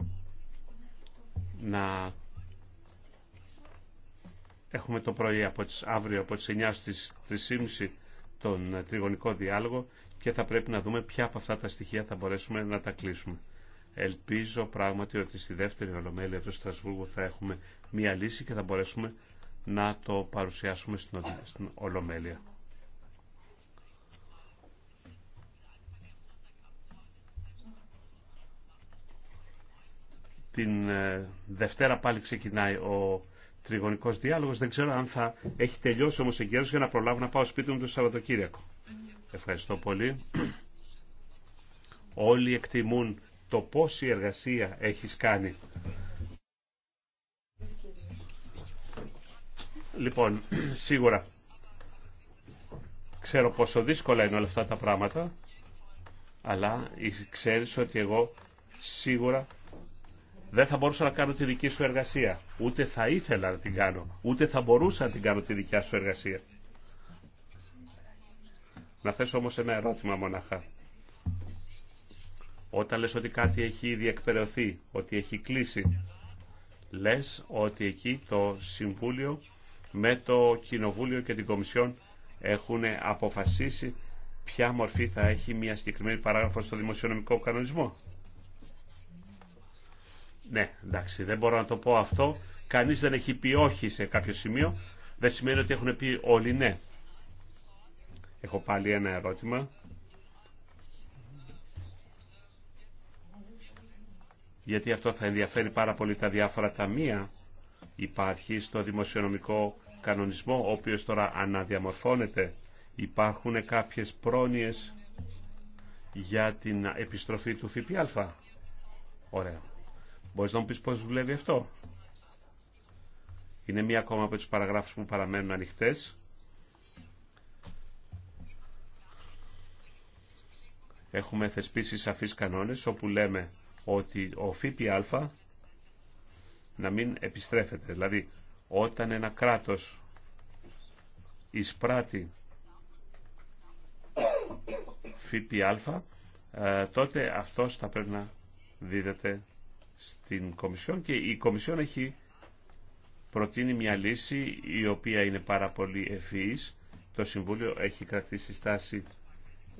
Speaker 2: να έχουμε το πρωί από τις, αύριο από τις 9 στις 3.30 τον ε, τριγωνικό διάλογο και θα πρέπει να δούμε ποια από αυτά τα στοιχεία θα μπορέσουμε να τα κλείσουμε. Ελπίζω πράγματι ότι στη δεύτερη ολομέλεια του Στρασβούργου θα έχουμε μία λύση και θα μπορέσουμε να το παρουσιάσουμε στην ολομέλεια. την ε, Δευτέρα πάλι ξεκινάει ο τριγωνικό διάλογο. Δεν ξέρω αν θα έχει τελειώσει όμω εγκαίρω για να προλάβω να πάω σπίτι μου το Σαββατοκύριακο. Ευχαριστώ πολύ. Όλοι εκτιμούν το πόση εργασία έχεις κάνει. Λοιπόν, σίγουρα ξέρω πόσο δύσκολα είναι όλα αυτά τα πράγματα, αλλά ξέρεις ότι εγώ σίγουρα δεν θα μπορούσα να κάνω τη δική σου εργασία. Ούτε θα ήθελα να την κάνω. Ούτε θα μπορούσα να την κάνω τη δικιά σου εργασία. Να θέσω όμως ένα ερώτημα μονάχα. Όταν λες ότι κάτι έχει ήδη ότι έχει κλείσει, λες ότι εκεί το Συμβούλιο με το Κοινοβούλιο και την Κομισιόν έχουν αποφασίσει ποια μορφή θα έχει μια συγκεκριμένη παράγραφο στο δημοσιονομικό κανονισμό. Ναι, εντάξει, δεν μπορώ να το πω αυτό. Κανείς δεν έχει πει όχι σε κάποιο σημείο. Δεν σημαίνει ότι έχουν πει όλοι ναι. Έχω πάλι ένα ερώτημα. Γιατί αυτό θα ενδιαφέρει πάρα πολύ τα διάφορα ταμεία. Υπάρχει στο δημοσιονομικό κανονισμό, ο οποίος τώρα αναδιαμορφώνεται. Υπάρχουν κάποιες πρόνοιες για την επιστροφή του ΦΠΑ. Ωραία. Μπορείς να μου πεις πώς δουλεύει αυτό. Είναι μία ακόμα από τις παραγράφους που παραμένουν ανοιχτές. Έχουμε θεσπίσει σαφείς κανόνες όπου λέμε ότι ο ΦΠΑ να μην επιστρέφεται. Δηλαδή, όταν ένα κράτος εισπράττει ΦΠΑ, ε, τότε αυτός θα πρέπει να δίδεται στην Κομισιόν και η Κομισιόν έχει προτείνει μια λύση η οποία είναι πάρα πολύ ευφυής. Το Συμβούλιο έχει κρατήσει στάση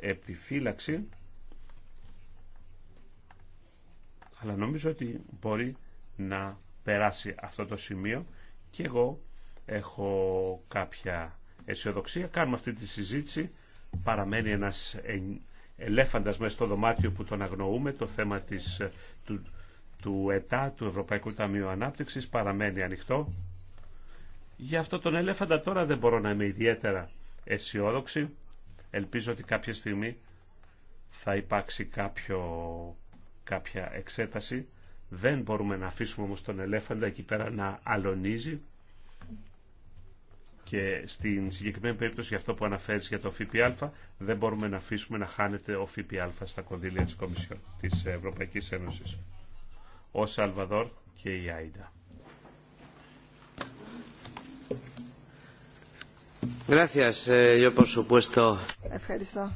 Speaker 2: επιφύλαξη αλλά νομίζω ότι μπορεί να περάσει αυτό το σημείο και εγώ έχω κάποια αισιοδοξία. Κάνουμε αυτή τη συζήτηση. Παραμένει ένας ελέφαντας μέσα στο δωμάτιο που τον αγνοούμε, το θέμα της, του, του ΕΤΑ, του Ευρωπαϊκού Ταμείου Ανάπτυξης, παραμένει ανοιχτό. γι' αυτό τον ελέφαντα τώρα δεν μπορώ να είμαι ιδιαίτερα αισιόδοξη. Ελπίζω ότι κάποια στιγμή θα υπάρξει κάποιο, κάποια εξέταση. Δεν μπορούμε να αφήσουμε όμως τον ελέφαντα εκεί πέρα να αλωνίζει. Και στην συγκεκριμένη περίπτωση για αυτό που αναφέρεις για το ΦΠΑ, δεν μπορούμε να αφήσουμε να χάνεται ο ΦΠΑ στα κονδύλια της, Κομισιόν, της Ευρωπαϊκής Ένωσης ο Σαλβαδόρ και η Άιντα. Eh,
Speaker 1: Ευχαριστώ.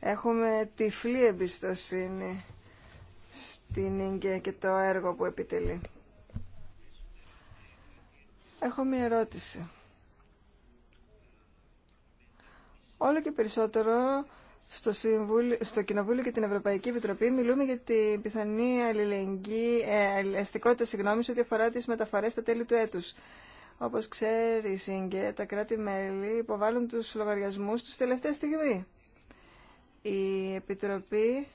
Speaker 1: Έχουμε τυφλή εμπιστοσύνη στην Ίγκε και το έργο που επιτελεί. Έχω μία ερώτηση. Όλο και περισσότερο στο, Συμβούλιο, στο Κοινοβούλιο και την Ευρωπαϊκή Επιτροπή μιλούμε για την πιθανή αλληλεγγύη, ε, συγγνώμη, ό,τι αφορά τι μεταφορέ στα τέλη του έτους. Όπως ξέρει, Σίγκε, τα κράτη-μέλη υποβάλλουν τους λογαριασμού του τελευταία στιγμή. Η Επιτροπή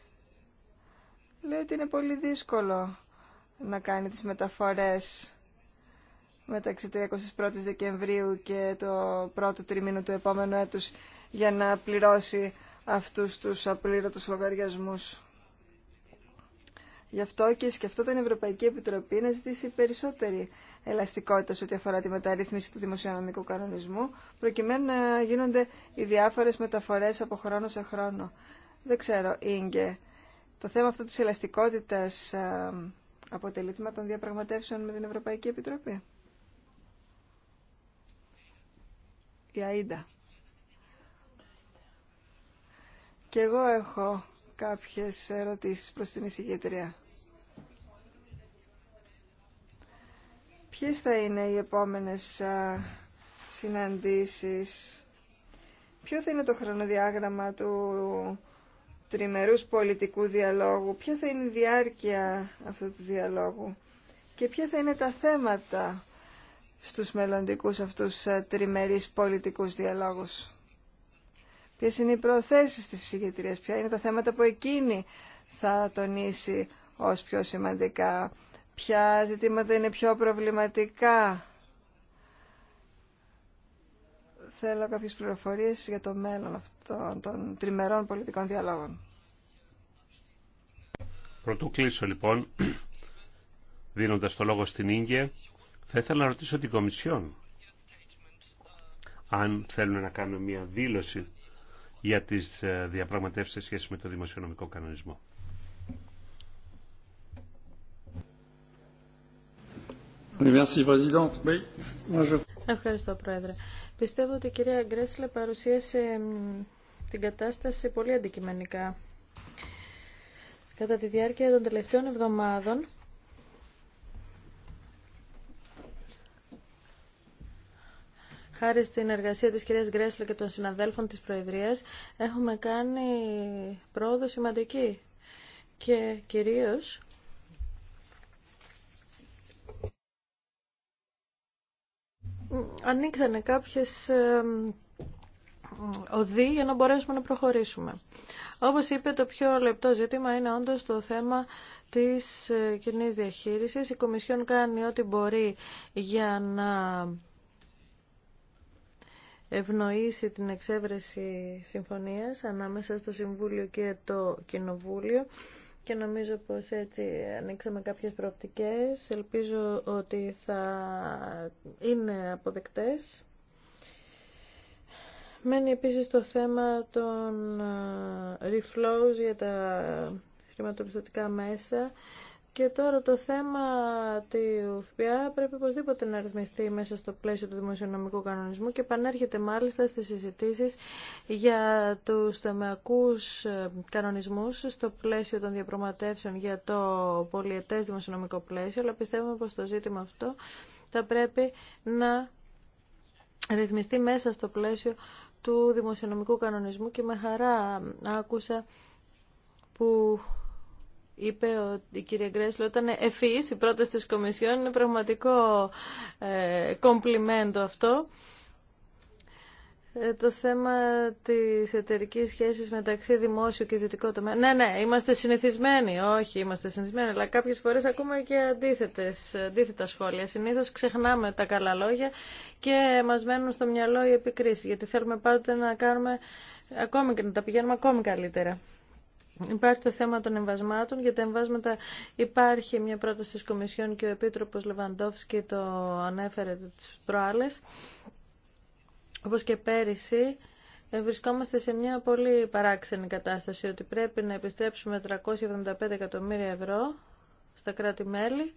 Speaker 1: λέει ότι είναι πολύ δύσκολο να κάνει τις μεταφορές μεταξύ 31 Δεκεμβρίου και το πρώτο τριμήνο του επόμενου έτους για να πληρώσει αυτούς τους απλήρωτους λογαριασμούς. Γι' αυτό και σκεφτόταν η Ευρωπαϊκή Επιτροπή να ζητήσει περισσότερη ελαστικότητα σε ό,τι αφορά τη μεταρρύθμιση του δημοσιονομικού κανονισμού, προκειμένου να γίνονται οι διάφορες μεταφορές από χρόνο σε χρόνο. Δεν ξέρω, Ίγκε, το θέμα αυτό της ελαστικότητας αποτελεί θέμα των διαπραγματεύσεων με την Ευρωπαϊκή Επιτροπή. Η ΑΕΝΤΑ. Και εγώ έχω κάποιες ερωτήσεις προς την εισηγήτρια. Ποιες θα είναι οι επόμενες συναντήσεις, ποιο θα είναι το χρονοδιάγραμμα του τριμερούς πολιτικού διαλόγου, ποια θα είναι η διάρκεια αυτού του διαλόγου και ποια θα είναι τα θέματα στους μελλοντικούς αυτούς τριμερείς πολιτικούς διαλόγους ποιες είναι οι προθέσεις της συγκεκριτήριας, ποια είναι τα θέματα που εκείνη θα τονίσει ως πιο σημαντικά, ποια ζητήματα είναι πιο προβληματικά. Θέλω κάποιες πληροφορίες για το μέλλον αυτών των τριμερών πολιτικών διαλόγων.
Speaker 2: Πρωτού κλείσω λοιπόν, δίνοντας το λόγο στην Ίγκε, θα ήθελα να ρωτήσω την Κομισιόν αν θέλουν να κάνουν μια δήλωση για τις ε, διαπραγματεύσεις σε σχέση με το δημοσιονομικό κανονισμό.
Speaker 3: Ευχαριστώ, Πρόεδρε. Πιστεύω ότι η κυρία Γκρέσλε παρουσίασε την κατάσταση πολύ αντικειμενικά. Κατά τη διάρκεια των τελευταίων εβδομάδων, χάρη στην εργασία της κυρίας Γκρέσλο και των συναδέλφων της Προεδρίας, έχουμε κάνει πρόοδο σημαντική και κυρίως ανοίξανε κάποιες οδοί για να μπορέσουμε να προχωρήσουμε. Όπως είπε, το πιο λεπτό ζήτημα είναι όντως το θέμα της ε, κοινή διαχείρισης. Η Κομισιόν κάνει ό,τι μπορεί για να ευνοήσει την εξέβρεση συμφωνίας ανάμεσα στο Συμβούλιο και το Κοινοβούλιο και νομίζω πως έτσι ανοίξαμε κάποιες προοπτικές. Ελπίζω ότι θα είναι αποδεκτές. Μένει επίσης το θέμα των ε, reflows για τα χρηματοπιστωτικά μέσα. Και τώρα το θέμα του ΦΠΑ πρέπει οπωσδήποτε να ρυθμιστεί μέσα στο πλαίσιο του δημοσιονομικού κανονισμού και επανέρχεται μάλιστα στις συζητήσεις για τους θεμεακού ε, κανονισμούς στο πλαίσιο των διαπραγματεύσεων για το πολιετές δημοσιονομικό πλαίσιο, αλλά πιστεύουμε πως το ζήτημα αυτό θα πρέπει να ρυθμιστεί μέσα στο πλαίσιο του δημοσιονομικού κανονισμού και με χαρά άκουσα που είπε η κυρία Γκρέσλο ήταν ευφυής η πρόταση της Κομισιόν. Είναι πραγματικό ε, κομπλιμέντο αυτό. Ε, το θέμα της εταιρική σχέσης μεταξύ δημόσιου και ιδιωτικού τομέα. Ναι, ναι, είμαστε συνηθισμένοι. Όχι, είμαστε συνηθισμένοι, αλλά κάποιες φορές ακούμε και αντίθετες, αντίθετα σχόλια. Συνήθως ξεχνάμε τα καλά λόγια και μας μένουν στο μυαλό οι επικρίσεις, γιατί θέλουμε πάντοτε να κάνουμε ακόμη, να τα πηγαίνουμε ακόμη καλύτερα. Υπάρχει το θέμα των εμβασμάτων. Για τα εμβάσματα υπάρχει μια πρόταση της Κομισιόν και ο Επίτροπος Λεβαντόφσκι το ανέφερε τι προάλλες. Όπως και πέρυσι, ε, βρισκόμαστε σε μια πολύ παράξενη κατάσταση ότι πρέπει να επιστρέψουμε 375 εκατομμύρια ευρώ στα κράτη-μέλη,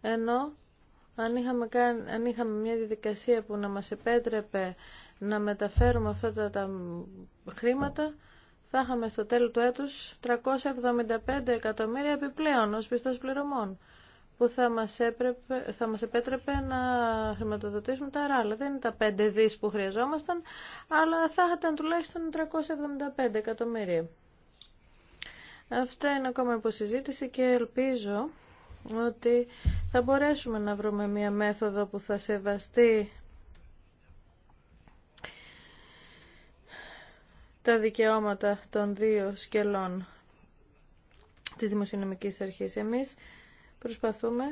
Speaker 3: ενώ αν είχαμε, καν, μια διαδικασία που να μας επέτρεπε να μεταφέρουμε αυτά τα χρήματα, θα είχαμε στο τέλος του έτους 375 εκατομμύρια επιπλέον ως πιστός πληρωμών που θα μας, έπρεπε, θα μας επέτρεπε να χρηματοδοτήσουμε τα ράλα. Δεν είναι τα 5 δις που χρειαζόμασταν, αλλά θα ήταν τουλάχιστον 375 εκατομμύρια. Αυτά είναι ακόμα υποσυζήτηση και ελπίζω ότι θα μπορέσουμε να βρούμε μια μέθοδο που θα σεβαστεί τα δικαιώματα των δύο σκελών της Δημοσιονομικής Αρχής. Εμείς προσπαθούμε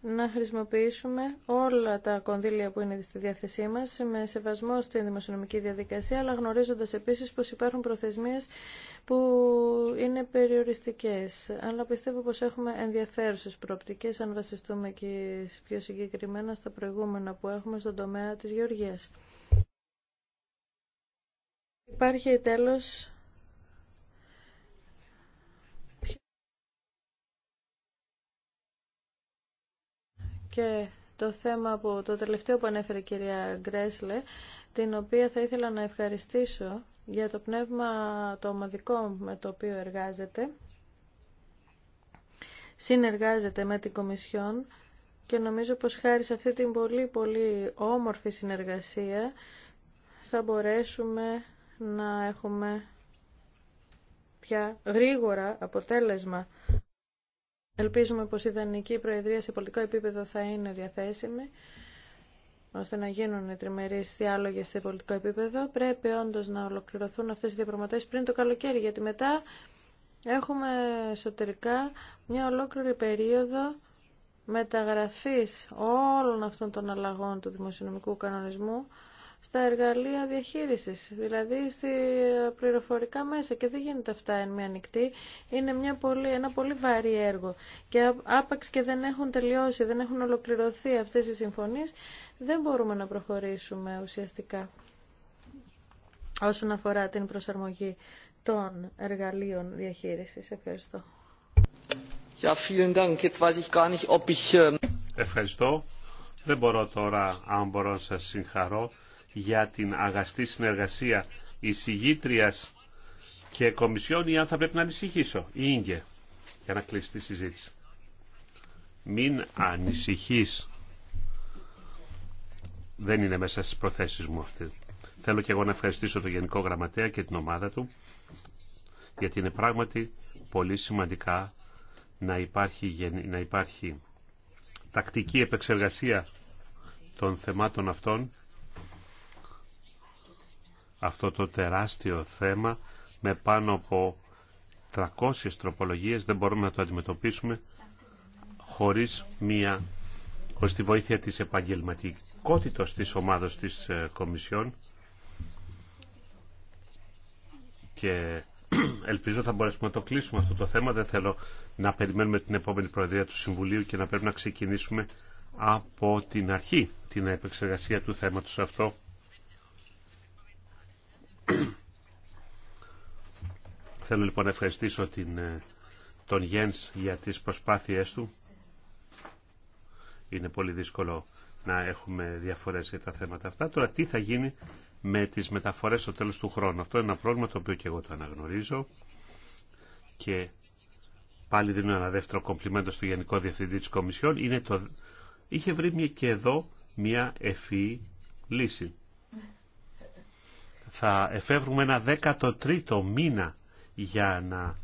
Speaker 3: να χρησιμοποιήσουμε όλα τα κονδύλια που είναι στη διάθεσή μας με σεβασμό στην δημοσιονομική διαδικασία αλλά γνωρίζοντας επίσης πως υπάρχουν προθεσμίες που είναι περιοριστικές. Αλλά πιστεύω πως έχουμε ενδιαφέρουσες προοπτικές αν βασιστούμε και πιο συγκεκριμένα στα προηγούμενα που έχουμε στον τομέα της γεωργίας. Υπάρχει τέλος και το θέμα που το τελευταίο που ανέφερε η κυρία Γκρέσλε, την οποία θα ήθελα να ευχαριστήσω για το πνεύμα το ομαδικό με το οποίο εργάζεται. Συνεργάζεται με την Κομισιόν και νομίζω πως χάρη σε αυτή την πολύ πολύ όμορφη συνεργασία θα μπορέσουμε να έχουμε πια γρήγορα αποτέλεσμα. Ελπίζουμε πως η Δανική Προεδρία σε πολιτικό επίπεδο θα είναι διαθέσιμη ώστε να γίνουν οι τριμερείς διάλογες σε πολιτικό επίπεδο. Πρέπει όντως να ολοκληρωθούν αυτές οι διαπραγματεύσεις πριν το καλοκαίρι, γιατί μετά έχουμε εσωτερικά μια ολόκληρη περίοδο μεταγραφής όλων αυτών των αλλαγών του δημοσιονομικού κανονισμού στα εργαλεία διαχείρισης, δηλαδή στη πληροφορικά μέσα και δεν γίνεται αυτά εν μία νυχτή. Είναι μια πολύ, ένα πολύ βαρύ έργο και άπαξ και δεν έχουν τελειώσει, δεν έχουν ολοκληρωθεί αυτές οι συμφωνίες, δεν μπορούμε να προχωρήσουμε ουσιαστικά όσον αφορά την προσαρμογή των εργαλείων διαχείρισης. Ευχαριστώ.
Speaker 2: Ευχαριστώ. Δεν μπορώ τώρα, αν μπορώ να σας συγχαρώ, για την αγαστή συνεργασία εισηγήτρια και κομισιόν ή αν θα πρέπει να ανησυχήσω. Η Ίγκε, για να κλείσει τη συζήτηση. Μην ανησυχείς. Δεν είναι μέσα στις προθέσεις μου αυτή. Θέλω και εγώ να ευχαριστήσω τον Γενικό Γραμματέα και την ομάδα του, γιατί είναι πράγματι πολύ σημαντικά να υπάρχει, να υπάρχει τακτική επεξεργασία των θεμάτων αυτών αυτό το τεράστιο θέμα με πάνω από 300 τροπολογίες δεν μπορούμε να το αντιμετωπίσουμε χωρίς, μια, τη βοήθεια της επαγγελματικότητας της ομάδας της ε, Κομισιόν και ελπίζω θα μπορέσουμε να το κλείσουμε αυτό το θέμα. Δεν θέλω να περιμένουμε την επόμενη Προεδρία του Συμβουλίου και να πρέπει να ξεκινήσουμε από την αρχή την επεξεργασία του θέματος αυτό Θέλω λοιπόν να ευχαριστήσω την, ε, τον Γιένς για τις προσπάθειές του. Είναι πολύ δύσκολο να έχουμε διαφορές για τα θέματα αυτά. Τώρα τι θα γίνει με τις μεταφορές στο τέλος του χρόνου. Αυτό είναι ένα πρόβλημα το οποίο και εγώ το αναγνωρίζω και πάλι δίνω ένα δεύτερο κομπλιμέντο στο Γενικό Διευθυντή της Κομισιόν. το... Είχε βρει και εδώ μια ευφυή λύση θα εφεύρουμε ένα 13ο μήνα για να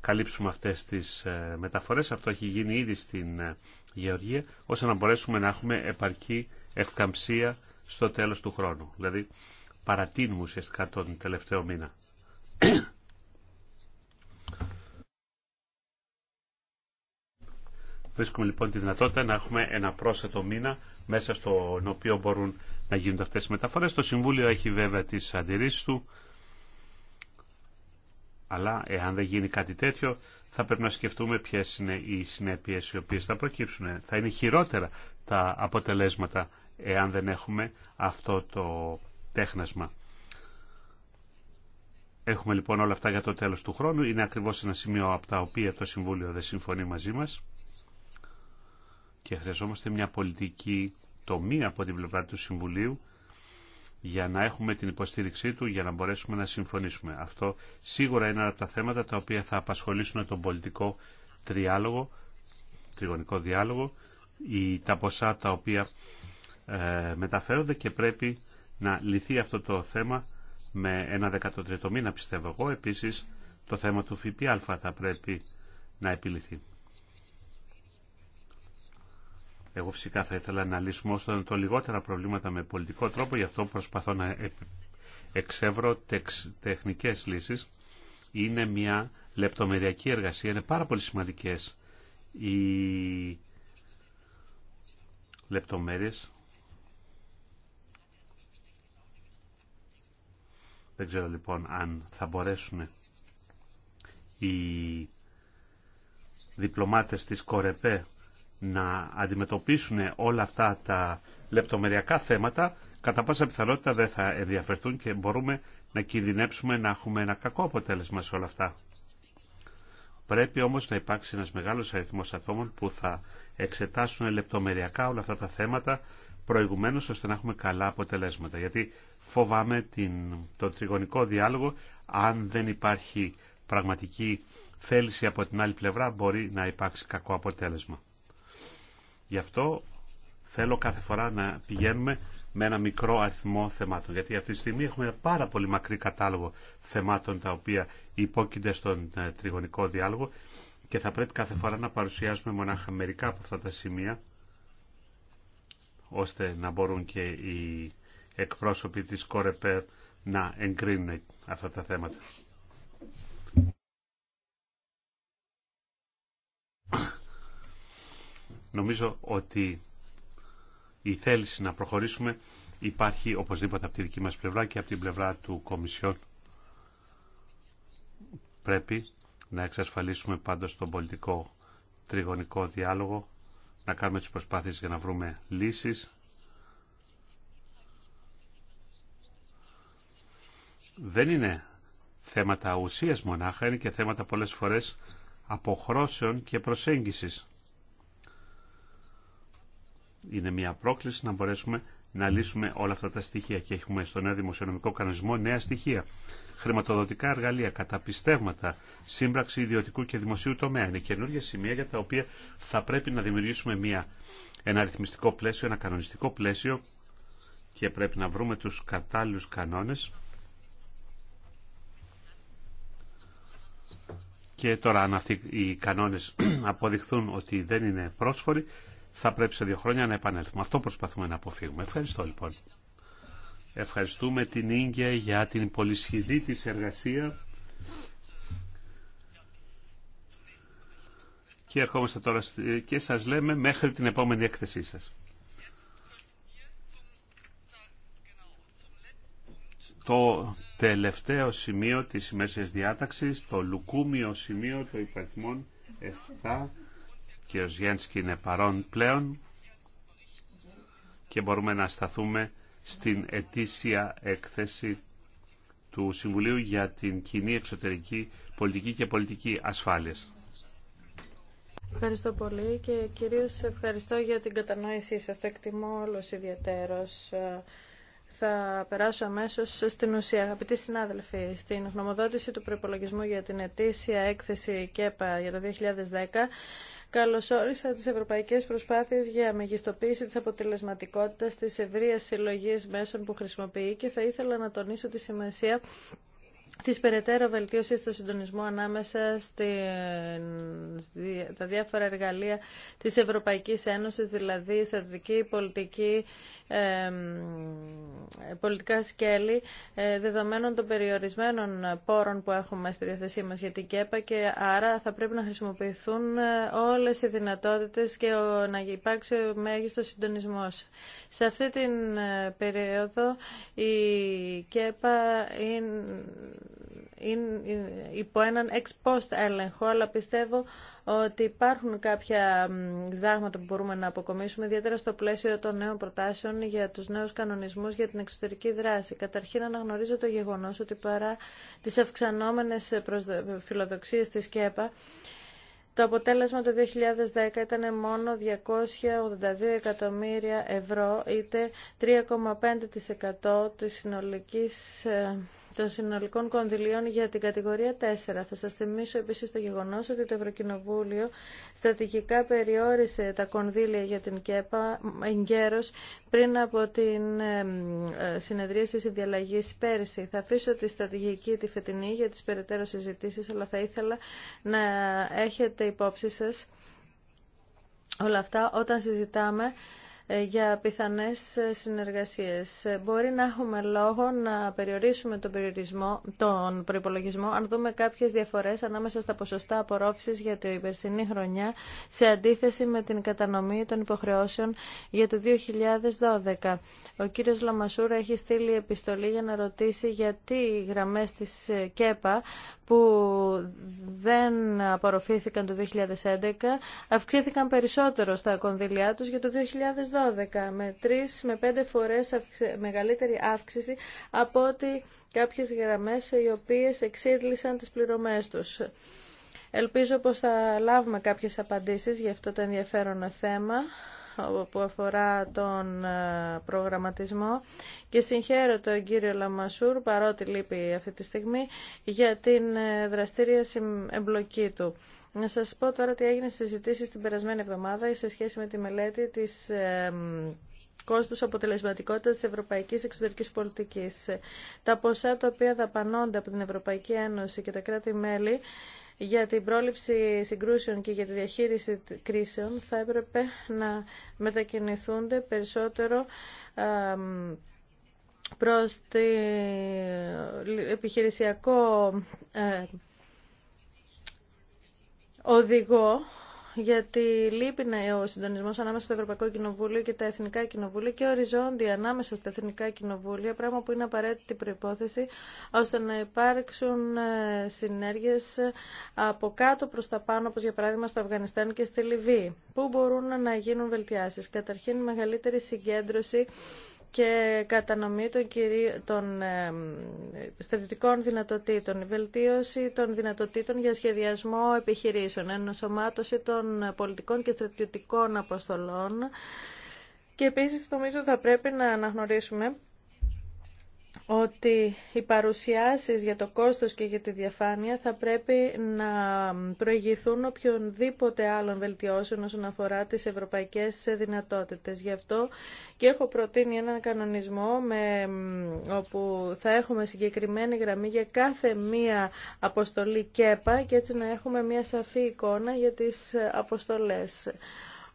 Speaker 2: καλύψουμε αυτές τις ε, μεταφορές. Αυτό έχει γίνει ήδη στην ε, Γεωργία, ώστε να μπορέσουμε να έχουμε επαρκή ευκαμψία στο τέλος του χρόνου. Δηλαδή, παρατείνουμε ουσιαστικά τον τελευταίο μήνα. Βρίσκουμε λοιπόν τη δυνατότητα να έχουμε ένα πρόσθετο μήνα μέσα στον οποίο μπορούν να γίνονται αυτές οι μεταφορές. Το Συμβούλιο έχει βέβαια τις αντιρρήσεις του, αλλά εάν δεν γίνει κάτι τέτοιο θα πρέπει να σκεφτούμε ποιες είναι οι συνέπειες οι οποίες θα προκύψουν. Θα είναι χειρότερα τα αποτελέσματα εάν δεν έχουμε αυτό το τέχνασμα. Έχουμε λοιπόν όλα αυτά για το τέλος του χρόνου. Είναι ακριβώς ένα σημείο από τα οποία το Συμβούλιο δεν συμφωνεί μαζί μας και χρειαζόμαστε μια πολιτική τομή από την πλευρά του Συμβουλίου για να έχουμε την υποστήριξή του, για να μπορέσουμε να συμφωνήσουμε. Αυτό σίγουρα είναι ένα από τα θέματα τα οποία θα απασχολήσουν τον πολιτικό τριάλογο, τριγωνικό διάλογο, ή τα ποσά τα οποία ε, μεταφέρονται και πρέπει να λυθεί αυτό το θέμα με ένα 13ο μήνα, πιστεύω εγώ. Επίσης, το θέμα του ΦΠΑ θα πρέπει να επιληθεί. Εγώ φυσικά θα ήθελα να λύσουμε όσο το λιγότερα προβλήματα με πολιτικό τρόπο, γι' αυτό προσπαθώ να εξεύρω τεξ, τεχνικές λύσεις. Είναι μια λεπτομεριακή εργασία, είναι πάρα πολύ σημαντικές οι λεπτομέρειες. Δεν ξέρω λοιπόν αν θα μπορέσουν οι διπλωμάτες της Κορεπέ να αντιμετωπίσουν όλα αυτά τα λεπτομεριακά θέματα, κατά πάσα πιθανότητα δεν θα ενδιαφερθούν και μπορούμε να κινδυνέψουμε να έχουμε ένα κακό αποτέλεσμα σε όλα αυτά. Πρέπει όμως να υπάρξει ένας μεγάλος αριθμός ατόμων που θα εξετάσουν λεπτομεριακά όλα αυτά τα θέματα προηγουμένως ώστε να έχουμε καλά αποτελέσματα. Γιατί φοβάμαι την, τον τριγωνικό διάλογο αν δεν υπάρχει πραγματική θέληση από την άλλη πλευρά μπορεί να υπάρξει κακό αποτέλεσμα. Γι' αυτό θέλω κάθε φορά να πηγαίνουμε με ένα μικρό αριθμό θεμάτων. Γιατί αυτή τη στιγμή έχουμε πάρα πολύ μακρύ κατάλογο θεμάτων τα οποία υπόκεινται στον ε, τριγωνικό διάλογο και θα πρέπει κάθε φορά να παρουσιάζουμε μονάχα μερικά από αυτά τα σημεία ώστε να μπορούν και οι εκπρόσωποι της Κορεπέρ να εγκρίνουν αυτά τα θέματα. Νομίζω ότι η θέληση να προχωρήσουμε υπάρχει οπωσδήποτε από τη δική μας πλευρά και από την πλευρά του Κομισιόν. Πρέπει να εξασφαλίσουμε πάντως τον πολιτικό τριγωνικό διάλογο, να κάνουμε τις προσπάθειες για να βρούμε λύσεις. Δεν είναι θέματα ουσίας μονάχα, είναι και θέματα πολλές φορές αποχρώσεων και προσέγγισης είναι μια πρόκληση να μπορέσουμε να λύσουμε όλα αυτά τα στοιχεία και έχουμε στο νέο δημοσιονομικό κανονισμό νέα στοιχεία. Χρηματοδοτικά εργαλεία, καταπιστεύματα, σύμπραξη ιδιωτικού και δημοσίου τομέα είναι καινούργια σημεία για τα οποία θα πρέπει να δημιουργήσουμε μια, ένα αριθμιστικό πλαίσιο, ένα κανονιστικό πλαίσιο και πρέπει να βρούμε τους κατάλληλους κανόνες και τώρα αν αυτοί οι κανόνες αποδειχθούν ότι δεν είναι πρόσφοροι θα πρέπει σε δύο χρόνια να επανέλθουμε. Αυτό προσπαθούμε να αποφύγουμε. Ευχαριστώ λοιπόν. Ευχαριστούμε την Ίγκια για την πολυσχηδή της εργασία. Και ερχόμαστε τώρα και σας λέμε μέχρι την επόμενη έκθεσή σας. Το τελευταίο σημείο της ημέρας διάταξης, το λουκούμιο σημείο, των υπαριθμών 7 κ. Γιένσκι είναι παρόν πλέον και μπορούμε να σταθούμε στην ετήσια έκθεση του Συμβουλίου για την κοινή εξωτερική πολιτική και πολιτική ασφάλεια.
Speaker 3: Ευχαριστώ πολύ και κυρίως ευχαριστώ για την κατανόησή σας. Το εκτιμώ όλος ιδιαίτερος. Θα περάσω αμέσω στην ουσία. Αγαπητοί συνάδελφοι, στην γνωμοδότηση του προπολογισμού για την ετήσια έκθεση ΚΕΠΑ για το 2010 καλωσόρισα τις ευρωπαϊκές προσπάθειες για μεγιστοποίηση της αποτελεσματικότητας της ευρείας συλλογής μέσων που χρησιμοποιεί και θα ήθελα να τονίσω τη σημασία της περαιτέρω βελτίωσης του συντονισμού ανάμεσα στα διάφορα εργαλεία της Ευρωπαϊκής Ένωσης, δηλαδή στρατηγική, πολιτική πολιτικά σκέλη ε, δεδομένων των περιορισμένων πόρων που έχουμε στη διαθεσή μας για την ΚΕΠΑ και άρα θα πρέπει να χρησιμοποιηθούν ε, όλες οι δυνατότητες και να υπάρξει ο μέγιστος συντονισμός. Σε αυτή την ε, περίοδο η ΚΕΠΑ είναι υπό έναν ex post έλεγχο, αλλά πιστεύω ότι υπάρχουν κάποια διδάγματα που μπορούμε να αποκομίσουμε, ιδιαίτερα στο πλαίσιο των νέων προτάσεων για τους νέους κανονισμούς για την εξωτερική δράση. Καταρχήν αναγνωρίζω το γεγονός ότι παρά τις αυξανόμενες φιλοδοξίες της ΚΕΠΑ, το αποτέλεσμα το 2010 ήταν μόνο 282 εκατομμύρια ευρώ, είτε 3,5% της συνολικής ε, των συνολικών κονδυλίων για την κατηγορία 4. Θα σας θυμίσω επίσης το γεγονός ότι το Ευρωκοινοβούλιο στρατηγικά περιόρισε τα κονδύλια για την ΚΕΠΑ εγκαίρως πριν από την ε, ε, συνεδρία της συνδιαλλαγής πέρσι. Θα αφήσω τη στρατηγική τη φετινή για τις περαιτέρω συζητήσεις, αλλά θα ήθελα να έχετε υπόψη σας όλα αυτά όταν συζητάμε ε, για πιθανές ε, συνεργασίες. Ε, μπορεί να έχουμε λόγο να περιορίσουμε τον, περιορισμό, τον προϋπολογισμό αν δούμε κάποιες διαφορές ανάμεσα στα ποσοστά απορρόφησης για την υπερσινή χρονιά σε αντίθεση με την κατανομή των υποχρεώσεων για το 2012. Ο κύριος Λαμασούρα έχει στείλει επιστολή για να ρωτήσει γιατί οι γραμμές της ΚΕΠΑ που δεν απορροφήθηκαν το 2011 αυξήθηκαν περισσότερο στα κονδυλιά τους για το 2012. 12 με 3 με 5 φορές μεγαλύτερη αύξηση από ότι κάποιες γραμμές οι οποίες εξήλυσαν τις πληρωμές τους. Ελπίζω πως θα λάβουμε κάποιες απαντήσεις για αυτό το ενδιαφέρον θέμα που αφορά τον ε, προγραμματισμό και συγχαίρω τον κύριο Λαμασούρ παρότι λείπει αυτή τη στιγμή για την ε, δραστήρια εμπλοκή του. Να σας πω τώρα τι έγινε στις συζητήσεις την περασμένη εβδομάδα σε σχέση με τη μελέτη της κόστους αποτελεσματικότητας της ευρωπαϊκής εξωτερικής πολιτικής. Τα ποσά τα οποία δαπανώνται από την Ευρωπαϊκή Ένωση και τα κράτη-μέλη για την πρόληψη συγκρούσεων και για τη διαχείριση κρίσεων θα έπρεπε να μετακινηθούν περισσότερο προς το ε, επιχειρησιακό ε, οδηγό γιατί λείπει ναι, ο συντονισμό ανάμεσα στο Ευρωπαϊκό Κοινοβούλιο και τα Εθνικά Κοινοβούλια και οριζόντια ανάμεσα στα Εθνικά Κοινοβούλια, πράγμα που είναι απαραίτητη προπόθεση ώστε να υπάρξουν ε, συνέργειε ε, από κάτω προ τα πάνω, όπω για παράδειγμα στο Αφγανιστάν και στη Λιβύη. Πού μπορούν να γίνουν βελτιάσει. Καταρχήν, μεγαλύτερη συγκέντρωση και κατανομή των, κυρί... των στρατιωτικών δυνατοτήτων, βελτίωση των δυνατοτήτων για σχεδιασμό επιχειρήσεων, ενσωμάτωση των πολιτικών και στρατιωτικών αποστολών και επίσης νομίζω θα πρέπει να αναγνωρίσουμε ότι οι παρουσιάσεις για το κόστος και για τη διαφάνεια θα πρέπει να προηγηθούν οποιονδήποτε άλλων βελτιώσεων όσον αφορά τις ευρωπαϊκές δυνατότητες. Γι' αυτό και έχω προτείνει έναν κανονισμό με, όπου θα έχουμε συγκεκριμένη γραμμή για κάθε μία αποστολή ΚΕΠΑ και έτσι να έχουμε μία σαφή εικόνα για τις αποστολές.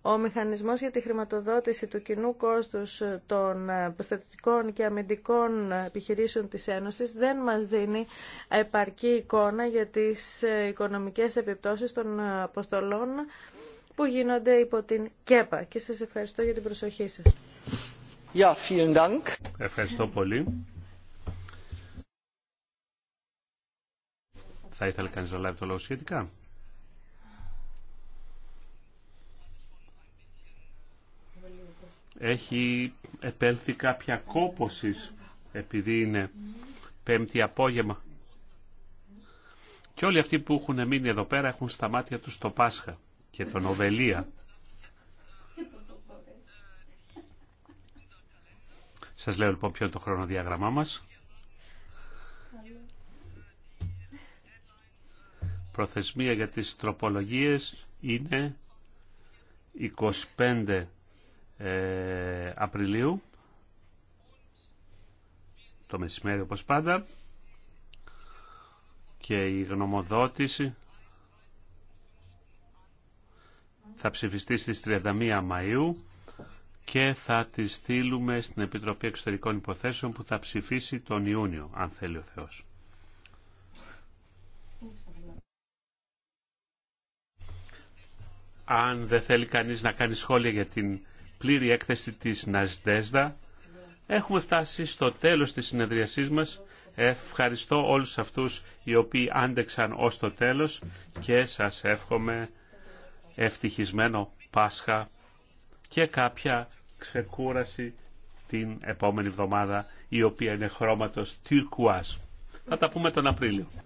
Speaker 3: Ο μηχανισμός για τη χρηματοδότηση του κοινού κόστους των ε, στρατιωτικών και αμυντικών επιχειρήσεων της Ένωσης δεν μας δίνει επαρκή εικόνα για τις ε, οικονομικές επιπτώσεις των ε, αποστολών που γίνονται υπό την ΚΕΠΑ. Και σας ευχαριστώ για την προσοχή σας.
Speaker 2: Ja, vielen Dank. Ευχαριστώ πολύ. Θα ήθελε κανείς να λάβει το λόγο σχετικά. έχει επέλθει κάποια κόπωση επειδή είναι πέμπτη απόγευμα. Και όλοι αυτοί που έχουν μείνει εδώ πέρα έχουν στα μάτια τους το Πάσχα και τον Οβελία. Σας λέω λοιπόν ποιο είναι το χρονοδιάγραμμά μας. Προθεσμία για τις τροπολογίες είναι 25 ε, Απριλίου το μεσημέρι όπως πάντα και η γνωμοδότηση θα ψηφιστεί στις 31 Μαΐου και θα τη στείλουμε στην Επιτροπή Εξωτερικών Υποθέσεων που θα ψηφίσει τον Ιούνιο, αν θέλει ο Θεός. Αν δεν θέλει κανείς να κάνει σχόλια για την πλήρη έκθεση της Ναζδέσδα. Έχουμε φτάσει στο τέλος της συνεδριασής μας. Ευχαριστώ όλους αυτούς οι οποίοι άντεξαν ως το τέλος και σας εύχομαι ευτυχισμένο Πάσχα και κάποια ξεκούραση την επόμενη εβδομάδα η οποία είναι χρώματος τυρκουάζ. Θα τα πούμε τον Απρίλιο.